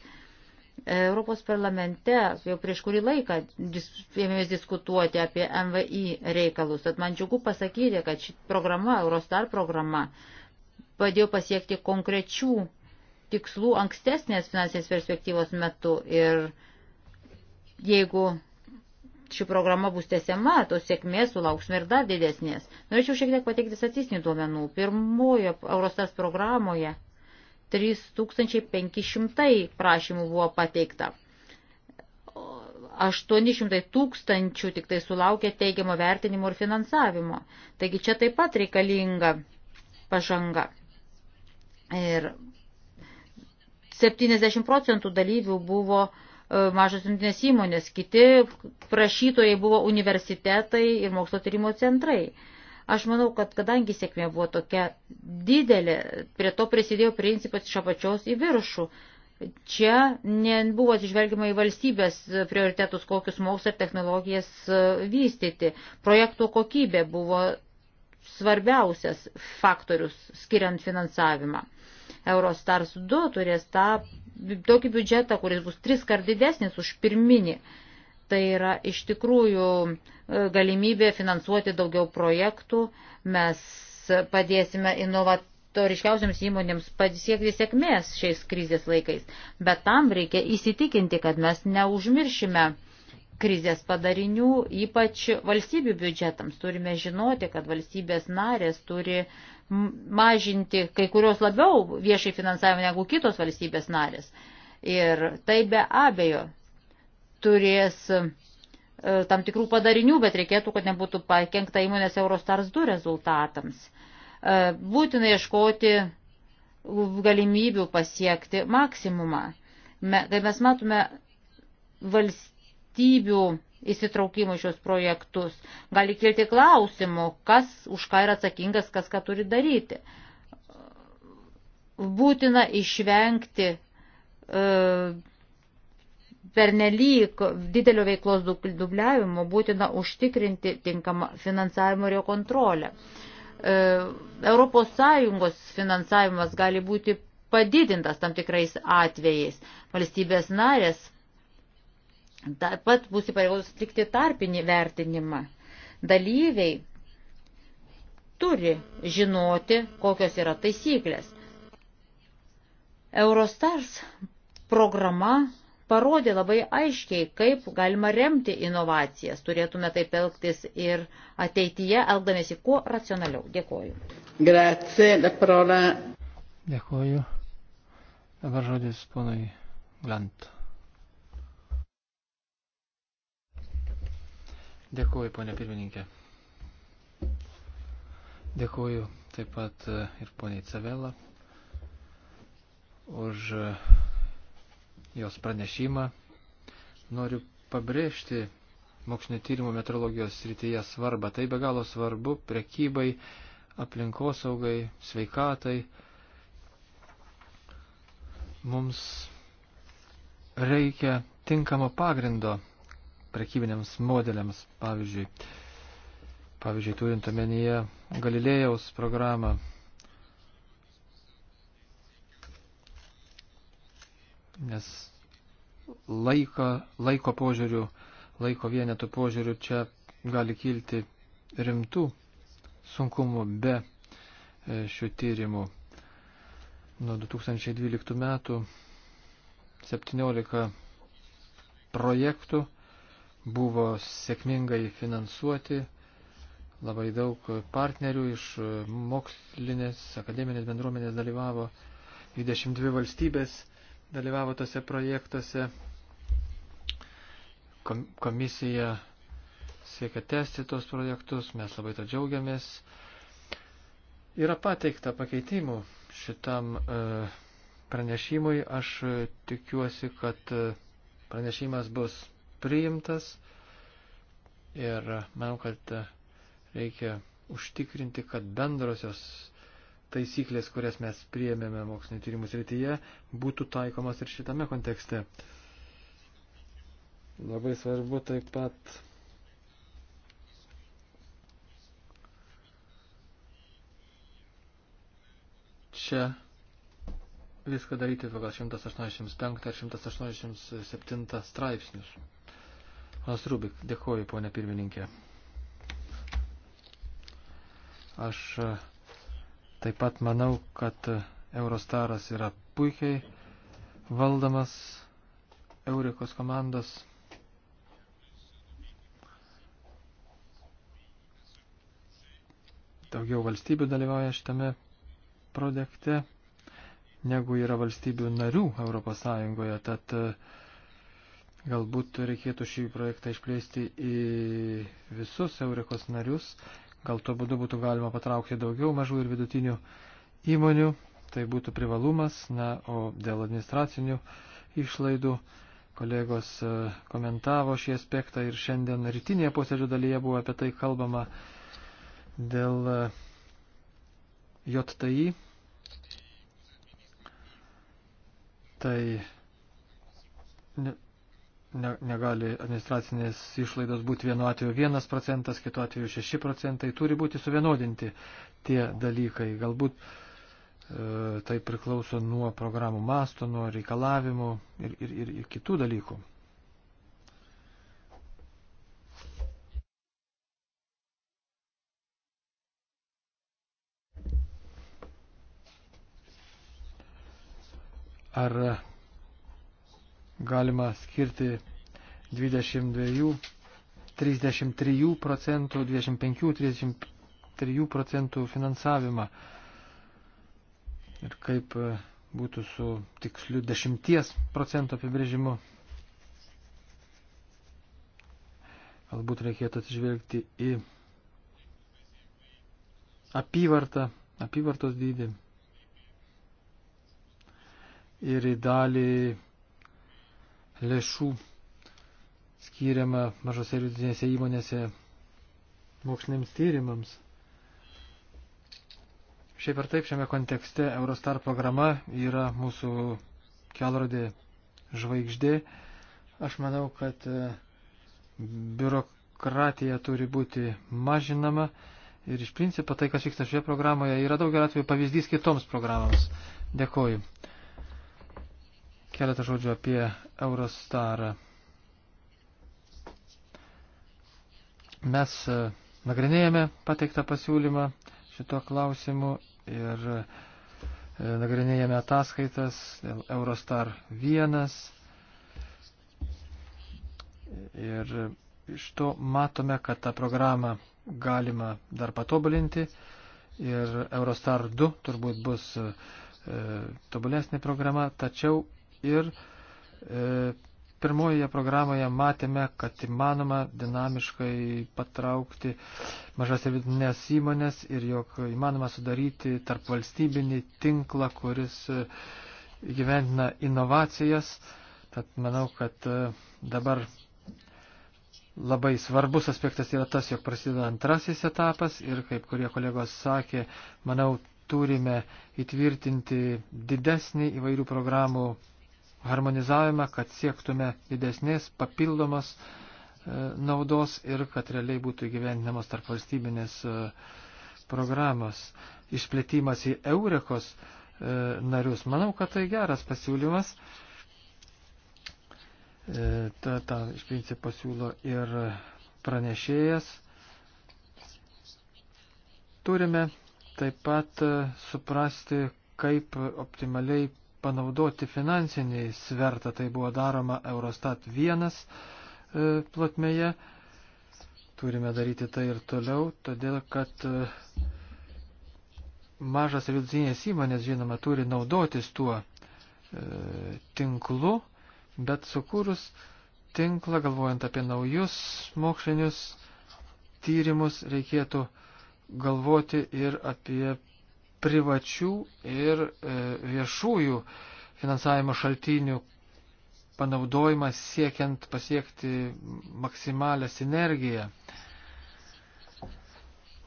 Europos parlamente jau prieš kurį laiką dis, ėmėmės diskutuoti apie MVI reikalus. Tad man džiugu pasakyti, kad ši programa, Eurostar programa, padėjo pasiekti konkrečių tikslų ankstesnės finansinės perspektyvos metu. Ir jeigu ši programa bus tęsiama, tos sėkmės sulauksime ir dar didesnės. Norėčiau šiek tiek pateikti statistinių duomenų. Pirmojo Eurostas programoje 3500 prašymų buvo pateikta. 800 tūkstančių tik tai sulaukė teigiamo vertinimo ir finansavimo. Taigi čia taip pat reikalinga pažanga. Ir 70 procentų dalyvių buvo e, mažos jungtinės įmonės, kiti prašytojai buvo universitetai ir mokslo tyrimo centrai. Aš manau, kad kadangi sėkmė buvo tokia didelė, prie to prisidėjo principas iš apačios į viršų. Čia nebuvo atsižvelgiama į valstybės prioritetus, kokius mokslo ir technologijas e, vystyti. Projektų kokybė buvo svarbiausias faktorius skiriant finansavimą. Eurostars 2 turės tą, tokį biudžetą, kuris bus tris kart didesnis už pirminį. Tai yra iš tikrųjų e, galimybė finansuoti daugiau projektų. Mes padėsime inovatoriškiausiams įmonėms pasiekti sėkmės šiais krizės laikais. Bet tam reikia įsitikinti, kad mes neužmiršime uh, krizės padarinių, ypač valstybių biudžetams. Turime žinoti, kad valstybės narės turi mažinti kai kurios labiau viešai finansavimą negu kitos valstybės narės. Ir tai be abejo turės e, tam tikrų padarinių, bet reikėtų, kad nebūtų pakengta įmonės Eurostars 2 rezultatams. E, būtina ieškoti galimybių pasiekti maksimumą. Me, kai mes matome valstybės, valstybių įsitraukimų šios projektus. Gali kilti klausimų, kas už ką yra atsakingas, kas ką turi daryti. Būtina išvengti e, pernelyg didelio veiklos dubliavimo, būtina užtikrinti tinkamą finansavimo ir jo kontrolę. E, ES finansavimas gali būti padidintas tam tikrais atvejais. Valstybės narės Taip pat bus įpareigotas atlikti tarpinį vertinimą. Dalyviai turi žinoti, kokios yra taisyklės. Eurostars programa parodė labai aiškiai, kaip galima remti inovacijas. Turėtume taip elgtis ir ateityje, elgdamėsi kuo racionaliau. Dėkoju. Grazie, la parola. Dėkoju. Dabar žodis ponui Glant. Dėkuoju, ponė pirmininkė. Dėkuoju taip pat e, ir poniai Cavela už e, jos pranešimą. Noriu pabrėžti mokslinio tyrimų metrologijos srityje svarbą. Tai be galo svarbu prekybai, aplinkosaugai, sveikatai. Mums reikia tinkamo pagrindo prekybiniams modeliams, pavyzdžiui, pavyzdžiui turint omenyje Galilėjaus programą. Nes laiko, laiko požiūrių, laiko vienetų požiūrių čia gali kilti rimtų sunkumų be e, šių tyrimų. Nuo 2012 metų 17 projektų buvo sėkmingai finansuoti labai daug partnerių iš mokslinės, akademinės bendruomenės dalyvavo, 22 valstybės dalyvavo tose projektuose, komisija siekia tęsti tos projektus, mes labai to džiaugiamės. Yra pateikta pakeitimų šitam e, pranešimui, aš tikiuosi, kad e, pranešimas bus priimtas ir manau, kad reikia užtikrinti, kad bendrosios taisyklės, kurias mes priėmėme mokslinio tyrimų srityje, būtų taikomas ir šitame kontekste. Labai svarbu taip pat čia viską daryti pagal 185 ar 187 straipsnius. As Rubik, dėkoju, ponė pirmininkė. Aš e, taip pat manau, kad Eurostaras yra puikiai valdamas Eurikos komandos. Daugiau valstybių dalyvauja šitame projekte, negu yra valstybių narių Europos Sąjungoje, tad uh, Galbūt reikėtų šį projektą išplėsti į visus Eurekos narius. Gal tuo būdu būtų galima patraukti daugiau mažų ir vidutinių įmonių. Tai būtų privalumas. Na, o dėl administracinių išlaidų kolegos e, komentavo šį aspektą ir šiandien rytinėje posėdžio dalyje buvo apie tai kalbama dėl e, JTI. Tai ne, negali administracinės išlaidos būti vienu atveju 1 procentas, kitu atveju 6 procentai. Turi būti suvienodinti tie dalykai. Galbūt e, tai priklauso nuo programų masto, nuo reikalavimų ir, ir, ir, ir kitų dalykų. Ar galima skirti 22, 33 procentų, 25, 33 procentų finansavimą. Ir kaip e, būtų su tiksliu 10 procentų apibrėžimu. Galbūt reikėtų atsižvelgti į apyvartą, apyvartos dydį ir į dalį lėšų skiriama mažose ir vidutinėse įmonėse moksliniams tyrimams. Šiaip ar taip šiame kontekste Eurostar programa yra mūsų kelrodė žvaigždė. Aš manau, kad e, biurokratija turi būti mažinama ir iš principo tai, kas vyksta šioje programoje, yra daugel atveju pavyzdys kitoms programams. Dėkoju. Keletą žodžių apie Eurostarą. Mes e, nagrinėjame pateiktą pasiūlymą šito klausimu ir e, nagrinėjame ataskaitas dėl Eurostar 1. Ir iš to matome, kad tą programą galima dar patobulinti ir Eurostar 2 turbūt bus e, tobulesnė programa, tačiau ir e, E, pirmojoje programoje matėme, kad įmanoma dinamiškai patraukti mažas ir vidutinės įmonės ir jog įmanoma sudaryti tarp valstybinį tinklą, kuris e, gyventina inovacijas. Tad manau, kad e, dabar labai svarbus aspektas yra tas, jog prasideda antrasis etapas ir, kaip kurie kolegos sakė, manau, turime įtvirtinti didesnį įvairių programų harmonizavimą, kad siektume didesnės papildomos e, naudos ir kad realiai būtų gyvendinamos tarp valstybinės e, programos. Išplėtimas į Eurekos e, narius. Manau, kad tai geras pasiūlymas. Ta, ta iš principo siūlo ir pranešėjas. Turime taip pat suprasti, kaip optimaliai panaudoti finansinį svertą. Tai buvo daroma Eurostat 1 e, plotmėje. Turime daryti tai ir toliau, todėl kad e, mažas ir vidutinės įmonės, žinoma, turi naudotis tuo e, tinklu, bet sukūrus tinklą, galvojant apie naujus mokslinius tyrimus, reikėtų galvoti ir apie privačių ir e, viešųjų finansavimo šaltinių panaudojimas siekiant pasiekti maksimalę sinergiją.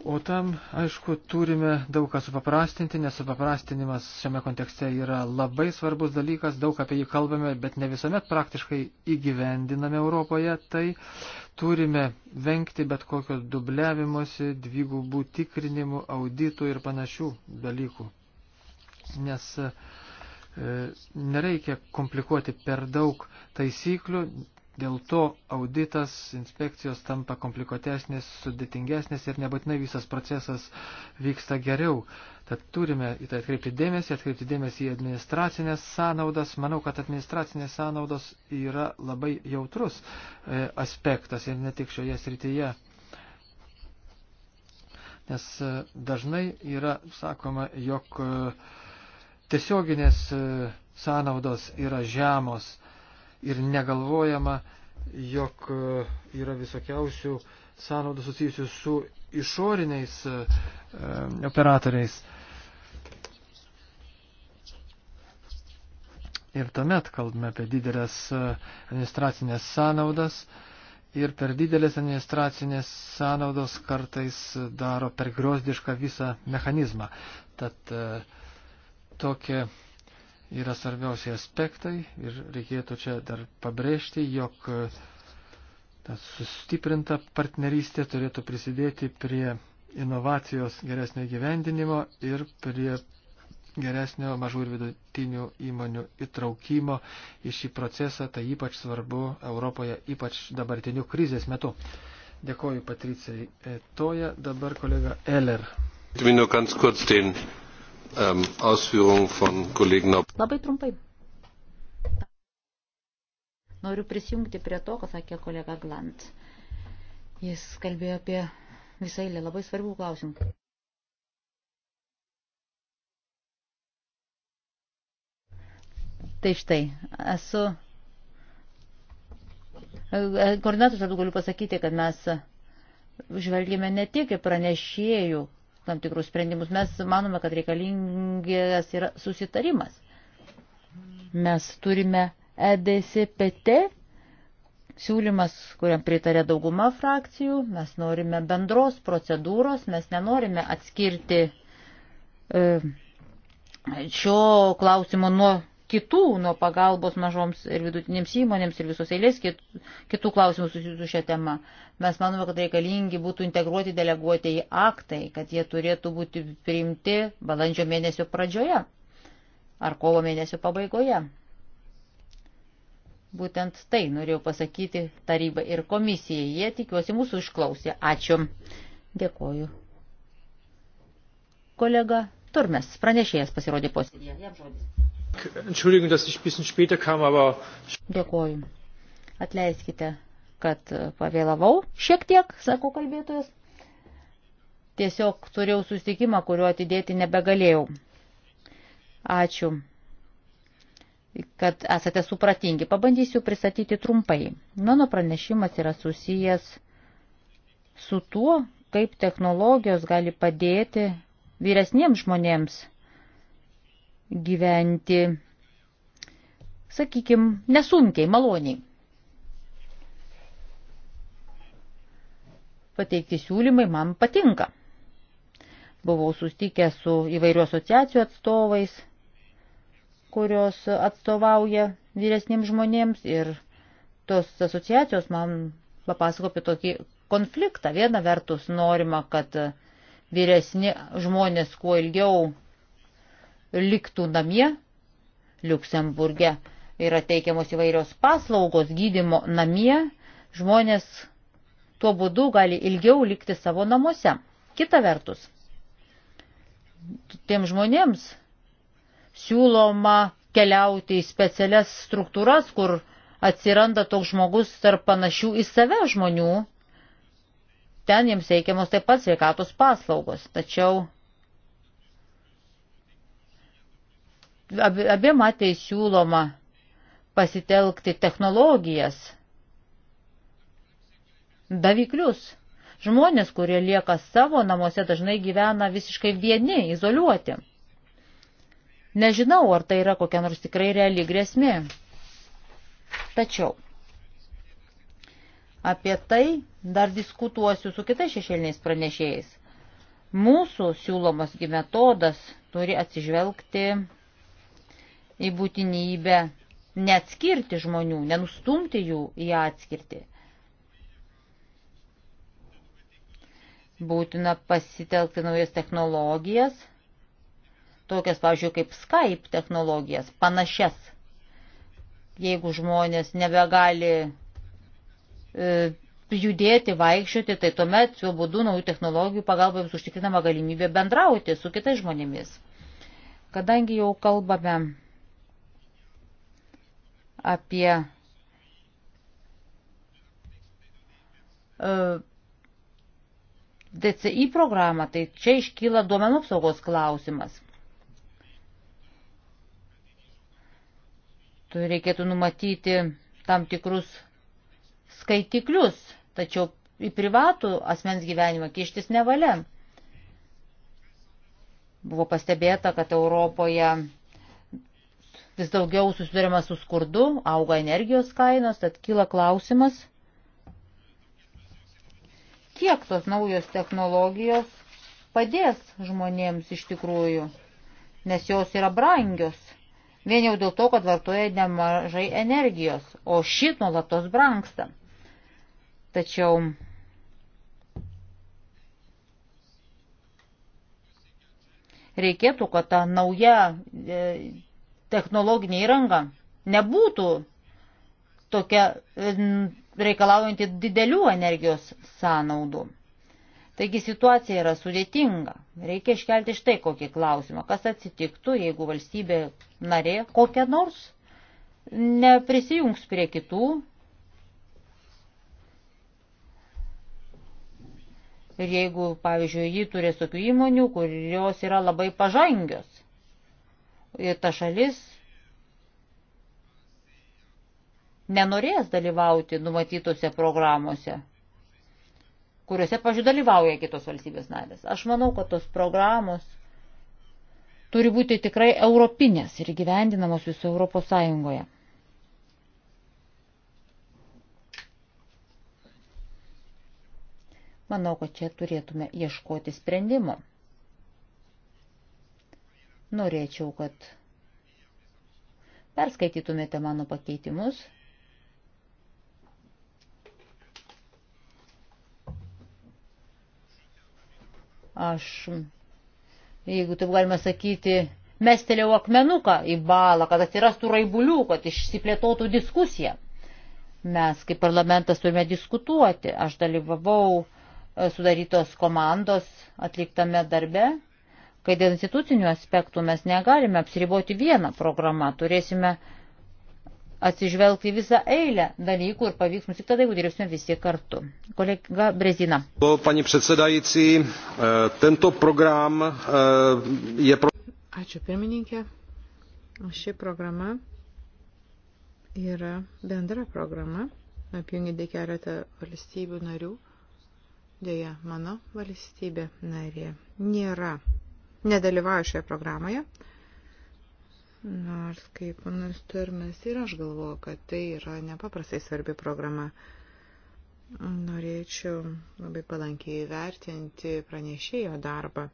O tam, aišku, turime daug ką supaprastinti, nes supaprastinimas šiame kontekste yra labai svarbus dalykas, daug apie jį kalbame, bet ne visuomet praktiškai įgyvendiname Europoje, tai turime vengti bet kokio dubliavimuose, dvigubų tikrinimų, auditų ir panašių dalykų. Nes e, nereikia komplikuoti per daug taisyklių, Dėl to auditas, inspekcijos tampa komplikuotesnės, sudėtingesnės ir nebūtinai visas procesas vyksta geriau. Tad turime į tai atkreipti dėmesį, atkreipti dėmesį į administracinės sąnaudas. Manau, kad administracinės sąnaudos yra labai jautrus e, aspektas ir ne tik šioje srityje. Nes e, dažnai yra sakoma, jog e, tiesioginės e, sąnaudos yra žemos ir negalvojama, jog e, yra visokiausių sąnaudų susijusių su išoriniais e, e, operatoriais. Ir tuomet kalbame apie didelės administracinės sąnaudas. Ir per didelės administracinės sąnaudos kartais daro per griozdišką visą mechanizmą. Tad tokie yra svarbiausiai aspektai ir reikėtų čia dar pabrėžti, jog e, ta sustiprinta partnerystė turėtų prisidėti prie inovacijos geresnio gyvendinimo ir prie geresnio mažų ir vidutinių įmonių įtraukimo į šį procesą, tai ypač svarbu Europoje, ypač dabartinių krizės metu. Dėkoju Patricijai Toja, dabar kolega Eller. Ich will nur ganz kurz den ähm, Ausführungen von Kollegen Nob. Labai trumpai. Noriu prisijungti prie to, ką sakė kolega Glant. Jis kalbėjo apie visą eilę labai svarbių klausimų. Tai štai, esu e, e, koordinatorius, galiu pasakyti, kad mes žvelgime ne tik į pranešėjų tam tikrus sprendimus. Mes manome, kad reikalingas yra susitarimas. Mes turime EDCPT siūlymas, kuriam pritarė dauguma frakcijų. Mes norime bendros procedūros, mes nenorime atskirti e, šio klausimo nuo kitų nuo pagalbos mažoms ir vidutinėms įmonėms ir visos eilės kitų, kitų klausimų susijusių su šią temą. Mes manome, kad reikalingi būtų integruoti deleguotieji aktai, kad jie turėtų būti priimti balandžio mėnesio pradžioje ar kovo mėnesio pabaigoje. Būtent tai norėjau pasakyti tarybai ir komisijai. Jie tikiuosi mūsų išklausė. Ačiū. Dėkoju. Kolega Turmes, pranešėjas pasirodė posėdėje. Jam žodis. Dėkoju. Atleiskite, kad pavėlavau šiek tiek, sako kalbėtojas. Tiesiog turėjau susitikimą, kurio atidėti nebegalėjau. Ačiū, kad esate supratingi. Pabandysiu pristatyti trumpai. Mano pranešimas yra susijęs su tuo, kaip technologijos gali padėti vyresniems žmonėms gyventi, sakykime, nesunkiai, maloniai. Pateikti siūlymai man patinka. Buvau sustikę su įvairių asociacijų atstovais, kurios atstovauja vyresniems žmonėms ir tos asociacijos man papasako apie tokį konfliktą. Viena vertus norima, kad vyresni žmonės kuo ilgiau liktų namie. Liuksemburge yra teikiamos įvairios paslaugos gydimo namie. Žmonės tuo būdu gali ilgiau likti savo namuose. Kita vertus, tiem žmonėms siūloma keliauti į specialias struktūras, kur atsiranda toks žmogus tarp panašių į save žmonių. Ten jiems reikiamos taip pat sveikatos paslaugos. Tačiau abiem atvejais siūloma pasitelkti technologijas, daviklius. Žmonės, kurie lieka savo namuose, dažnai gyvena visiškai vieni, izoliuoti. Nežinau, ar tai yra kokia nors tikrai reali grėsmė. Tačiau apie tai dar diskutuosiu su kitais šešėliniais pranešėjais. Mūsų siūlomas metodas turi atsižvelgti į būtinybę neatskirti žmonių, nenustumti jų į atskirtį. Būtina pasitelkti naujas technologijas, tokias, pavyzdžiui, kaip Skype technologijas, panašias. Jeigu žmonės nebegali e, judėti, vaikščioti, tai tuomet šiuo būdu naujų technologijų pagalba jums užtikrinama galimybė bendrauti su kitais žmonėmis. Kadangi jau kalbame apie e, DCI programą, tai čia iškyla duomenų apsaugos klausimas. Tu reikėtų numatyti tam tikrus skaitiklius, tačiau į privatų asmens gyvenimą kištis nevalia. Buvo pastebėta, kad Europoje vis daugiau susidurima su skurdu, auga energijos kainos, tad kyla klausimas, kiek tos naujos technologijos padės žmonėms iš tikrųjų, nes jos yra brangios. Vien jau dėl to, kad vartoja nemažai energijos, o šit nuolatos brangsta. Tačiau reikėtų, kad ta nauja e, technologinė įranga nebūtų tokia e, reikalaujanti didelių energijos sąnaudų. Taigi situacija yra sudėtinga. Reikia iškelti štai kokį klausimą. Kas atsitiktų, jeigu valstybė narė kokia nors neprisijungs prie kitų ir jeigu, pavyzdžiui, jį turės tokių įmonių, kurios yra labai pažangios ir ta šalis nenorės dalyvauti numatytose programuose, kuriuose, pažiūrėjau, dalyvauja kitos valstybės narės. Aš manau, kad tos programos turi būti tikrai europinės ir gyvendinamos viso Europos Sąjungoje. Manau, kad čia turėtume ieškoti sprendimo. Norėčiau, kad perskaitytumėte mano pakeitimus. Aš, jeigu taip galima sakyti, mestelėjau akmenuką į balą, kad atsirastų raibulių, kad išsiplėtotų diskusija. Mes kaip parlamentas turime diskutuoti. Aš dalyvavau e, sudarytos komandos atliktame darbe kai dėl institucinių aspektų mes negalime apsiriboti vieną programą, turėsime atsižvelgti visą eilę dalykų ir pavyks mums tik tada, jeigu dirbsime visi kartu. Kolega Brezina. Pani předsedající, e, tento program e, je... Pro... Ačiū pirmininkė. Ši programa yra bendra programa, apjungianti keletą valstybių narių. Dėja, mano valstybė narė nėra nedalyvauja šioje programoje. Nors kaip panas Turmes ir aš galvoju, kad tai yra nepaprastai svarbi programa. Norėčiau labai palankiai vertinti pranešėjo darbą.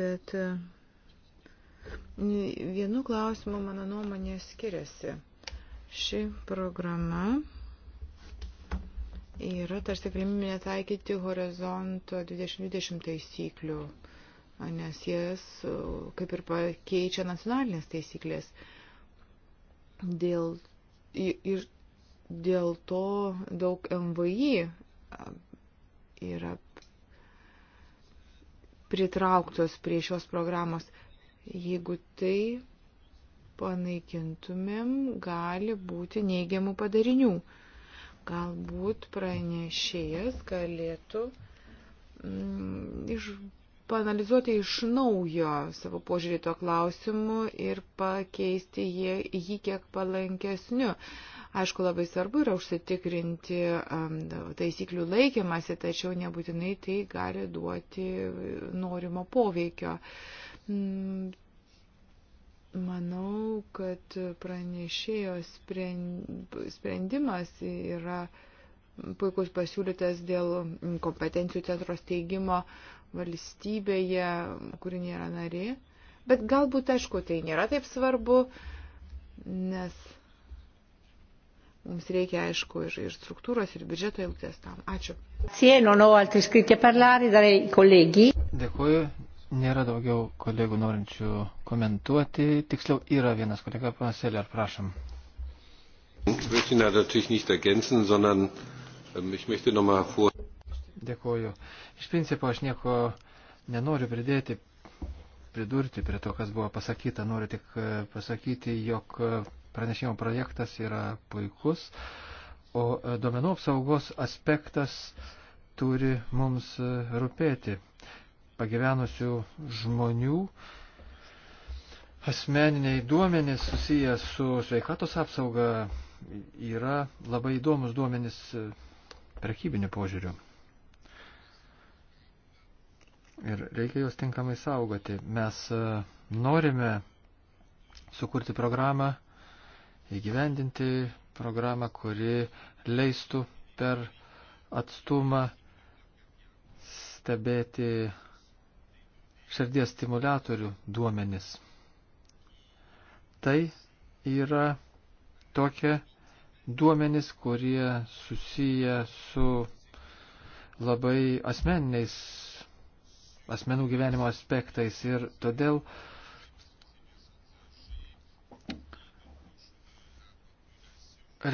Bet vienu klausimu mano nuomonė skiriasi. Ši programa yra tarsi galimybė netaikyti horizonto 2020 taisyklių, nes jas e, kaip ir pakeičia nacionalinės taisyklės. Dėl, ir dėl to daug MVI yra pritrauktos prie šios programos. Jeigu tai panaikintumėm, gali būti neigiamų padarinių. Galbūt pranešėjas galėtų mm, iš, panalizuoti iš naujo savo požiūrį tuo klausimu ir pakeisti jį, jį kiek palankesniu. Aišku, labai svarbu yra užsitikrinti um, taisyklių laikymasi, tačiau nebūtinai tai gali duoti norimo poveikio. Mm, Manau, kad pranešėjo sprendimas yra puikus pasiūlytas dėl kompetencijų centro steigimo valstybėje, kuri nėra narė. Bet galbūt, aišku, tai nėra taip svarbu, nes mums reikia, aišku, ir, ir struktūros, ir biudžeto eilutės tam. Ačiū. Dėkuoju. Nėra daugiau kolegų norinčių komentuoti. Tiksliau, yra vienas kolega, panas Seller, prašom. Ähm, Dėkuoju. Iš principo aš nieko nenoriu pridėti, pridurti prie to, kas buvo pasakyta. Noriu tik e, pasakyti, jog e, pranešimo projektas yra puikus, o e, duomenų apsaugos aspektas turi mums rūpėti pagyvenusių žmonių asmeniniai duomenys susijęs su sveikatos apsauga yra labai įdomus duomenys prekybiniu požiūriu. Ir reikia juos tinkamai saugoti. Mes e, norime sukurti programą, įgyvendinti programą, kuri leistų per atstumą stebėti širdies stimulatorių duomenis. Tai yra tokie duomenis, kurie susiję su labai asmeniniais asmenų gyvenimo aspektais ir todėl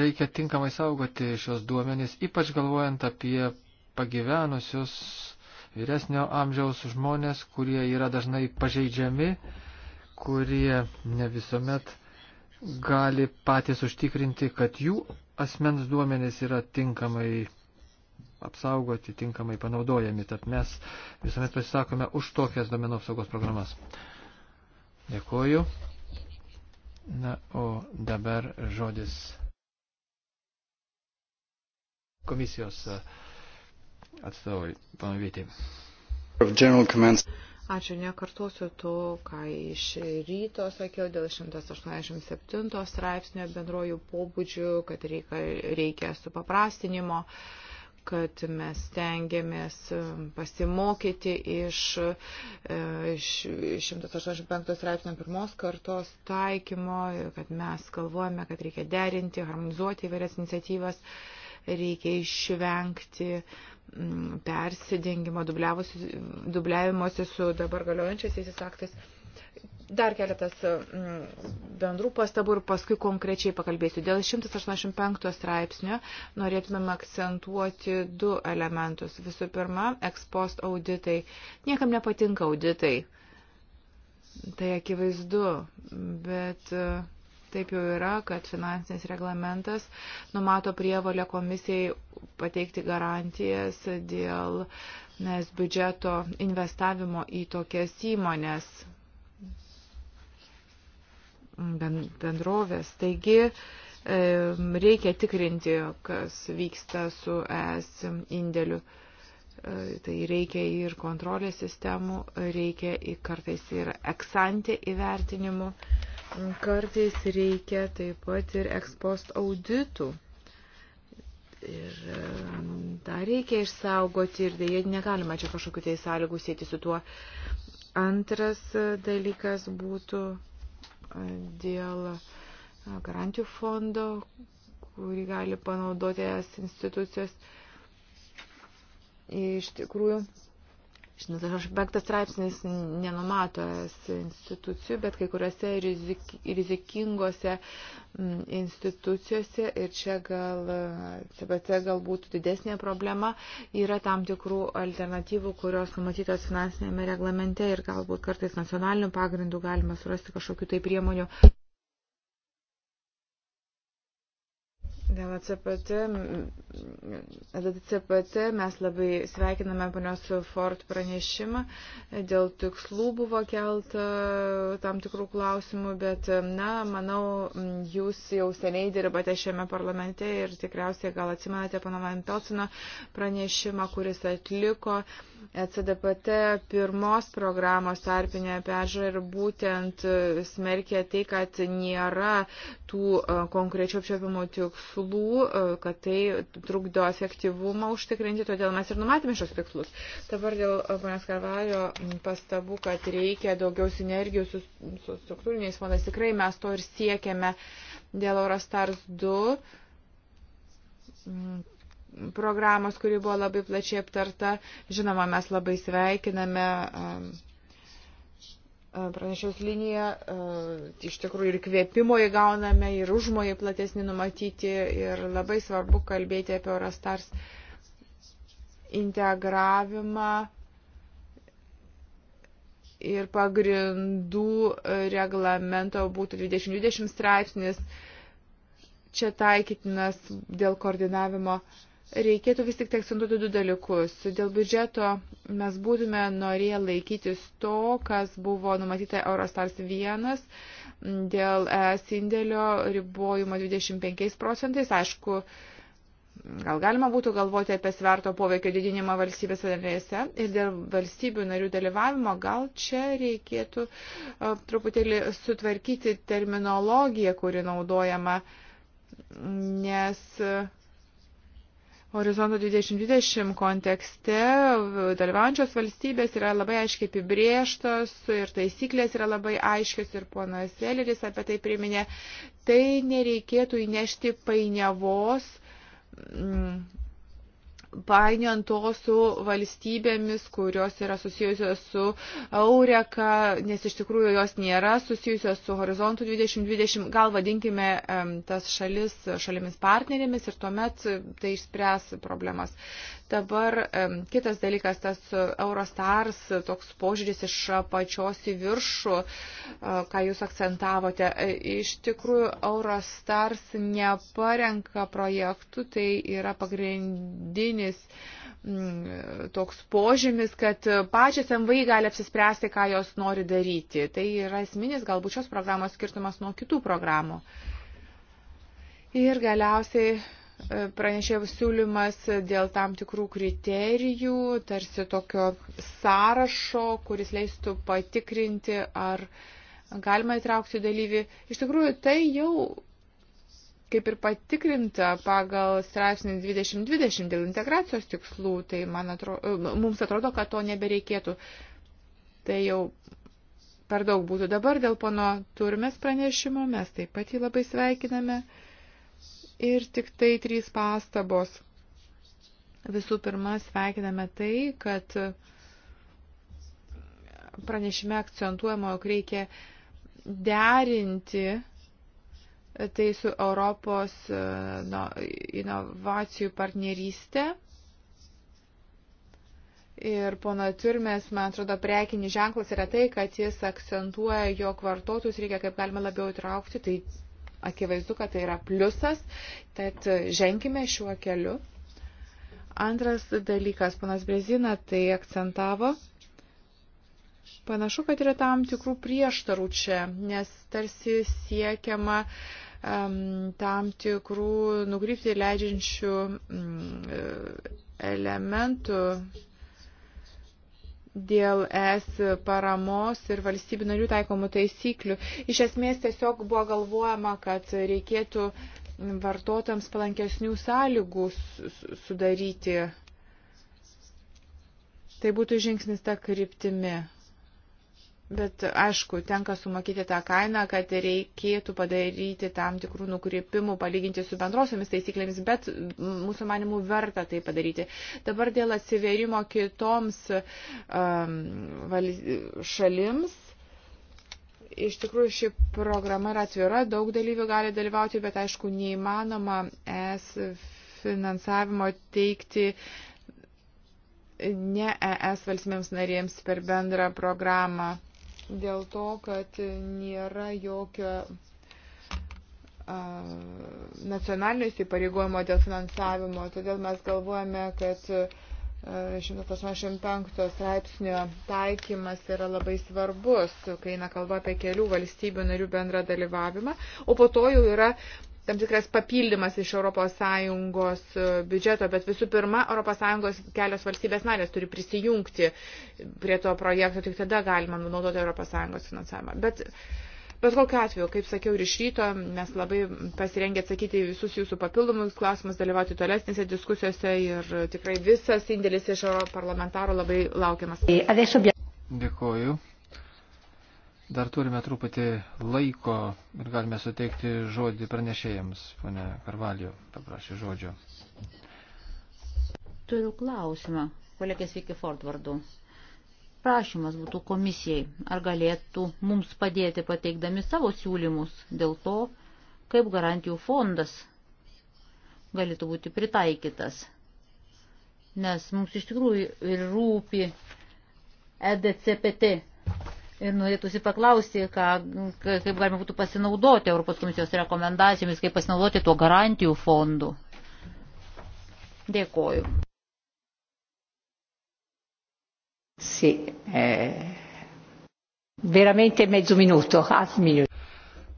reikia tinkamai saugoti šios duomenys, ypač galvojant apie pagyvenusius vyresnio amžiaus žmonės, kurie yra dažnai pažeidžiami, kurie ne visuomet gali patys užtikrinti, kad jų asmens duomenys yra tinkamai apsaugoti, tinkamai panaudojami. Tad mes visuomet pasisakome už tokias domenų apsaugos programas. Dėkuoju. Na, o dabar žodis komisijos. Uh, atstovai, panavytė. Ačiū, nekartosiu to, ką iš ryto sakiau dėl 187 straipsnio bendrojų pobūdžių, kad reikia, reikia supaprastinimo kad mes tengiamės pasimokyti iš 185 e, straipsnio pirmos kartos taikymo, kad mes galvojame, kad reikia derinti, harmonizuoti įvairias iniciatyvas, reikia išvengti uh, persidengimo, dubliavimuose su dabar galiojančiais teisės aktais. Dar keletas mm, bendrų pastabų ir paskui konkrečiai pakalbėsiu. Dėl 185 straipsnio norėtumėm akcentuoti du elementus. Visų pirma, ekspost auditai. Niekam nepatinka auditai. Tai akivaizdu, bet. Uh, taip jau yra, kad finansinis reglamentas numato prievalę komisijai pateikti garantijas dėl nes, biudžeto investavimo į tokias įmonės bendrovės. Taigi, reikia tikrinti, kas vyksta su ES indėliu. E, tai reikia ir kontrolės sistemų, reikia ir kartais ir eksantį įvertinimų. Kartais reikia taip pat ir ekspost auditų. Ir e, tą reikia išsaugoti ir dėja negalima čia kažkokiu tai sąlygų sėti su tuo. Antras e, dalykas būtų e, dėl garantijų fondo, kurį gali panaudoti es institucijos. Iš tikrųjų, 185 straipsnis nenumato institucijų, bet kai kuriuose rizikingose institucijose ir čia gal CBC galbūt didesnė problema yra tam tikrų alternatyvų, kurios numatytos finansinėme reglamente ir galbūt kartais nacionaliniu pagrindu galima surasti kažkokiu tai priemonių. Dėl ACPT, ACPT mes labai sveikiname ponios Ford pranešimą. Dėl tikslų buvo kelta tam tikrų klausimų, bet, na, manau, jūs jau seniai dirbate šiame parlamente ir tikriausiai gal atsimenate pana Vampelsino pranešimą, kuris atliko CDPT pirmos programos tarpinę peržiūrą ir būtent smerkė tai, kad nėra tų e, konkrečių apčiopimo tikslų tikslų, e, kad tai trukdo efektyvumą užtikrinti, todėl mes ir numatėme šios tikslus. Dabar dėl e, ponės Karvalio pastabų, kad reikia daugiau sinergijų su, su struktūriniais fondais. Tikrai mes to ir siekiame dėl Eurostars 2 programos, kuri buvo labai plačiai aptarta. Žinoma, mes labai sveikiname. Um, pranešės liniją, e, iš tikrųjų ir kvėpimo įgauname, ir užmojai platesnį numatyti, ir labai svarbu kalbėti apie Eurostars integravimą ir pagrindų reglamento būtų 2020 straipsnis čia taikytinas dėl koordinavimo uh, Reikėtų vis tik akcentuoti du dalykus. Dėl biudžeto mes būtume norėję laikytis to, kas buvo numatyta Eurostars 1 dėl ES indėlio ribojimo 25 procentais. Aišku, gal galima būtų galvoti apie sverto poveikio didinimą valstybės narėse ir dėl valstybių narių dalyvavimo gal čia reikėtų e, truputėlį sutvarkyti terminologiją, kuri naudojama, nes e, Horizonto 2020 kontekste dalyvaujančios valstybės yra labai aiškiai apibrieštos ir taisyklės yra labai aiškios ir ponas Seleris apie tai priminė. Tai nereikėtų įnešti painiavos mm, painiant to su valstybėmis, kurios yra susijusios su Eureka, nes iš tikrųjų jos nėra susijusios su Horizontu 2020. Gal vadinkime tas šalis šalimis partnerėmis ir tuomet tai išspręs problemas. Dabar kitas dalykas, tas e, Eurostars, e, toks požiūris iš pačios į viršų, e, ką jūs akcentavote. Iš tikrųjų, Eurostars neparenka projektų, tai yra pagrindinis toks požymis, kad pačias MVI gali apsispręsti, ką jos nori daryti. Tai yra esminis galbūt šios programos skirtumas nuo kitų programų. Ir galiausiai pranešėjų siūlymas dėl tam tikrų kriterijų, tarsi tokio sąrašo, kuris leistų patikrinti, ar galima įtraukti dalyvį. Iš tikrųjų, tai jau kaip ir patikrinta pagal straipsnį 2020 dėl integracijos tikslų, tai man atrodo, mums atrodo, kad to nebereikėtų. Tai jau per daug būtų dabar dėl pono turmės pranešimo, mes taip pat jį labai sveikiname. Ir tik tai trys pastabos. Visų pirma, sveikiname tai, kad pranešime akcentuojama, jog reikia derinti tai su Europos inovacijų partnerystė. Ir pono Turmės, man atrodo, prekinis ženklas yra tai, kad jis akcentuoja, jog vartotojus reikia kaip galima labiau įtraukti. Tai Akivaizdu, kad tai yra pliusas, tad ženkime šiuo keliu. Antras dalykas, panas Brezina tai akcentavo. Panašu, kad yra tam tikrų prieštarų čia, nes tarsi siekiama um, tam tikrų nukrypti leidžiančių um, elementų dėl ES paramos ir valstybių narių taikomų taisyklių. Iš esmės tiesiog buvo galvojama, kad reikėtų vartotams palankesnių sąlygų sudaryti. Tai būtų žingsnis tą kryptimi. Bet aišku, tenka sumokėti tą kainą, kad reikėtų padaryti tam tikrų nukrypimų, palyginti su bendrosiomis taisyklėmis, bet mūsų manimų verta tai padaryti. Dabar dėl atsiverimo kitoms um, val, šalims. Iš tikrųjų, ši programa yra atvira, daug dalyvių gali dalyvauti, bet aišku, neįmanoma es finansavimo teikti ne ES valstybėms narėms per bendrą programą dėl to, kad nėra jokio nacionalinio įsipareigojimo dėl finansavimo. Todėl mes galvojame, kad 185 straipsnio taikymas yra labai svarbus, kai eina kalba apie kelių valstybių narių bendrą dalyvavimą, o po to jau yra tam tikras papildymas iš ES e, biudžeto, bet visų pirma, ES kelios valstybės narės turi prisijungti prie to projekto, tik tada galima naudoti ES finansavimą. Bet, bet kokiu atveju, kaip sakiau ir iš ryto, mes labai pasirengę atsakyti į visus jūsų papildomus klausimus, dalyvauti tolesnėse diskusijose ir tikrai visas indėlis iš parlamentarų labai laukiamas. Dėkuoju. Dar turime truputį laiko ir galime suteikti žodį pranešėjams. Pone Karvalio paprašė žodžio. Turiu klausimą. Kolegės Viki Ford vardu. Prašymas būtų komisijai, ar galėtų mums padėti pateikdami savo siūlymus dėl to, kaip garantijų fondas galėtų būti pritaikytas. Nes mums iš tikrųjų ir rūpi EDCPT Ir norėtųsi paklausti, ką, kaip galima būtų pasinaudoti Europos komisijos rekomendacijomis, kaip pasinaudoti tuo garantijų fondu. Dėkoju. Sì, eh, veramente mezzo minuto, half minute.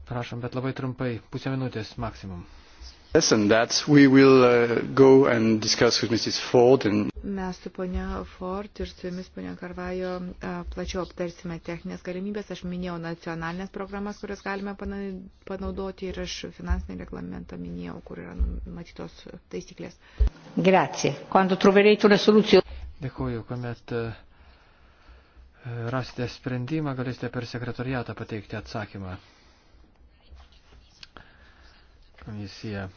Prašom, bet labai trumpai, pusę minutės maksimum. Yes, and that we will uh, go and discuss with Mrs. Ford. And... Mes su ponia Ford ir su jumis, ponia Karvajo, plačiau aptarsime techninės galimybės. Aš minėjau nacionalinės programas, kurias galime panaudoti ir aš finansinį reglamentą minėjau, kur yra matytos taisyklės. Grazie. Quando troverete una soluzione. Dėkuoju, kuomet e, rasite sprendimą, galėsite per sekretariatą pateikti atsakymą komisiją.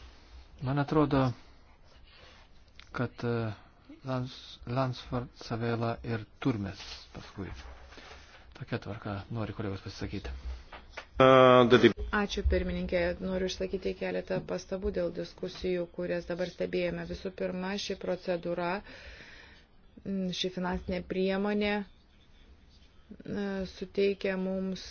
Man atrodo, kad e, Lans, Lansford, Savela ir Turmes paskui. Tokia tvarka nori kolegos pasisakyti. Ačiū pirmininkė. Noriu išsakyti keletą pastabų dėl diskusijų, kurias dabar stebėjome. Visų pirma, ši procedūra, ši finansinė priemonė e, suteikia mums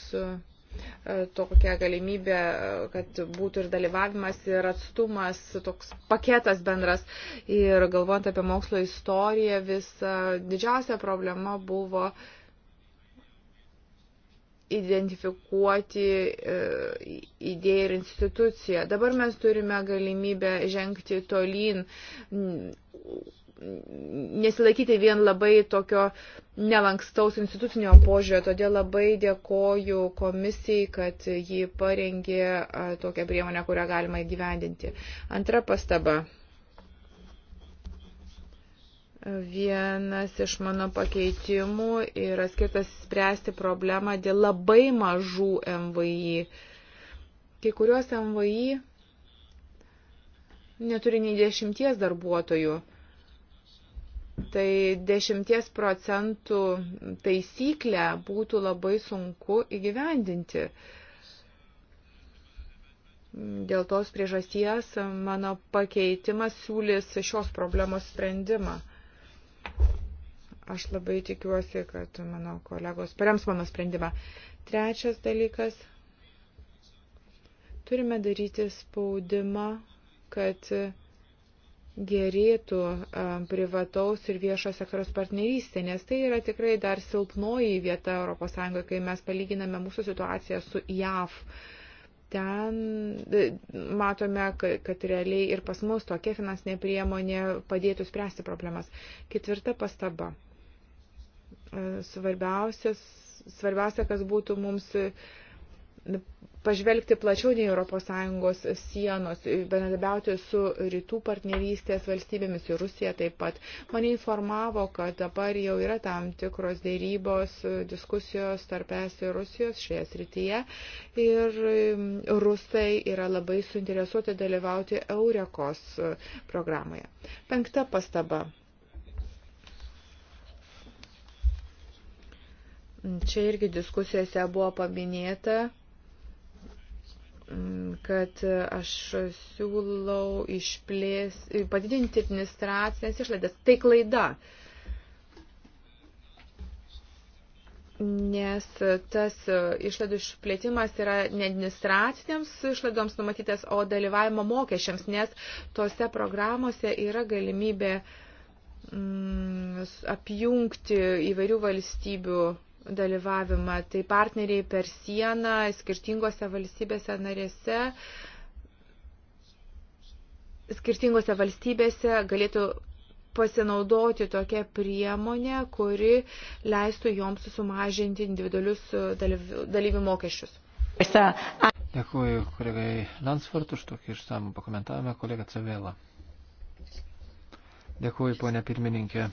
E, tokia galimybė, e, kad būtų ir dalyvavimas, ir atstumas, toks paketas bendras. Ir galvojant apie mokslo istoriją, visa didžiausia problema buvo identifikuoti e, idėją ir instituciją. Dabar mes turime galimybę žengti tolyn nesilaikyti vien labai tokio nelankstaus institucinio požiūrio, todėl labai dėkoju komisijai, kad ji parengė tokią priemonę, kurią galima įgyvendinti. Antra pastaba. Vienas iš mano pakeitimų yra skirtas spręsti problemą dėl labai mažų MVI. Kai kuriuos MVI neturi nei dešimties darbuotojų tai 10 procentų taisyklę būtų labai sunku įgyvendinti. Dėl tos priežasties mano pakeitimas siūlys šios problemos sprendimą. Aš labai tikiuosi, kad mano kolegos parems mano sprendimą. Trečias dalykas. Turime daryti spaudimą, kad gerėtų privataus ir viešo sektoriaus partnerystė, nes tai yra tikrai dar silpnoji vieta ES, kai mes palyginame mūsų situaciją su JAV. Ten e, matome, kad realiai ir pas mus tokia finansinė priemonė padėtų spręsti problemas. Ketvirta pastaba. E, svarbiausia, kas būtų mums pažvelgti plačiau nei ES sienos, bendradarbiauti su rytų partnerystės valstybėmis ir Rusija taip pat. Mane informavo, kad dabar jau yra tam tikros dėrybos, diskusijos tarp ES ir Rusijos šioje srityje ir mm, rusai yra labai suinteresuoti dalyvauti Eurekos programoje. Penkta pastaba. Čia irgi diskusijose buvo paminėta kad aš siūlau išplės, padidinti administracinės išlaidas. Tai klaida. Nes tas išlaidų išplėtimas yra ne administracinėms išlaidoms numatytas, o dalyvavimo mokesčiams, nes tose programuose yra galimybė mm, apjungti įvairių valstybių dalyvavimą. Tai partneriai per sieną skirtingose valstybėse narėse, skirtingose valstybėse galėtų pasinaudoti tokią priemonę, kuri leistų joms sumažinti individualius dalyvių, dalyvių mokesčius. Dėkuoju kolegai Lansford už tokį išsamų pakomentavimą, kolega Cavėla. Dėkuoju, ponia pirmininkė.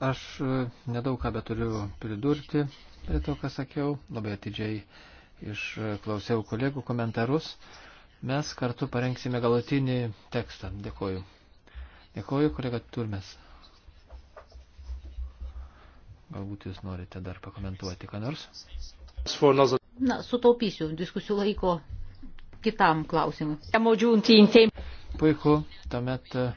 Aš e, nedaug ką beturiu pridurti prie to, ką sakiau. Labai atidžiai išklausiau e, kolegų komentarus. Mes kartu parengsime galutinį tekstą. Dėkoju. Dėkoju, kolega Turmes. Galbūt jūs norite dar pakomentuoti ką nors. Na, sutaupysiu diskusijų laiko kitam klausimui. Puiku, tuomet e,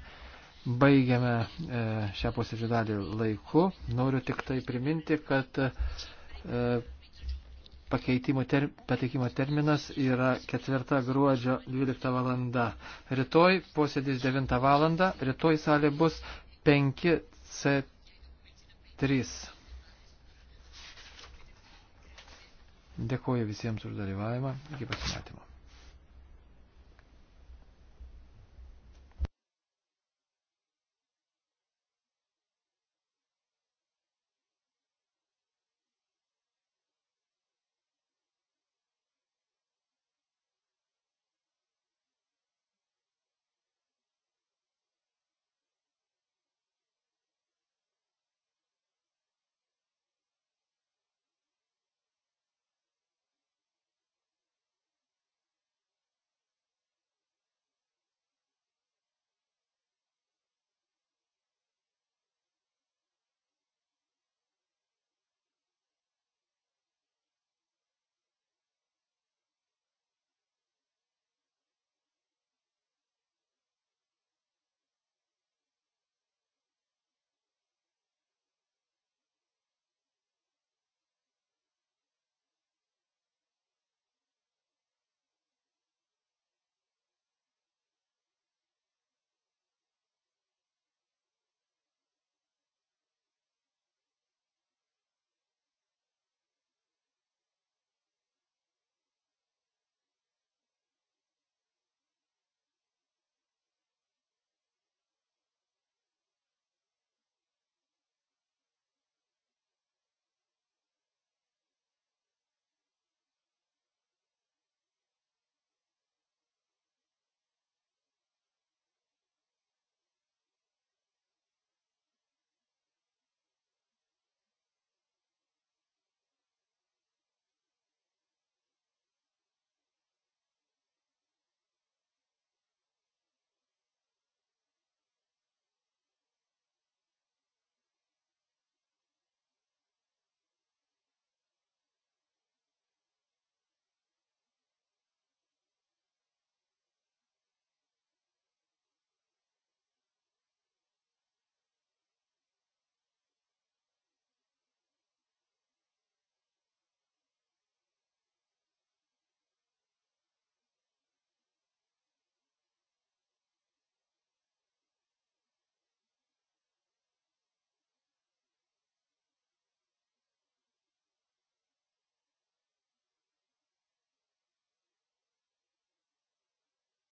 Baigiame e, šią posėdžių dalį laiku. Noriu tik tai priminti, kad e, pakeitimo ter, pateikimo terminas yra 4 gruodžio 12 valanda. Rytoj posėdis 9 valanda, rytoj salė bus 5C3. Dėkuoju visiems už dalyvavimą. Iki pasimatymo.